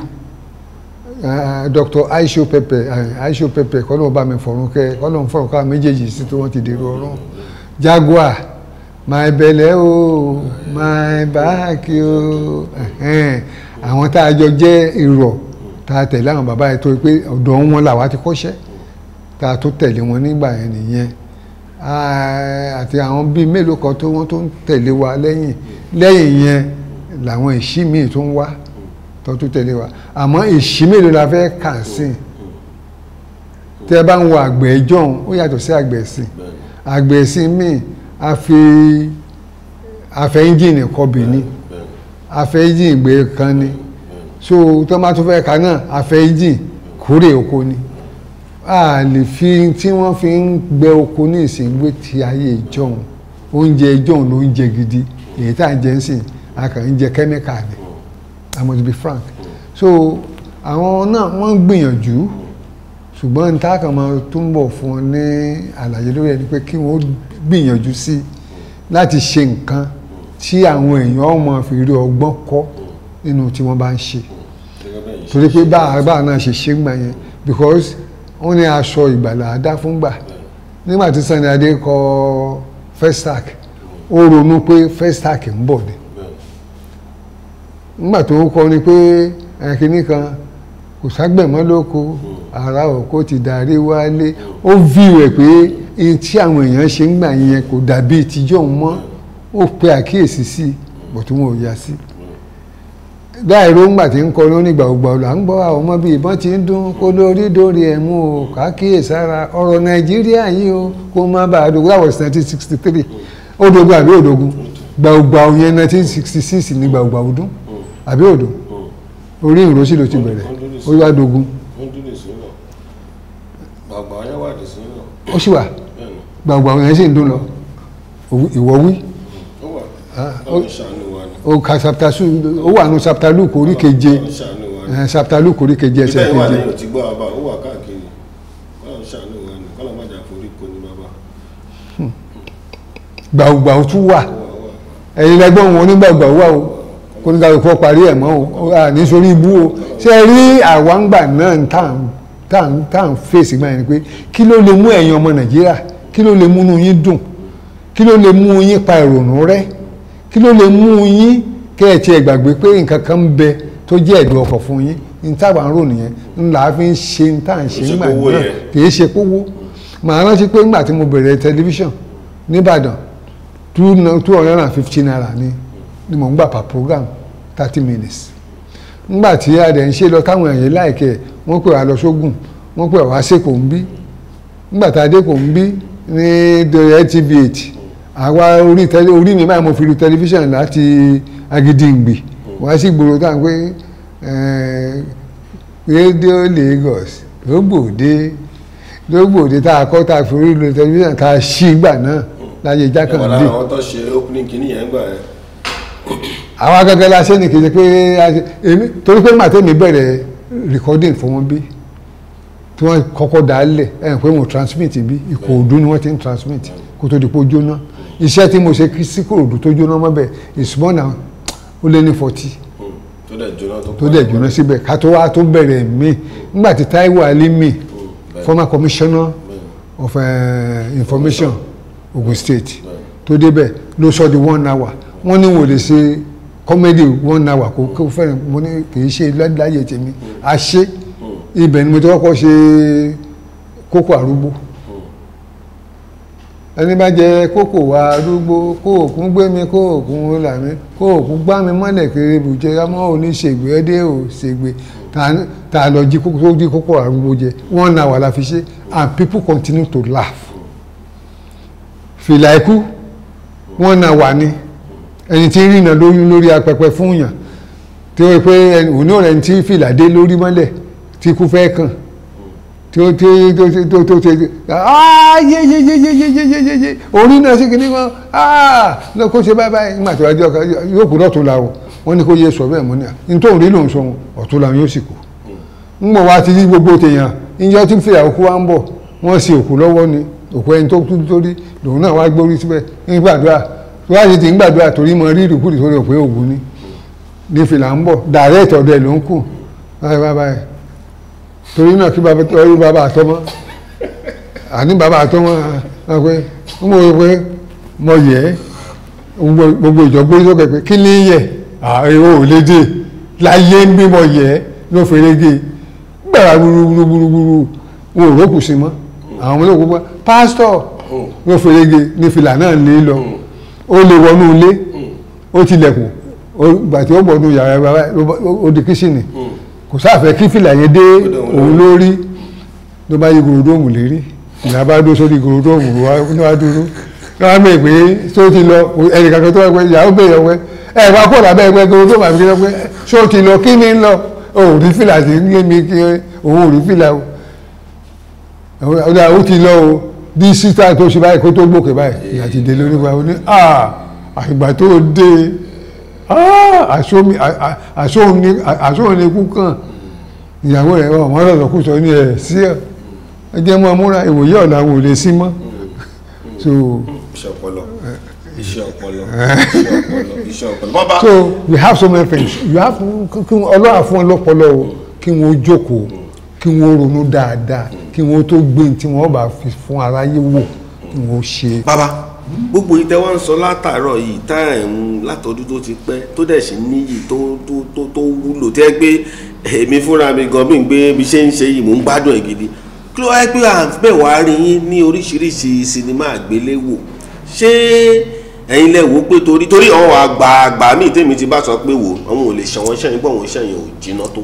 uh, Dr. Aisho Pepe uh, Aisho Pepe kọ́nà ọba mi fọ̀rùn kẹ́ kọ́nà fọ̀rùn ká méjèèjì sí tí wọ́n ti dèrò ọ̀run Jaguar máa bẹ̀lẹ̀ o máa báàkì o àwọn tá a jọ jẹ́ ìrọ̀ tá a tẹ̀lé àwọn bàbá yẹn tó pé ọ̀dọ̀ wọn làwa ti kọ́ṣẹ́ tá a tó tẹ̀lé wọn nígbà yẹn nìyẹn àti àwọn bíi mélòó kan tó wọ́n tó ń tẹ̀lé wa lẹ́yìn lẹ́yìn yẹn làwọn ìṣí míì tó ń wá tó tó tẹ̀lé wa àmọ́ ìṣí mélòó la fẹ́ kà sí tẹ́ bá ń wo àgbẹ̀ ẹjọ́ ó yàtọ̀ sí àgbẹ̀ ẹ̀sìn àgbẹ̀ ẹ̀sìn míì a fi afẹ́ ẹ́ńjìnì kọbì ni afẹ́ ẹ́ńjìnì gbé kan ni so tó máa tún fẹ́ ka náà afẹ́ ẹ́ńjìnì kúrè oko ni a lè fi tí wọ́n fi ń gbẹ oko ní ìsìngbé ti ayé ìjọun oúnjẹ ìjọun ló ń jẹ gidi èyí tá à ń jẹ ń a kàn ń jẹ kẹ́míkà ni I must be frank so àwọn náà wọ́n ń gbìyànjú ṣùgbọ́n ní tá a kàn máa túnbọ̀ fún ọ ní àlàyé lórí ẹni pé kí wọ́n gbìyànjú sí láti ṣe nǹkan tí àwọn èèyàn máa fi rí ọgbọ́n kọ́ nínú tí wọ́n bá ń ṣe torí pé báà náà ṣe ṣe gbà yẹn because wọ́n ní aṣọ ìgbàlà àdá fúngbà nígbà tí Sunny Adé kọ Festac ó ronú pé Festac ń bọ̀ ni nígbà tó kọ ni pé ẹ̀kíní kan kò ságbẹ̀mọ́ lóko ara òkó ti darí wálé ó view ẹ̀ pé ẹni tí àwọn èèyàn ṣe ń gbà yẹn kò dàbí ìtijọ́ mọ́ ó pe àkíyèsí sí bọ̀tú wọn ò yá sí tí ń kọ ní ògbà ọ̀la ń gbọ́ àwọn ọmọ bíi ìbọn ti ń dún kó lórí dórí ẹ̀ o ọ̀rọ̀ nàìjíríà yìí o kó má bàa dogun nineteen sixty three odogun àbí odogun gbàgbà yẹn sì ń dùn lọ ìwọ wí ah, o ka sapta su o wà nù sapta luke orí keje sapta eh, luke orí keje ẹsẹ̀ keje. ibẹ̀ o lẹ́yìn ò ti gbọ́ bàbá ó wà káàkiri kọ́lọ̀ ṣàánú wa ni kọ́lọ̀ má jà forí kò ní bàbá. Hmm. gbàgbà tún wà ẹ̀yin lẹ́gbọ́n wọn onígbàgbà wà o kò ní kàwé fọ́ parí ẹ̀ mọ́ o ní sórí ibú o ṣe rí àwáǹgbà náà tá à ń fèsì gbà yẹn ni pé kí ló lè mú ẹ̀yin ọmọ nàìjíríà kí ló lè múnú yín dùn kí ló lè mú yín pa ìrònú rẹ́ kí ló lè mú yín kẹ́ ẹ̀ tiẹ̀ gbàgbé pé nǹkan kan ń bẹ tó jẹ́ ẹ̀dùn ọkọ̀ fún yín ní táwa ń nìyẹn ńlá fi ń ṣe ní tá à ń ṣe náà kì í ṣe kówó màá rántí pé nígbà tí mo bẹ̀rẹ̀ tẹlifíṣàn nìbàdàn two hundred and fifty naira ni ni mò ń gbà per program thirty minutes ńgbà tí adé ń ṣe lọ táwọn èèyàn láìkẹ́ wọ́n pè wá lọ sógun wọ́n pè wá sí ń bí ńgbà tá a dé kò ń bí ní LTV8 àwa orí orí mi máa mo fi lu tẹlifíṣàn láti Agídìngbì wá sí gbòòrò tá à ń rédíò Lagos lógbòde lógbòde tá a kọ́ tá a fi orí lu tẹlifíṣàn tá a ṣí gbà náà láyé Jákàndé. àwọn tó ṣe opening kìíní yẹn gbà ẹ. àwa gẹ́gẹ́ la ṣe ṣe pé torí recording fún wọn bí. tí wọ́n kọ́kọ́ dá lẹ̀ ẹ̀ pé wọ́n transmit bí ìkòòdú ni wọ́n ti ń transmit kó tó di pé ó jóná iṣẹ́ tí mo ṣe kí sí kòòdú tó jóná mọ́bẹ̀ ìsúmọ́ náà ó lé ní forty tó dẹ̀ jóná síbẹ̀ ká tó wá tó bẹ̀rẹ̀ mí nígbà tí Taiwo Alimi former commissioner of uh, information Ogun State tó débẹ̀ ló sọ di one hour wọ́n ní wò lè ṣe comedy one hour kó fẹ́ràn mo ní kì í ṣe láyé tèmi mm. a ṣe. Mm ibẹ̀ ni mo ti kọ́kọ́ ṣe kókò arúgbó ẹni bá jẹ kókò arúgbó kóòkùn gbé mi kóòkùn là mí kóòkùn gbá mi mọ́lẹ̀ kéré bùjẹ́ ọmọ òní ṣègbè ẹdẹ ò ṣègbè tá a lọ jí kókò tó jí kókò arúgbó jẹ wọ́n na wà láfi ṣe and people continue to laugh fìlà ikú wọ́n na wà ní ẹni tí ń rìnà lórí apẹpẹ fún yàn tí ó pé òní ọ̀rẹ́ ẹni tí fìlà dé lórí mọ́lẹ̀ tí ikú fẹ́ kàn tí ó tí tó tí tó tó ṣe ayé ah, yé yé yé yé yé yé yé yé orí náà sí kìíní kan náà ah, kó ṣe báyìí báyìí nígbà tó rájọ kan yóò kú lọ́tún la o wọ́n ní kó yẹ sọ bẹ́ẹ̀ mọ́ ní à ní tó ń rí lòun sọ wọn ọ̀tún la yóò sì kú ń mọ̀ wá ti rí gbogbo tèèyàn ìjọ tí fìyà òkú wa ń bọ̀ wọ́n sì òkú lọ́wọ́ ni òkú ẹni tó kú torí lòun náà wá gbórí síbẹ̀ ń gbàdúrà tó wáyé ti ń gbàdúrà torí mọ rírì kúrì sórí òpé ògùn ni torí náà kí bàbá tó ẹrú bàbá àtọmọ àní bàbá àtọmọ náà pé ń mọ̀ pé mo yẹ gbogbo ìjọgbó sókè pé kí ni yẹ àìwò lédè láyé ń bí mo yẹ ló fèrègé gbàrà gbúrúgbúrúgbúrú wọn ò rókù sí mọ́ àwọn ọmọ olóògùn pásítọ̀ ló fèrègé ní fìlà náà lé lọ ó lè wọnú ilé ó tilẹ̀kùn gbàtí ó bọ̀ nù yàrá ó di kìsìnì. Mm kò sáfẹ́ kí fìlà yẹn dé òun lórí ló bá yí gòròdóòmù lérí ìlà bá dúró sórí gòròdóòmù wá dúró lọ́wọ́ mi pé tó ti lọ ẹnì kankan tó ẹgbẹ́ ìyàwó bẹ̀rẹ̀ ọ̀wẹ́ ẹ wá kó làbẹ́ ẹgbẹ́ gòròdóòmù àbí kíkọ́ pé tó ti lọ kí ni lọ òun rí fìlà sí ń mi kí òun rí fìlà o ọ̀dà ó ti lọ o bí sísá tó ṣe báyìí kó tó gbòkè báyìí ìyà ti dé lórí wa ó ní àà àgbà tó dé Ah, àṣóhun kan ìyàwó rẹ̀ ọmọ ọlọ́dọ̀kú sọ ní ẹ̀ sí ẹ̀ ẹjẹ́ mọ́ múra ìwòye ọ̀la wò lè sí mọ́ so so we have so many things you have kí ọlọ́wà fún ọlọ́pọlọ o kí wọ́n jókòó kí wọ́n ronú dáadáa kí wọ́n tó gbé tí wọ́n bá fi fún aráyé wò kí wọ́n ṣe. bàbá gbogbo yìí tẹ́ wá ń sọ látàárọ̀ yìí táìmù látọdún tó ti pẹ́ tó dẹ̀ sì níyì tó tó tó tó wúlò tẹ́ pé èmi fúnra mi gan mi gbé bí ṣe ń ṣe yìí mò ń gbádùn ẹ̀ gidi kí ló wáyé pé à ń bẹ̀ wá rí yín ní oríṣiríṣi sinimá àgbéléwò ṣé ẹ̀yin lẹ wò pé torí torí àwọn àgbà àgbà míì tèmi ti bá sọ pé wò àwọn ò lè ṣàwọn ṣẹ́yìn pọ̀ àwọn ṣẹ́yìn ò jiná tó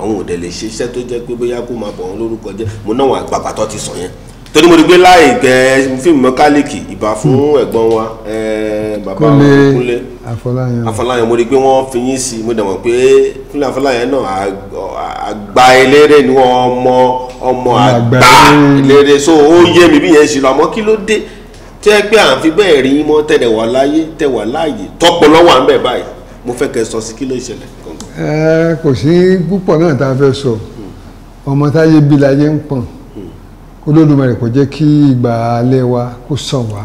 àwọn ò dẹ̀ lè ṣiṣẹ́ tó jẹ́ pé bóyá kó máa bọ̀ wọn lórúkọ jẹ́ mo náwọn àgbàgbà tó ti sọ yẹn torí mo rí gbé láì gẹ fíìmù mọ́kálíkì ìbá fún hmm. ẹ̀gbọ́n wa bàbá Kúnlé Afọláyan mo rí gbé wọ́n fi yín sí mo dẹ̀mọ̀ pé Kúnlé Afọláyan náà àgbà eléré ni wọ́n ọmọ ọmọ àgbà eléré so ó yé mi bí yẹn ṣe lọ àmọ́ kí ló dé tí ẹ pé à ń fi bẹ́ẹ̀ rí mọ́ tẹ̀lẹ̀ wà láyé tẹ̀ wà láàyè tọ́pọ̀ lọ́wọ́ à ń bẹ̀ báyìí mo fẹ́ kẹ́ sọ sí kí ló ṣẹlẹ̀. ẹ kò sí púpọ̀ náà tá a fẹ́ sọ hmm. ọmọ táyé bí láyé ń pọ̀n olódùmarè kò jẹ́ kí ìgbà alẹ́ wa kó sàn wá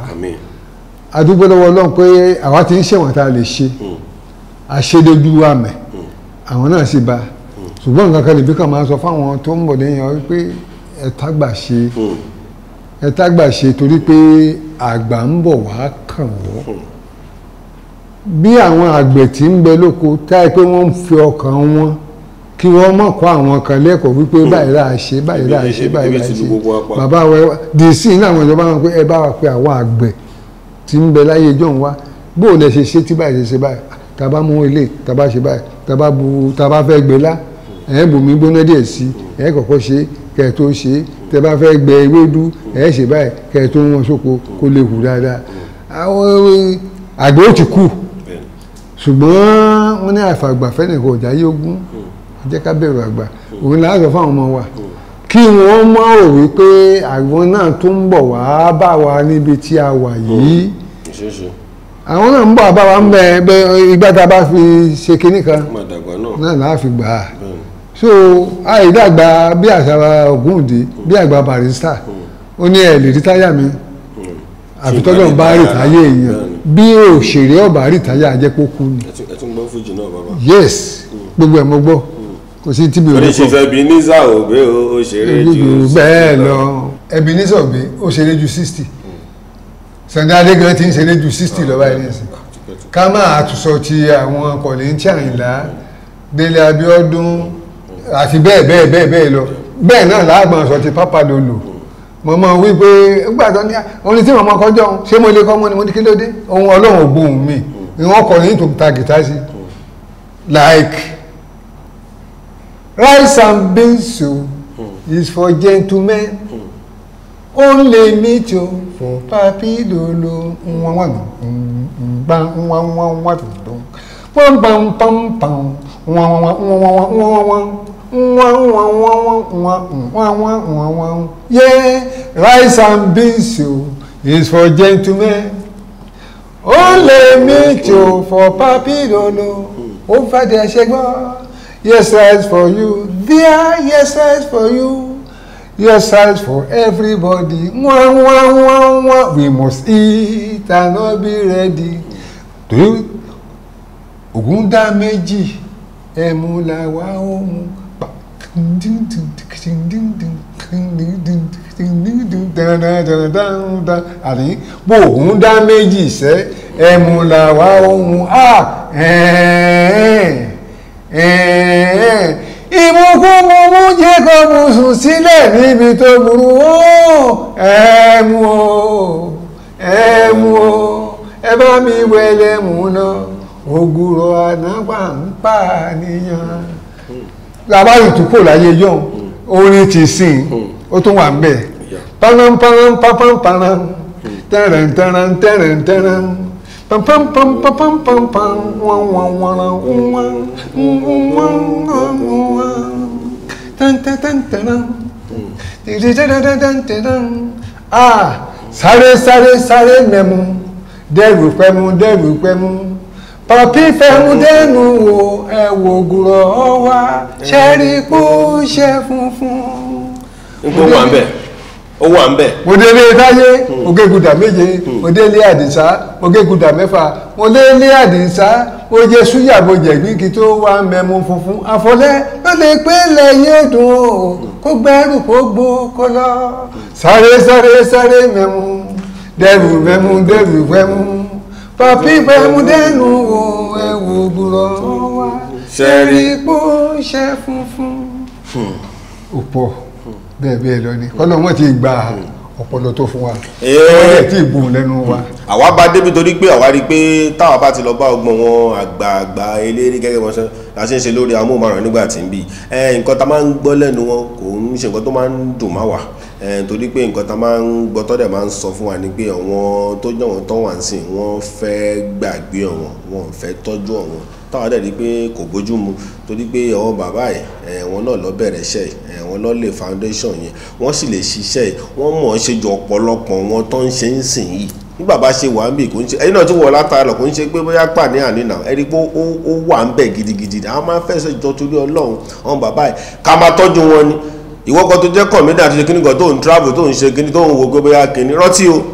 adúgbò lọ́wọ́ ọlọ́run pé àwa ti ń ṣẹ̀wọ̀n tá a lè ṣe àṣedójú hmm. àmẹ́ hmm. àwọn náà sì bá hmm. ṣùgbọ́n nǹkan kan nìbí kan máa sọ fáwọn tó ń bọ̀ lẹ́yìn ọ pé ẹ̀ta gbà ṣe ẹ̀ta gbà ṣe torí pé àgbà ń bọ̀ wá kàn wọ́ bí àwọn àgbẹ̀ tí ń bẹ lóko táyé pé wọ́n ń fi ọkàn wọn kí wọ́n mọ̀ kọ́ àwọn kan lẹ́kọ̀ọ́ wípé hmm. báyìí rà ṣe báyìí rà ṣe báyìí rà ṣe bàbá wa dì sí ní àwọn ìjọba wọn pé ẹ bá wa pé àwọn àgbẹ̀ tí ń bẹ láyé ìjọ́un wa bó o lẹ ṣe ṣe tí báyìí ṣe ṣe báyìí tàbá mú ilé tàbá ṣe báyìí tàbá bu tàbá fẹ́ gbé lá ẹ̀ bùnmi gbóná díẹ̀ sí ẹ̀ kọ́kọ́ ṣe kẹ̀ ṣe tẹ bá fẹ́ gbẹ ewédú ẹ̀ ṣe báyìí kẹ̀ wọn jẹ́ ká bẹ̀rù àgbà òun láàárọ̀ fáwọn ọmọ wa kí wọ́n mọ̀ ò wípé àwọn náà tó ń bọ̀ wá bá wa níbi tí a wà yìí àwọn náà ń bọ̀ bá wa ń bẹ ìgbà tá a bá fi ṣe kinní kan náà láà fi gbà á so àìdàgbà bí àṣà Ògúndé bí àgbà barista ó ní ẹ̀ lè rí táyà mi hmm. àfitọ́jọ́ bá rìtáyà èèyàn bí òṣèré ọ̀bà rìtáyà ajẹ́pọ̀ kú ni. yes hmm. gbogbo ẹ̀ mọ́ gbọ́ kò sí tíbi òní kò. oníṣèfẹ́ Ebenezer Obey ó ṣeré ju bẹ́ẹ̀ lọ Ebenezer Obey ó ṣeré ju sixty Sunday Adégan ti ń ṣeré ju sixty lọ́ba ẹni ẹ̀sìn ká máa àtúnṣọ ti àwọn kọ̀lẹ́ńtì Àyìnlá Délé Abíọ́dún àti bẹ́ẹ̀ bẹ́ẹ̀ bẹ́ẹ̀ bẹ́ẹ̀ lọ bẹ́ẹ̀ náà láàgbọ̀n sọ ti Papadolo mo mọ wípé gbàtọ́ ní orin tí mo mọ kọjọ́ ṣé mo lè kọ́ mọ́ ni mo ní kí ló dé ohun ọlọ́run ògbóhùn mi ìwọ̀n kọ̀ọ̀yìn tó ta gìtá sí like rice and beans o is for gentlemen only meat o for papi lolo yeah rice and beans soup is for gentlemen only meat o for papi lolo ó fàdé ẹsẹ gbọ́. Yes, size for you. There, yes, size for you. Yes, size for everybody. Wah, wah, wah, wah. We must eat and not be ready. Do you? Ògún dá méjì, ẹmu la wá ó mu. Àní bó ògún dá méjì sẹ́, ẹmu la wá ó mu. Ah! eh. Eh, eh. ìmúkúmumú jẹ́ kó mu sùn sílẹ̀ níbi tó burú ó ẹ̀mú o ẹ̀mú o ẹ bá mi wẹ̀lẹ̀ mú náà ògùrọ̀ ànápà ń pàníyàn lábá ìtúpò láyé yọ̀n orin ti sìn ó tún wà ń bẹ̀ panam panam panam panam tẹ̀rẹ̀ tẹ̀rẹ̀ tẹ̀rẹ̀ tẹ̀rẹ̀ sáré sáré sáré mẹ́mu dẹ́rù pẹ́mu dẹ́rù pẹ́mu pọ̀pí fẹ́mu dẹ́nu wo ẹ̀wò ògùrọ̀ ọwá ṣẹ́rí kó ṣe funfun. gbogbo àbẹ̀ ó wà ń bẹ̀. mo délé táyé mo gé gùdà méje hmm. mo délé àdìsá mo gé gùdà mẹ́fà mo délé àdìsá mo jẹ súyà mo jẹ gbígi tó wà mẹ́mu funfun àfọlẹ́ ló lè pé lẹ́yìn èdùn o kó gbẹ́rù kó gbó kó lọ sáré sáré sáré mẹ́mu dẹ́rù mẹ́mu dẹ́rù mẹ́mu pàpí mẹ́mu dẹ́nu o ẹ̀wù gbùrọ̀ wá ṣẹ́rí pò ṣẹ́ funfun. òpó. Hmm bẹ́ẹ̀ bẹ́ẹ̀ lọ ni kọ́lọ́ wọn ti gba ọpọlọ tó fún wa ẹ tí ì bùn lẹ́nu wa. àwa bá débi torí pé àwa rí i pé táwa bá ti lọ bá ọgbọ́n wọn àgbààgbà eléré gẹ́gẹ́ wọn sọ la ṣe ń ṣe lórí amóhùnmáwòrán nígbà tí ń bì eh, nǹkan tá a máa ń gbọ́ lẹ́nu wọn kò ń ṣe nǹkan tó máa ń dùn má wà eh, torí pé nǹkan tá a máa ń gbọ́ tọ́dẹ̀ máa ń sọ fún wa ni pé àwọn tó jọ̀wọ́n tán wà ń sìn wọ́n fẹ́ gbàgbé ọ̀wọ́n wọn fẹ́ tọ́jú ọ̀wọ́n táwọn dẹ̀ rí pé kò bójú mu torí pé àwọn bàbá ẹ̀ wọn náà lọ bẹ̀rẹ̀ iṣẹ́ wọn náà lè foundation yẹn wọ́n sì lè ṣiṣẹ́ wọ́n mọ̀ ọ́n ṣe ju ọ̀pọ̀lọpọ̀ wọn tó ń ṣe ń sìn yìí ní bàbá ṣe wà ń bì kò ń ṣe ẹyin náà tí wọ́n látara lọ kò ń ṣe pé bóyá pà ní àní náà ẹni pé ó wà ń bẹ̀ gidigidi àwọn máa ń fẹsẹ̀ jọ torí ọlọ́run àwọn bàbá ẹ̀ ká máa tọ́jú wọn ni ìwọ́kọ̀ tó jẹ́ kọ̀mídà àti ṣe kíníkan tó ń travel tó ń ṣe kíní tó ń wo gbé bóyá kíní rántí o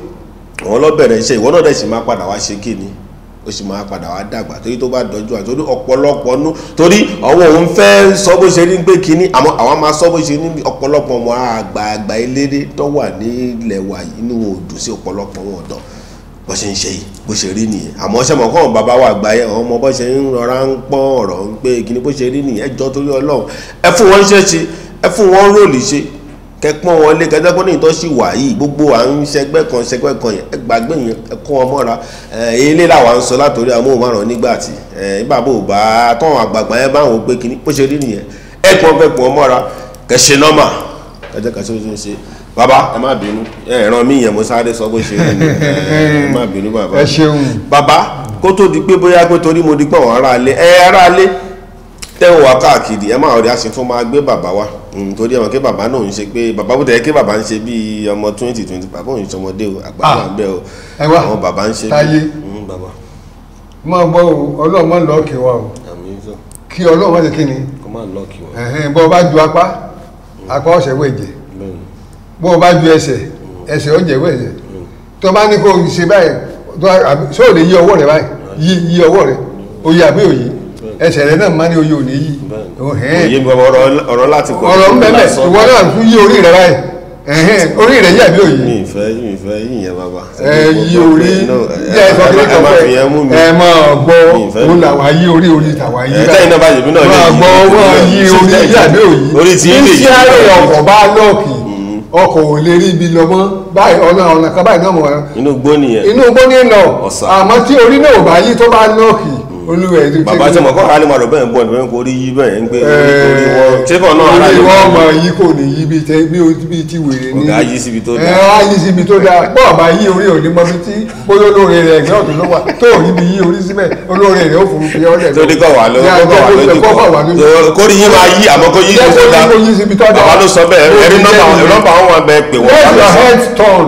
àwọn lọ bẹ̀rẹ̀ iṣẹ́ ìwọ náà dẹ̀ sì máa padà wá ṣe kíní ó sì máa padà wá dàgbà torí tó bá dọjú àti torí ọ̀pọ̀lọpọ̀ nú torí ọwọ́ òun fẹ́ sọ bó ṣe ní pé kínní àmọ́ àwa máa sọ bó ṣe ní ọ̀pọ̀lọpọ̀ ọmọ àgbà àgbà eléré tó wà nílẹ̀ wa inú òdù sí ọ̀pọ̀lọpọ̀ wọn ọ̀dọ́ bó ṣe ń ṣe yìí bó ṣe rí nìyẹn àmọ́ ṣe mọ̀ kọ́ bàbá wa gbà yẹn àwọn ọmọ bó ṣe ń rọra ń pọ́n ọ̀rọ̀ ń pé kínní bó ṣe rí nìyẹn ẹjọ́ torí Ọlọ́run ẹ fún wọn ṣe ṣe ẹ fún wọn róòlì ṣe kẹpọn wọlé kẹtẹkọ ní ìtọ́sí wà yìí gbogbo à ń ṣẹgbẹ́ kan ṣẹgbẹ́ kan yẹn gbàgbé yẹn kọ́ ọ mọ́ra ilé làwa ń sọ látòrí amóhùnmáwòrán nígbà tí bàbá ò bá tọ́wọ̀n àgbààgbà yẹn bá wọn pé kínní bó ṣe rí nìyẹn ẹ kàn fẹ́ pọ̀ mọ́ra kẹṣẹ nọ́mà kẹjẹ kẹṣẹ tó ń ṣe bàbá ẹ má bínú ẹ ràn yẹn mo sáré sọ bó ṣe rí ẹ má bínú bàbá ẹ ṣeun bàbá kó tó di wa Mm, torí àwọn kí bàbá náà ń ṣe pé bàbá bó tẹ̀yẹ kí bàbá ń ṣe bíi ọmọ twenty twenty bàbá òun ṣọmọdé o àgbà ah, ń bẹ o àwọn bàbá ń ṣe bíi mm, bàbá. máa gbọ́ o ọlọ́run máa ń lọ kí wa o kí ọlọ́run wá sí kí ni bọ́ ọ bá ju apá mm. apá ọ̀sẹ̀ wẹ̀ jẹ́ bọ́ ọ bá ju ẹsẹ̀ ẹsẹ̀ ọ̀jẹ̀ wẹ̀ jẹ́ tó bá ní kó ṣe báyìí ṣé ò lè yí ọwọ́ rẹ báyìí yí ọwọ́ rẹ òye àbí òye ẹsẹ̀ rẹ náà má ní òye òní yìí òye mi ọ̀rọ̀ láti pọ̀ ọ̀rọ̀ mbẹ́mbẹ́ ìwọ náà fún yí orí rẹ̀ ráì orí rẹ̀ yà mí òye. mi ìfẹ́ mi ìfẹ́ yìnyẹn bàbá. ẹ yí orí yẹ ẹ fọkàn kan fẹ ẹ máa gbọ́ mo là wá yí orí orí tàwa yí rà ẹ̀ẹ́dẹ́yìn náà bá yẹ mí náà yí. máa gbọ́ wọ́n yí orí yà mí òye. orí ti ń lè yí. iṣẹ́ àrẹ̀ ọkọ̀ bá lọ́ọ̀kì mm-hmm. ọkọ̀ ò lè rí ibi lọ mọ́ báyìí ọ̀nà ọ̀nà kan báyìí náà mọ̀ ọ́. inú gbó nìyẹn inú gbó nìyẹn lọ àmọ́ tí orí náà ò bá yí tó bá lọ́ọ̀kì olúwẹ̀ ẹ̀dùn tí. bàbá tí mo kọ́ ara ni mo rò bẹ́ẹ̀ bọ̀ ní kò rí yí bẹ́ẹ̀ ń gbé orí wọ́n tíkọ̀ yìí. kò ní yí bíi ti wèrè ní. ọ̀gá yí síbi tó dáa. ẹ̀ á síbi tó dáa bọ́ ọ̀bá yí orí òní mọ tí olóore rẹ̀ ẹ̀gbẹ́ ọ̀tún ló wà tó rí bí yí orí síbẹ̀ olóore rẹ̀ ó fún fi ọ́ lẹ̀. torí kọ̀ wà lójú kórì yín máa yí àmọ́ kó yí síbi tó dáa bàbá ló sọ bẹ́ẹ̀ ẹ̀rí nọ́mbà àwọn ọmọ ẹ pè wọ́n. where's your head turn?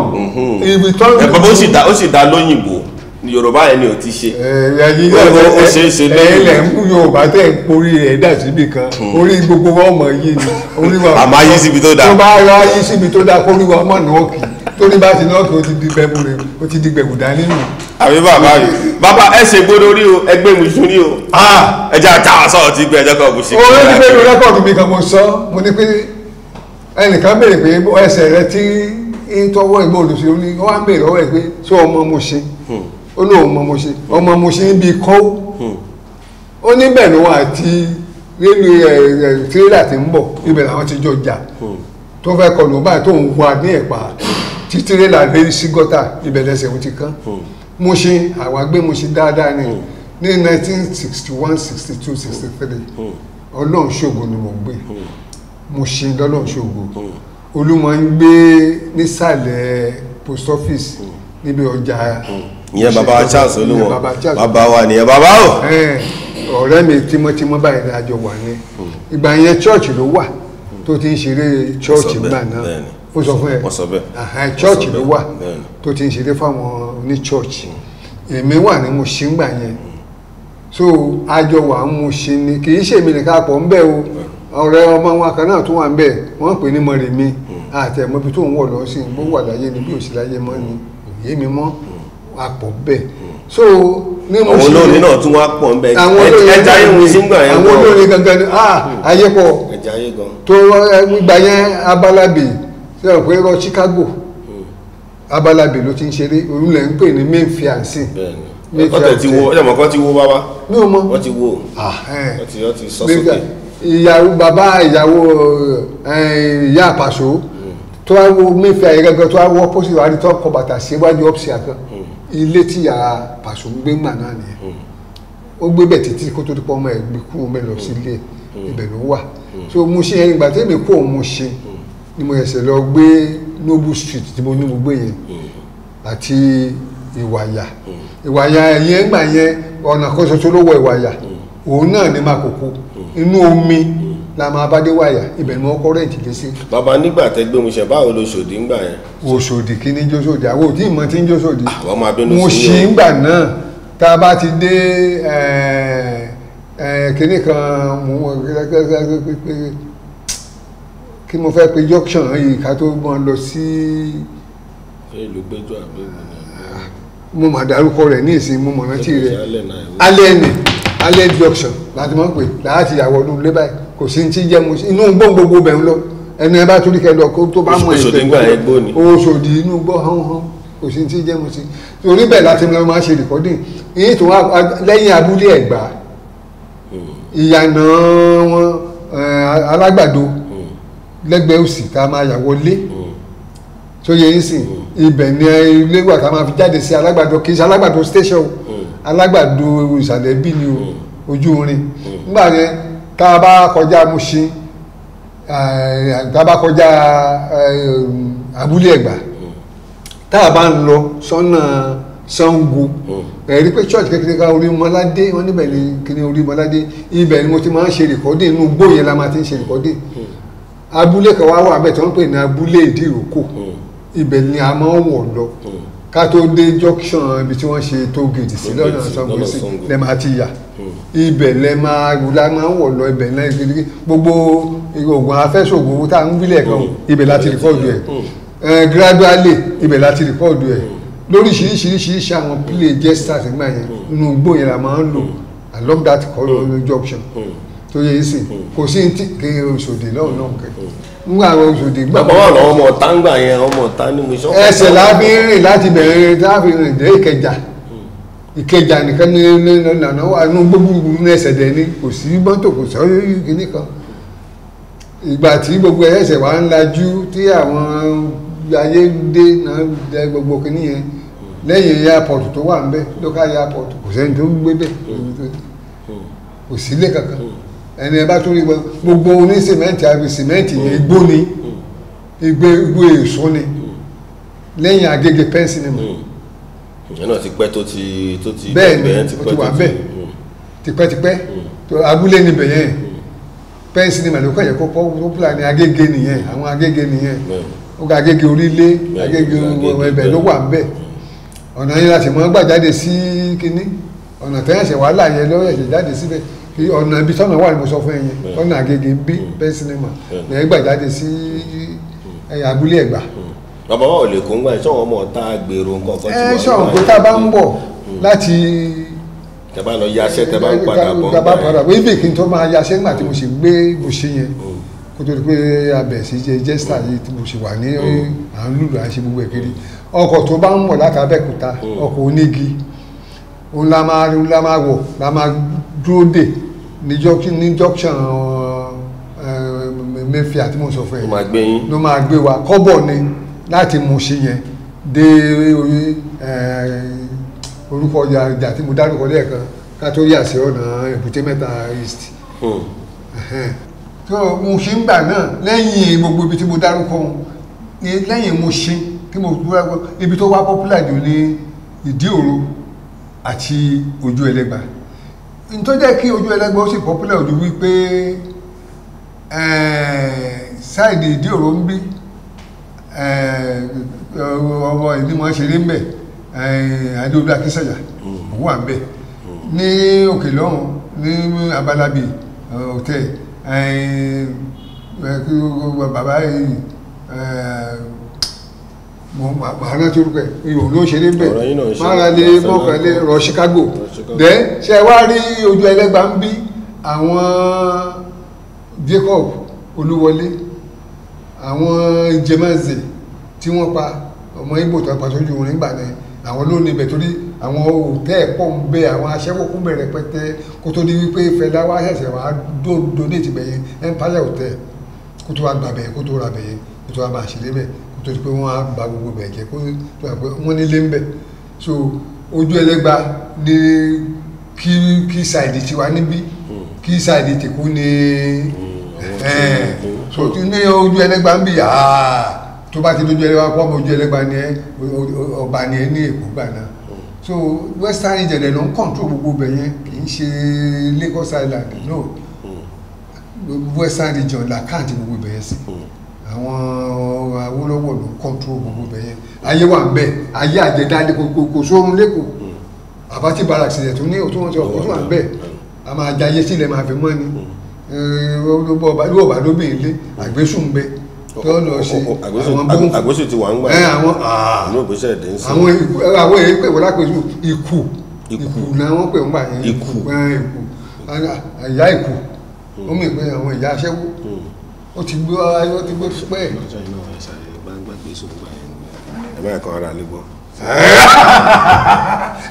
ìbí turn. ẹ̀ bàbá ó sì dá lóyìnbó yorùbá yẹn ni o ti ṣe ó ṣe é ṣe lẹ́yìn ẹ̀yìn lẹ̀ ń mú yorùbá tẹ̀ ń porí rẹ̀ dà síbi kan hmm. orí gbogbo ọmọ yìí ni orí wa àmọ́ ayé síbi tó dáa tó bá yọ ayé síbi tó dáa kórí wa ọmọ náà kì torí bá ti náà kì ó ti di gbẹ̀bù rẹ̀ ó ti di gbẹ̀bù dání nù. àbí bàbá mi bàbá ẹ ṣe gbódò rí o ẹgbẹ́ mi sùn rí o ẹ jẹ́ àtà àṣọ ti gbé ẹjọ́ kan bù sí. orí ti bẹ́ẹ̀ rẹ́kọ̀dù mi kan mo sọ mo ní pé ẹnìkan béèrè pé ẹsẹ̀ rẹ ti ń tọwọ́ ìgbọ́ olùsèlú ni wọ́n á béèrè ọwọ́ ẹ pé ṣé ọmọ mo ṣe hmm ó ní ọmọ mo ṣe ọmọ mo ṣe ń bi kọ́ hmm. ó níbẹ̀ ló wà tí tírélà ti ń bọ̀ ibẹ̀ làwọn ti jọ jà hmm. tó fẹ́ kọlù báyìí tó ń wa ní ẹ̀pà tí tírélà lé sí gọ́tà ibẹ̀ lẹ́sẹ̀ ó ti kán hmm. mo ṣe àwa gbé mo ṣe dáadáa ni ní 1961 62 63 ọlọ́run ṣògo ni mo gbé mo ṣe lọ́lọ́run ṣògo olúmọ ń gbé nísàlẹ̀ post office níbi ọjà ìyẹn bàbá wa Charles Olúwọn bàbá wa nìyẹn bàbá o. ọ̀rẹ́ mi tímọ́tímọ́ báyìí ni àjọ wà ní ìgbà yẹn chọ́ọ̀chì ló wà tó ti ń ṣeré chọ́ọ̀chì gbà náà ó sọ fún ẹ chọ́ọ̀chì ló wà tó ti ń ṣeré fáwọn oní chọ́ọ̀chì èmi wà ní mo ṣe ń gbà yẹn so àjọ wà ń mo ṣe ni kì í ṣèmi nìkan pọ̀ ń bẹ̀ o ọ̀rẹ́ ọmọ wọn kan náà tó wà ń bẹ̀ wọ́n pè ní mọ̀rẹ̀mí àtẹ̀mọ́bi hmm. tó ń wọ̀ lọ sí i ni bí òsì láyé mọ́ ni òye mi mọ́ wà pọ̀ bẹ́ẹ̀ hmm. so ní mo ṣe àwọn olórin náà tún wá pọ̀ ń bẹ ẹja ìwé sígbà yẹn àwọn olórin gangan ni ah hmm. ayé pọ̀ tó gbà yẹn abalabi ṣe rò pé rọ Chicago hmm. abalabi ló ti ń ṣeré olùlẹ̀ ń pè ní main fiancé ọtẹ ti wo ọjọ́ mọ̀kọ́ ti wo bàbá ní o mọ́ wọ́n ti wo ah, wọ́n ti sọ sókè ìyàwó bàbá ìyàwó ìyá àpàṣọ tó wá wo main fiancé gangan tó wá wọ́ pósìtì wá rí tó kọ bàtà síwájú ọ́pṣì àkàn. ilé tí a pàṣọ ń gbé ńgbà náà nìyẹn hmm. ó gbé bẹ̀ títí kó tó dípọ́ ọmọ gbé kú omi lọ sí hmm. wà hmm. so mo ṣe ẹyin ìgbà tí èmi òun ni mo lọ gbé noble street tí mo ní mo gbé yẹn àti ìwàyà ìwàyà ẹ̀yẹn yẹn ọ̀nà kan ṣoṣo ló wọ ìwàyà òun náà ní máa kókó inú omi. la máa bá dé wáyà ibẹ̀ ni wọ́n kọ́ rẹ̀ǹtì lé sí. bàbá nígbà tẹ gbé omi ṣe báwo lo ṣòdì ńgbà yẹn. òṣòdì kí ni jóṣòdì àwọn òdì ìmọ̀ tí ń jóṣòdì. àwọn ah, máa bínú sí i o. mo ṣì ń gbà náà tá a bá ti dé kinní kan kí mo fẹ́ pe junction yìí ká tó mọ lọ sí. ìlú gbẹjọ àbẹ̀wò ni. mo mà dárúkọ rẹ̀ ní ìsìn mo mọ̀ rántí rẹ̀ alẹ́ ni alẹ́ junction láti mọ̀ pé láti yàwọ̀ ọdún lé báyìí kò sí ti jẹ́ mu inú gbó gbogbo bẹ̀ ń lọ ẹnu ẹ bá torí kẹlọ kó tó bá mọ ìgbẹ́ Òṣòdì inú gbó hán hán kò sí ti jẹ́ mu sí torí bẹ́ẹ̀ láti lọ máa ṣe rìkọ́dìn èyí tó wá lẹ́yìn abúlé Ẹ̀gbá ìyànà wọn eh, alágbàdo lẹ́gbẹ̀ẹ́ òsì tá a máa yà wọlé tó yẹ yín sìn ibẹ̀ ni ilé wà a máa fi jáde sí alágbàdo kì í ṣe alágbàdo station hmm. alágbàdo ìsàlẹ̀ bí ni hmm. ojú orin hmm. nígbà yẹn tá a bá kọjá Mushin eh, tá a bá kọjá eh, abúlé ẹ̀gbà tá a bá ń lọ sọ́nà Ṣàngó ẹ̀rí pé church kékeré ká orí mọ́ládé wọ́n níbẹ̀ ni kíní orí mọ́ládé ibẹ̀ ni mo ti máa ń ṣe rìkọ́dì inú gbóyè la máa ti ń ṣe rìkọ́dì abúlé kan wá wà bẹ́ẹ̀ tí wọ́n pè ní abúlé ìdíròkò ibẹ̀ ni a máa ń wọ̀ lọ ká tó dé junction ibi tí wọ́n ṣe tó gèdè sí lọ́nà Ṣàngó sí lẹ́ẹ̀ máa ti yà ibẹ̀ lẹ máa la máa ń wọ̀ lọ ibẹ̀ lẹ gidigidi gbogbo oògùn afẹ́sògùn owó tá à ń wílẹ̀ kan mm. ibẹ̀ láti rìkọ́ọ̀dù ẹ̀ mm. gradually ibẹ̀ láti rìkọ́ọ̀dù ẹ̀ mm. lóríṣiríṣiríṣi àwọn play gestures nígbà yẹn nínú igbó yẹn la máa ń lò along that junction tó yẹ yìí sì kò sí ti kéré Òṣòdì lọ́wọ́ náà kẹ́kẹ́ ngbà àwọn Òṣòdì gbà. bàbá wà lọ́wọ́ ọmọ ọ̀tá yẹn ọmọ ọ̀tá mo sọ. ẹsẹ̀ láfi rìn láti bẹ̀rẹ̀ láfi rìn dé Ìkẹjà ìkẹjà nìkan ní nànà àánú gbogbo ní ẹsẹ̀ dẹ̀ ni kò sí mọ́tò kò sọ́yọ́ yìí nìkan ìgbà tí gbogbo ẹsẹ̀ wa ń lajú tí àwọn ayédè náà dẹ gbogbo kìíní yẹn lẹ́yìn airport tó wà ń bẹ̀ local airport kò sẹ́ni tó gbé bẹ̀ hmm. kò sílé kankan ẹni ẹ bá tún rí gbogbo oní sìmẹ́ǹtì àbí sìmẹ́ǹtì yẹn igbó ni hmm. igbó èso ni hmm. lẹ́yìn Agége pẹ́ńsì ni mọ̀ ìyẹn náà ti pẹ́ tó ti tó ti bẹ́ẹ̀ ni ó ti wà bẹ́ẹ̀ tipẹ́tipẹ́ mm. mm. tó abúlé níbẹ̀ yẹn mm. pẹ́ǹsì ni màlúù kọ̀yẹ́ kó pọ́pùlà ni agége nìyẹn àwọn agége nìyẹn ó ga agége orílé agége ẹbẹ̀ ló wà bẹ́ẹ̀ ọ̀nà yẹn láti mọ́ gbà sí kínní ọ̀nà tẹ́yàṣẹ̀ wàhálà yẹn lọ́wọ́ ẹ̀ṣẹ̀ jáde síbẹ̀ kí ọ̀nà ibi tọ́nà wà ní mo sọ fún ẹ̀yẹn ọ̀nà agége bí pẹ́ǹsì ni mà lẹ́yìn gbà jáde sí abúlé ẹ̀gbà bàbá wa ò lè kó ń gbà ṣọ́ wọn mọ̀ tá a gbèrò nǹkan kan tí eh, wọ́n. ẹ ṣọ́ òkú tá a bá ń bọ̀ hmm. láti. tẹ́bá lọ yaṣẹ́ tẹ́bá ń padà bọ̀ ń bá yẹn. wọ́n ibè kí n tó máa yaṣẹ́ nígbà tí mo ṣe gbé bó ṣe yẹn hmm. kó tó di pé abẹ̀ sí jẹ́ jẹ́sítà yìí tí mo ṣe wà ní hmm. à ń lùlù à ń ṣe gbogbo ẹ̀ kiri ọkọ̀ tó bá ń bọ̀ láti Abẹ́òkúta ọkọ̀ onígi òun la máa òun la láti mú ṣe yẹn dé orí orúkọ ọjà tí mo dárúkọ lẹ́ẹ̀kan ká tó yà sí ọ̀nà èbúté mẹ́ta east tó mo ṣe ń gbà náà lẹ́yìn gbogbo ibi tí mo dárúkọ lẹ́yìn mo ṣe tí mo dárúkọ ibi tó wá popular jù ní ìdí òru àti ojú ẹlẹ́gbà tó jẹ́ kí ojú ẹlẹ́gbà ó sì popular ojú wípé ṣáìdì ìdí òru ń bí ọwọ́ ìdímọ̀ ṣeré ń bẹ̀ adéolú akínsẹ̀yà hmm. òun wà ń bẹ̀ hmm. ní òkè lọ́hùn ní abalabi hotel bàbá yìí màánà tí orúkọ ẹ̀ òun ló ṣeré ń bẹ̀ mára lè mọ́kànlé rọ Chicago dẹ́ ṣe wá rí ojú ẹlẹ́gbàá ń bí àwọn Jacob Olúwọlé àwọn ìjẹmọ́ọ̀sẹ̀ tí wọ́n pa ọmọ Ìgbò tó pa sójú orin gbà náà àwọn ló níbẹ̀ torí àwọn òtẹ́ pọ̀ ń bẹ àwọn aṣẹ́wó kún bẹ̀rẹ̀ pẹ́tẹ́ kó tó di wípé Fẹlá wá ṣẹ̀ṣẹ̀ wá donate bẹ̀yẹn Empire Hotel kó tó wá gbà bẹ̀yẹn kó tó ra bẹ̀yẹn kó tó wá máa ṣeré bẹ̀ kó tó di pé wọ́n á ba gbogbo bẹ̀ jẹ́ kó tó wà pé wọ́n nílé ń bẹ̀ so ojú ẹlẹ́gba ní kí kí ṣáìdì tiwa níbí hmm. kí ṣáìdì tìkú ní. Mm. Eh, so ní ojú ẹlẹ́gbàá ń bì yà ah, á tó bá ti dojú ẹlẹ́gbàá pọ́ ojú ẹlẹ́gbàá ni ẹ ọba ni ẹ ní èkó gbà náà so western region ẹ̀ ló ń control gbogbo ibẹ̀ yẹn kì í ṣe Lagos Island no western region la káàdì gbogbo ibẹ̀ yẹn sí àwọn Awólọ́wọ̀ ló ń control gbogbo ibẹ̀ yẹn ayé wà ń bẹ ayé àjẹdálé kò sórun lẹ́kọ̀ọ́ àbátí barracks ẹ̀ tó ní òtún wọn ti ọ̀pọ̀ tó wà ń bẹ a máa jayé sílẹ̀ máa fi mọ́ ni. Mm. Eh, ló bá lóbi ilé àgbésùn bẹ tí ó lọ ṣe àwọn bóun àgbésùn ti wà ń gbà eh, ẹ àwọn inú ìgbésẹ̀ èdè ń sìn. àwọn àwọn èyí pè wọ́n lápẹ̀jù ni wọ́n pè ń gbà yẹn ikú eh, ìyá ikú hmm. ó mì pé àwọn ìyá aṣẹ́wó hmm. ó ti gbé ayọ́ ti gbé pẹ́ẹ́. ẹ bá ẹ̀ kọ́ ara lé gbọ́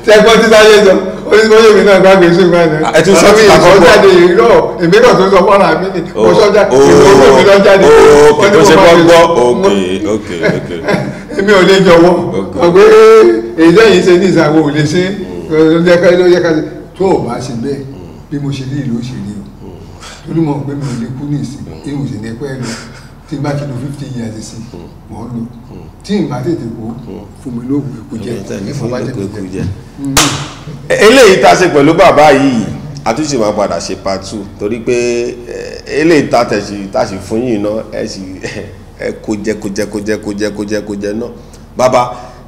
tẹ́gbọ́n tí sáyé sọ oníṣòwò mi náà gbàgbé sí ìgbà yẹn ẹ ti sọ ti àkókò ọmọ mi ìkọ́ jáde yìí èmi náà tó sọ fọ́nrán mi ni mo oh, sọ oh, jáde ìkókò mi náà jáde ó ní mo máa gbọ́ èmi ò lè jọ̀wọ́ ọ̀gbẹ́ èyí lẹ́yìn ṣe ní ìsàwọ̀ ò lè ṣe ló yẹ ká ṣe tó o bá ṣe bẹ́ẹ̀ bí mo ṣe ní ìlú òṣèlú hmm. torí mo pé mi ò lè kú ní ìsìn hmm tí n bá ti lo fifty years sí mọ́ lò tí n bá tètè kó hmm. fún mi lóògùn ẹ̀kú jẹ ìfọwọ́jẹ́ mi jẹ. Hmm. E, eléyìí tá a ṣe pẹ̀lú bàbá yìí àtúnṣe máa padà ṣe part two torí pé e, eléyìí tá a ṣe fún yìí náà ẹ sì kó jẹ kó jẹ kó jẹ kó jẹ kó jẹ kó jẹ náà bàbá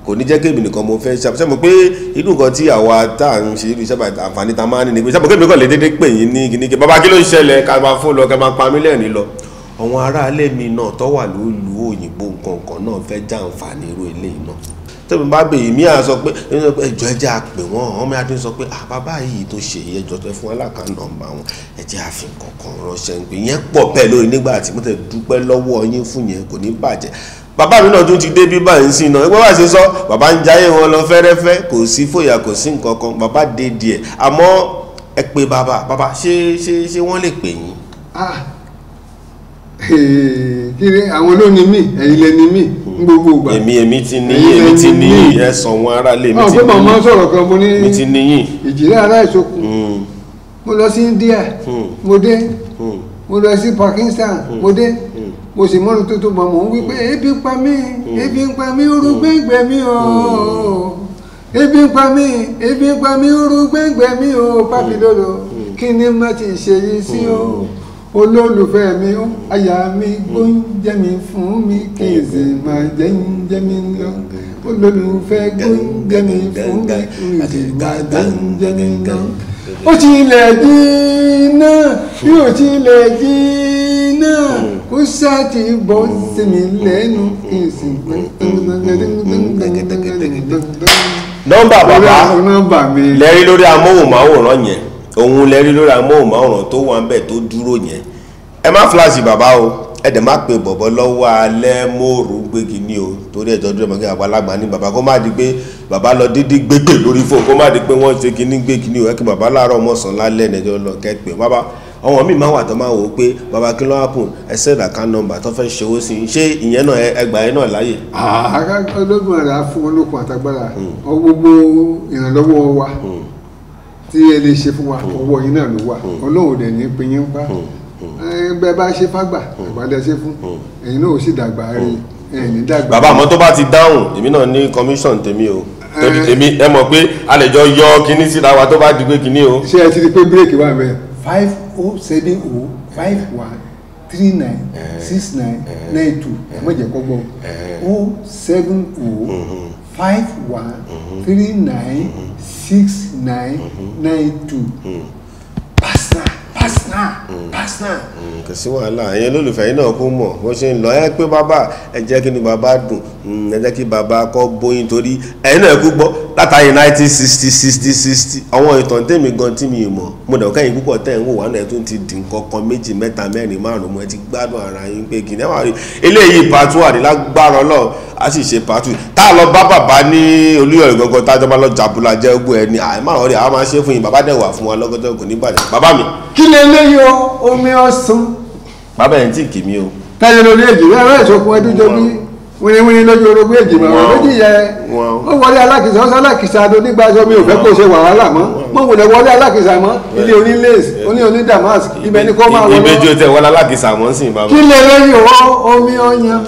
kò ní jẹ́ kébì nìkan mo fẹ́ ṣàpèṣẹ́ mọ̀ pé inú nǹkan tí àwa tá à ń ṣe irú iṣẹ́ àǹfààní ta máa ń ní ni pé ṣàpèṣẹ́ mọ̀ kébì nìkan lè déédéé pè yín ní kíníkì bàbá kí ló ń ṣẹlẹ̀ ká máa fún lọ ká máa pa mílíọ̀nù lọ àwọn aráalé mi náà tó wà lólu òyìnbó nǹkan náà fẹ́ jàǹfààní irú eléyìí náà tẹ́mi bá bèyí mí à sọ pé ẹjọ́ ẹjẹ́ àpè wọn àwọn ọmọ adé sọ pé àbábá yìí tó ṣe yìí ẹjọ́ tó fún aláka nọ́mbà wọn ẹjẹ́ àfihàn kankan ránṣẹ́ ń pè yẹn pọ̀ bẹ́ẹ̀ lórí nígbà tí mo tẹ̀ dúpẹ́ lọ́wọ́ yín fún yẹn kò ní bàjẹ́ bàbá mi náà tún ti dé bí báyìí sí iná ẹgbẹ́ bá ṣe sọ bàbá ń jayé wọn lọ fẹ́rẹ́fẹ́ kò sí fòyà kò sí nǹkan bàbá dé díẹ̀ àmọ́ ẹ pé bàbá bàbá ṣé ṣé ṣé wọ́n lè pè yín. ah kiri àwọn ló ní mí ẹ̀yin lẹ ní mí ní gbogbo ìgbà èmi èmi ti níyìn èmi ti níyìn ẹ̀sán wọn ara lè mi ti níyìn ọ̀pọ̀ màmá sọ̀rọ̀ kan mo ní ìjìnlẹ̀ aláìsokùn hmm. mo lọ sí India hmm. mo dé hmm. mo lọ sí Pakistan mo dé mo sì mọ́nu tó tó mọ̀ mọ̀ ń wí pé ebi ń pa mí ebi ń pa mí ooru gbẹ́ngbẹ́ mi o ebi ń pa mí ebi ń pa mí ooru gbẹ́ngbẹ́ mi o pápí lọ́dọ̀ kí ni má ti ṣe yìí sí o. Mm olólùfẹ́ mi ó aya mi gbóúnjẹ mi fún mi kí n sì máa jẹ oúnjẹ mi lọ olólùfẹ́ gbóúnjẹ mi fún mi kí n sì máa jẹ oúnjẹ mi lọ. ó tilẹ̀ jìnnà bí ó tilẹ̀ jìnnà ó ṣáàtì bọ́ sí mi lẹ́nu kí n sì gbẹ́. nọ́mbà bàbá lẹ́rí lórí amóhùnmáwòrán yẹn. òun lẹ rí lórí amóhùnmáwòrán tó wà ń bẹ̀ tó dúró yẹn ẹ má fúláṣì bàbá o ẹ dẹ̀ má pe bọ̀bọ̀ lọ́wọ́ alẹ́ mòrú gbégi ní o torí ẹ̀jọ́ dúró mọ́kí àgbàlagbà bàbá kó má di bàbá lọ dídí gbégbè lórí fóònù kó má di pé wọ́n ṣe kíní gbégi o ẹ kí bàbá láàárọ̀ mọ̀sán lálẹ́ lọ kẹ́pẹ́ bàbá máa wà tó máa wò ó pé kí ló tó ṣòwò sí i ṣé ìyẹn náà ẹgbà yẹn náà láàyè. àgbà fún hmm. wa hmm. tí ẹ lè ṣe fún wa hmm. ọwọ́ yín náà ló wà hmm. ọlọ́run dẹ̀ ní pin yín pa hmm. bẹ bá ṣe fágbà àgbàdẹ ṣe fún ẹ̀yin náà ó sì dàgbà rí ẹ̀yin ní dàgbà. bàbá àmọ́ tó bá ti dáhùn èmi náà ní commission tèmi o torí tèmi ẹ mọ̀ pé a lè jọ yọ kinní síra wa tó bá di pé kinní o. ṣé ẹ ti di pé bírèkì wà mẹ́ five oh seven oh five one three nine six nine nine two ẹ má jẹ́ kó gbọ́ oh seven oh five one three nine six nine mm-hmm. nine two. Mm personal mm. personal. Mm, kò sí wàhálà ẹ̀yin olólùfẹ́ yìí náà kó mọ̀ bó ṣe ń lọ ẹ pé bàbá ẹ jẹ́ kí ni bàbá dùn mm, ẹ jẹ́ kí bàbá kọ́ bóyin torí ẹ̀yin náà kú gbọ́ látàrí nineteen sixty sixty sixty àwọn ìtàn tèmi gan tí mi mọ̀ mo dẹ̀ kẹ́yìn púpọ̀ tẹ̀ ń wò wá náà tó ti dì nǹkan méjì mẹ́ta mẹ́rin márùn mo ti gbádùn ara yín pé kìnìún àwọn àrí eléyìí pàtó àdìlágbára ọlọ́run a sì ṣe pàtó tá a lọ bá bàbá ní olúyọ̀rẹ́ gangan tá a jọ bá lọ jàbúlà jẹ́ gbogbo ẹni àìmọ̀ àwọn ọ̀rẹ́ àwọn máa ṣe fún yín bàbá dẹ̀ wà fún wa lọ́gọ́dọ̀ kò ní bàjẹ́ bàbá mi. kí lè lé eléyìí omi ọsàn. bàbá yẹn tí kì mí o. táyé lórí èjì rẹ rẹ ìṣokùn ẹdún jọ bí wíníwíní lójú orogún èjì mọ àwọn méjì yẹ ó wọlé alákìsà ó sálákìsà ló nígbà sọ mi ò fẹ́ kó ṣe wàhálà mọ́ mo wò lè wọlé alákìsà mọ́ ilé onílés oní oní damask ibẹ̀ ni kó máa wọlé. ìbejì o tẹ wọlé alákìsà mọ́ sí ìbámu. kí lè lóyún o omi ọyàn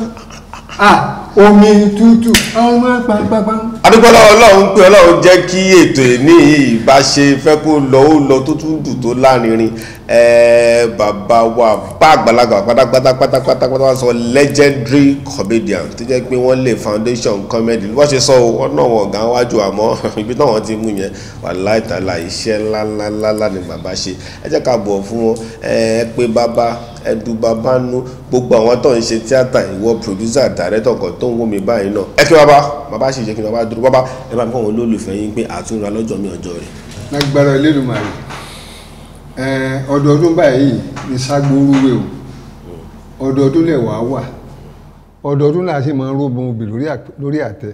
omi tútù ọmọ pàápàá. adúgbòlá ọlọ́run pé ọlọ́run jẹ́ kí ètò ìní ìbáṣe fẹ́ kó lọ ó lọ tó tún dùn tó lárinrin bàbá wa bá àgbàlagbà pátápátá pátápátá pátápátá sọ legendary comedian tó jẹ́ pé wọ́n lè foundation comedy bí wọ́n ṣe sọ wọn náà wọ́n gan wájú àmọ́ ibi náà wọ́n ti mú yẹn wàláì tàlà iṣẹ́ ńláńláńlá ni bàbá ṣe ẹ jẹ́ ká bọ̀ fún wọn ẹ pé bàbá ẹdùn bàbá nu gbogbo àwọn tó ń ṣe tíátà ìwọ producer director kan tó ń wọ́n mi báyìí náà ẹ kí bàbá bàbá ṣe jẹ́ kí bàbá dúró bàbá ẹ bá mi kọ́ àwọn olólùfẹ́ yín pé àtúnra lọ́jọ́ mi ọjọ́ rẹ̀. lágbára ilé ìlú màrí ọdọọdún báyìí ní ságbórúwé o ọdọọdún lẹ̀ wá wà ọdọọdún láti máa ń rógun obì lórí àtẹ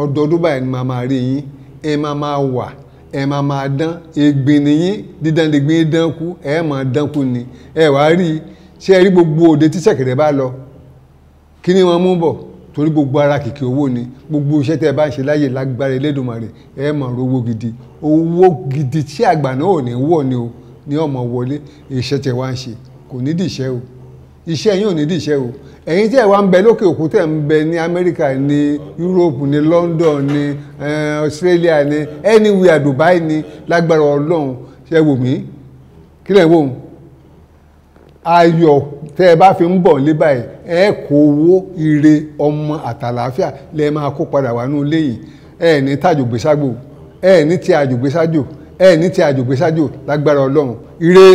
ọdọọdún báyìí ni màá máa rí yín ẹ máa máa wà ẹ máa máa dán ègbìn nìyín dídándegbìn dánkú ẹ máa dánkú ni ẹ wàá rí ṣé ẹ rí gbogbo òde tí ṣẹ̀kẹ̀rẹ̀ bá lọ kí ni wọ́n mú bọ̀ torí gbogbo ara kìkì owó ni gbogbo iṣẹ́ tẹ́ ẹ bá ń ṣe láyè lágbára Elédùmarè ẹ máa rówó gidi owó gidi tí àgbà náà ò ní wọ̀ ni o ní ọmọ wọlé iṣẹ́ tẹ wá ń ṣe kò nídìí iṣẹ́ o iṣẹ́ yín ò nídìí iṣẹ́ o ẹ̀yin tí ẹ̀ wá ń bẹ lókè òkú ń bẹ ní Amẹ́ríkà ní Europe ní London ní Australia ní anywhere Dubai ní lágbára Ọlọ́run ṣe wò mí kí lẹ̀ wò ó ayọ̀ tẹ́ ẹ bá fi ń bọ̀ lé báyìí ẹ kó owó ire ọmọ àtàlàáfíà lẹ máa kó padà wà ní ilé yìí ẹ ní tàjògbéságbò ẹ ní ti àjògbésájò ẹ ní ti àjògbésájò lágbára ọlọ́run ire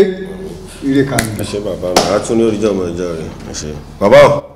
ire kàní. ẹ ṣe bàbá mi àtúndé oríjọ́ ọmọ ìjọ rẹ̀ ẹ ṣe bàbá o.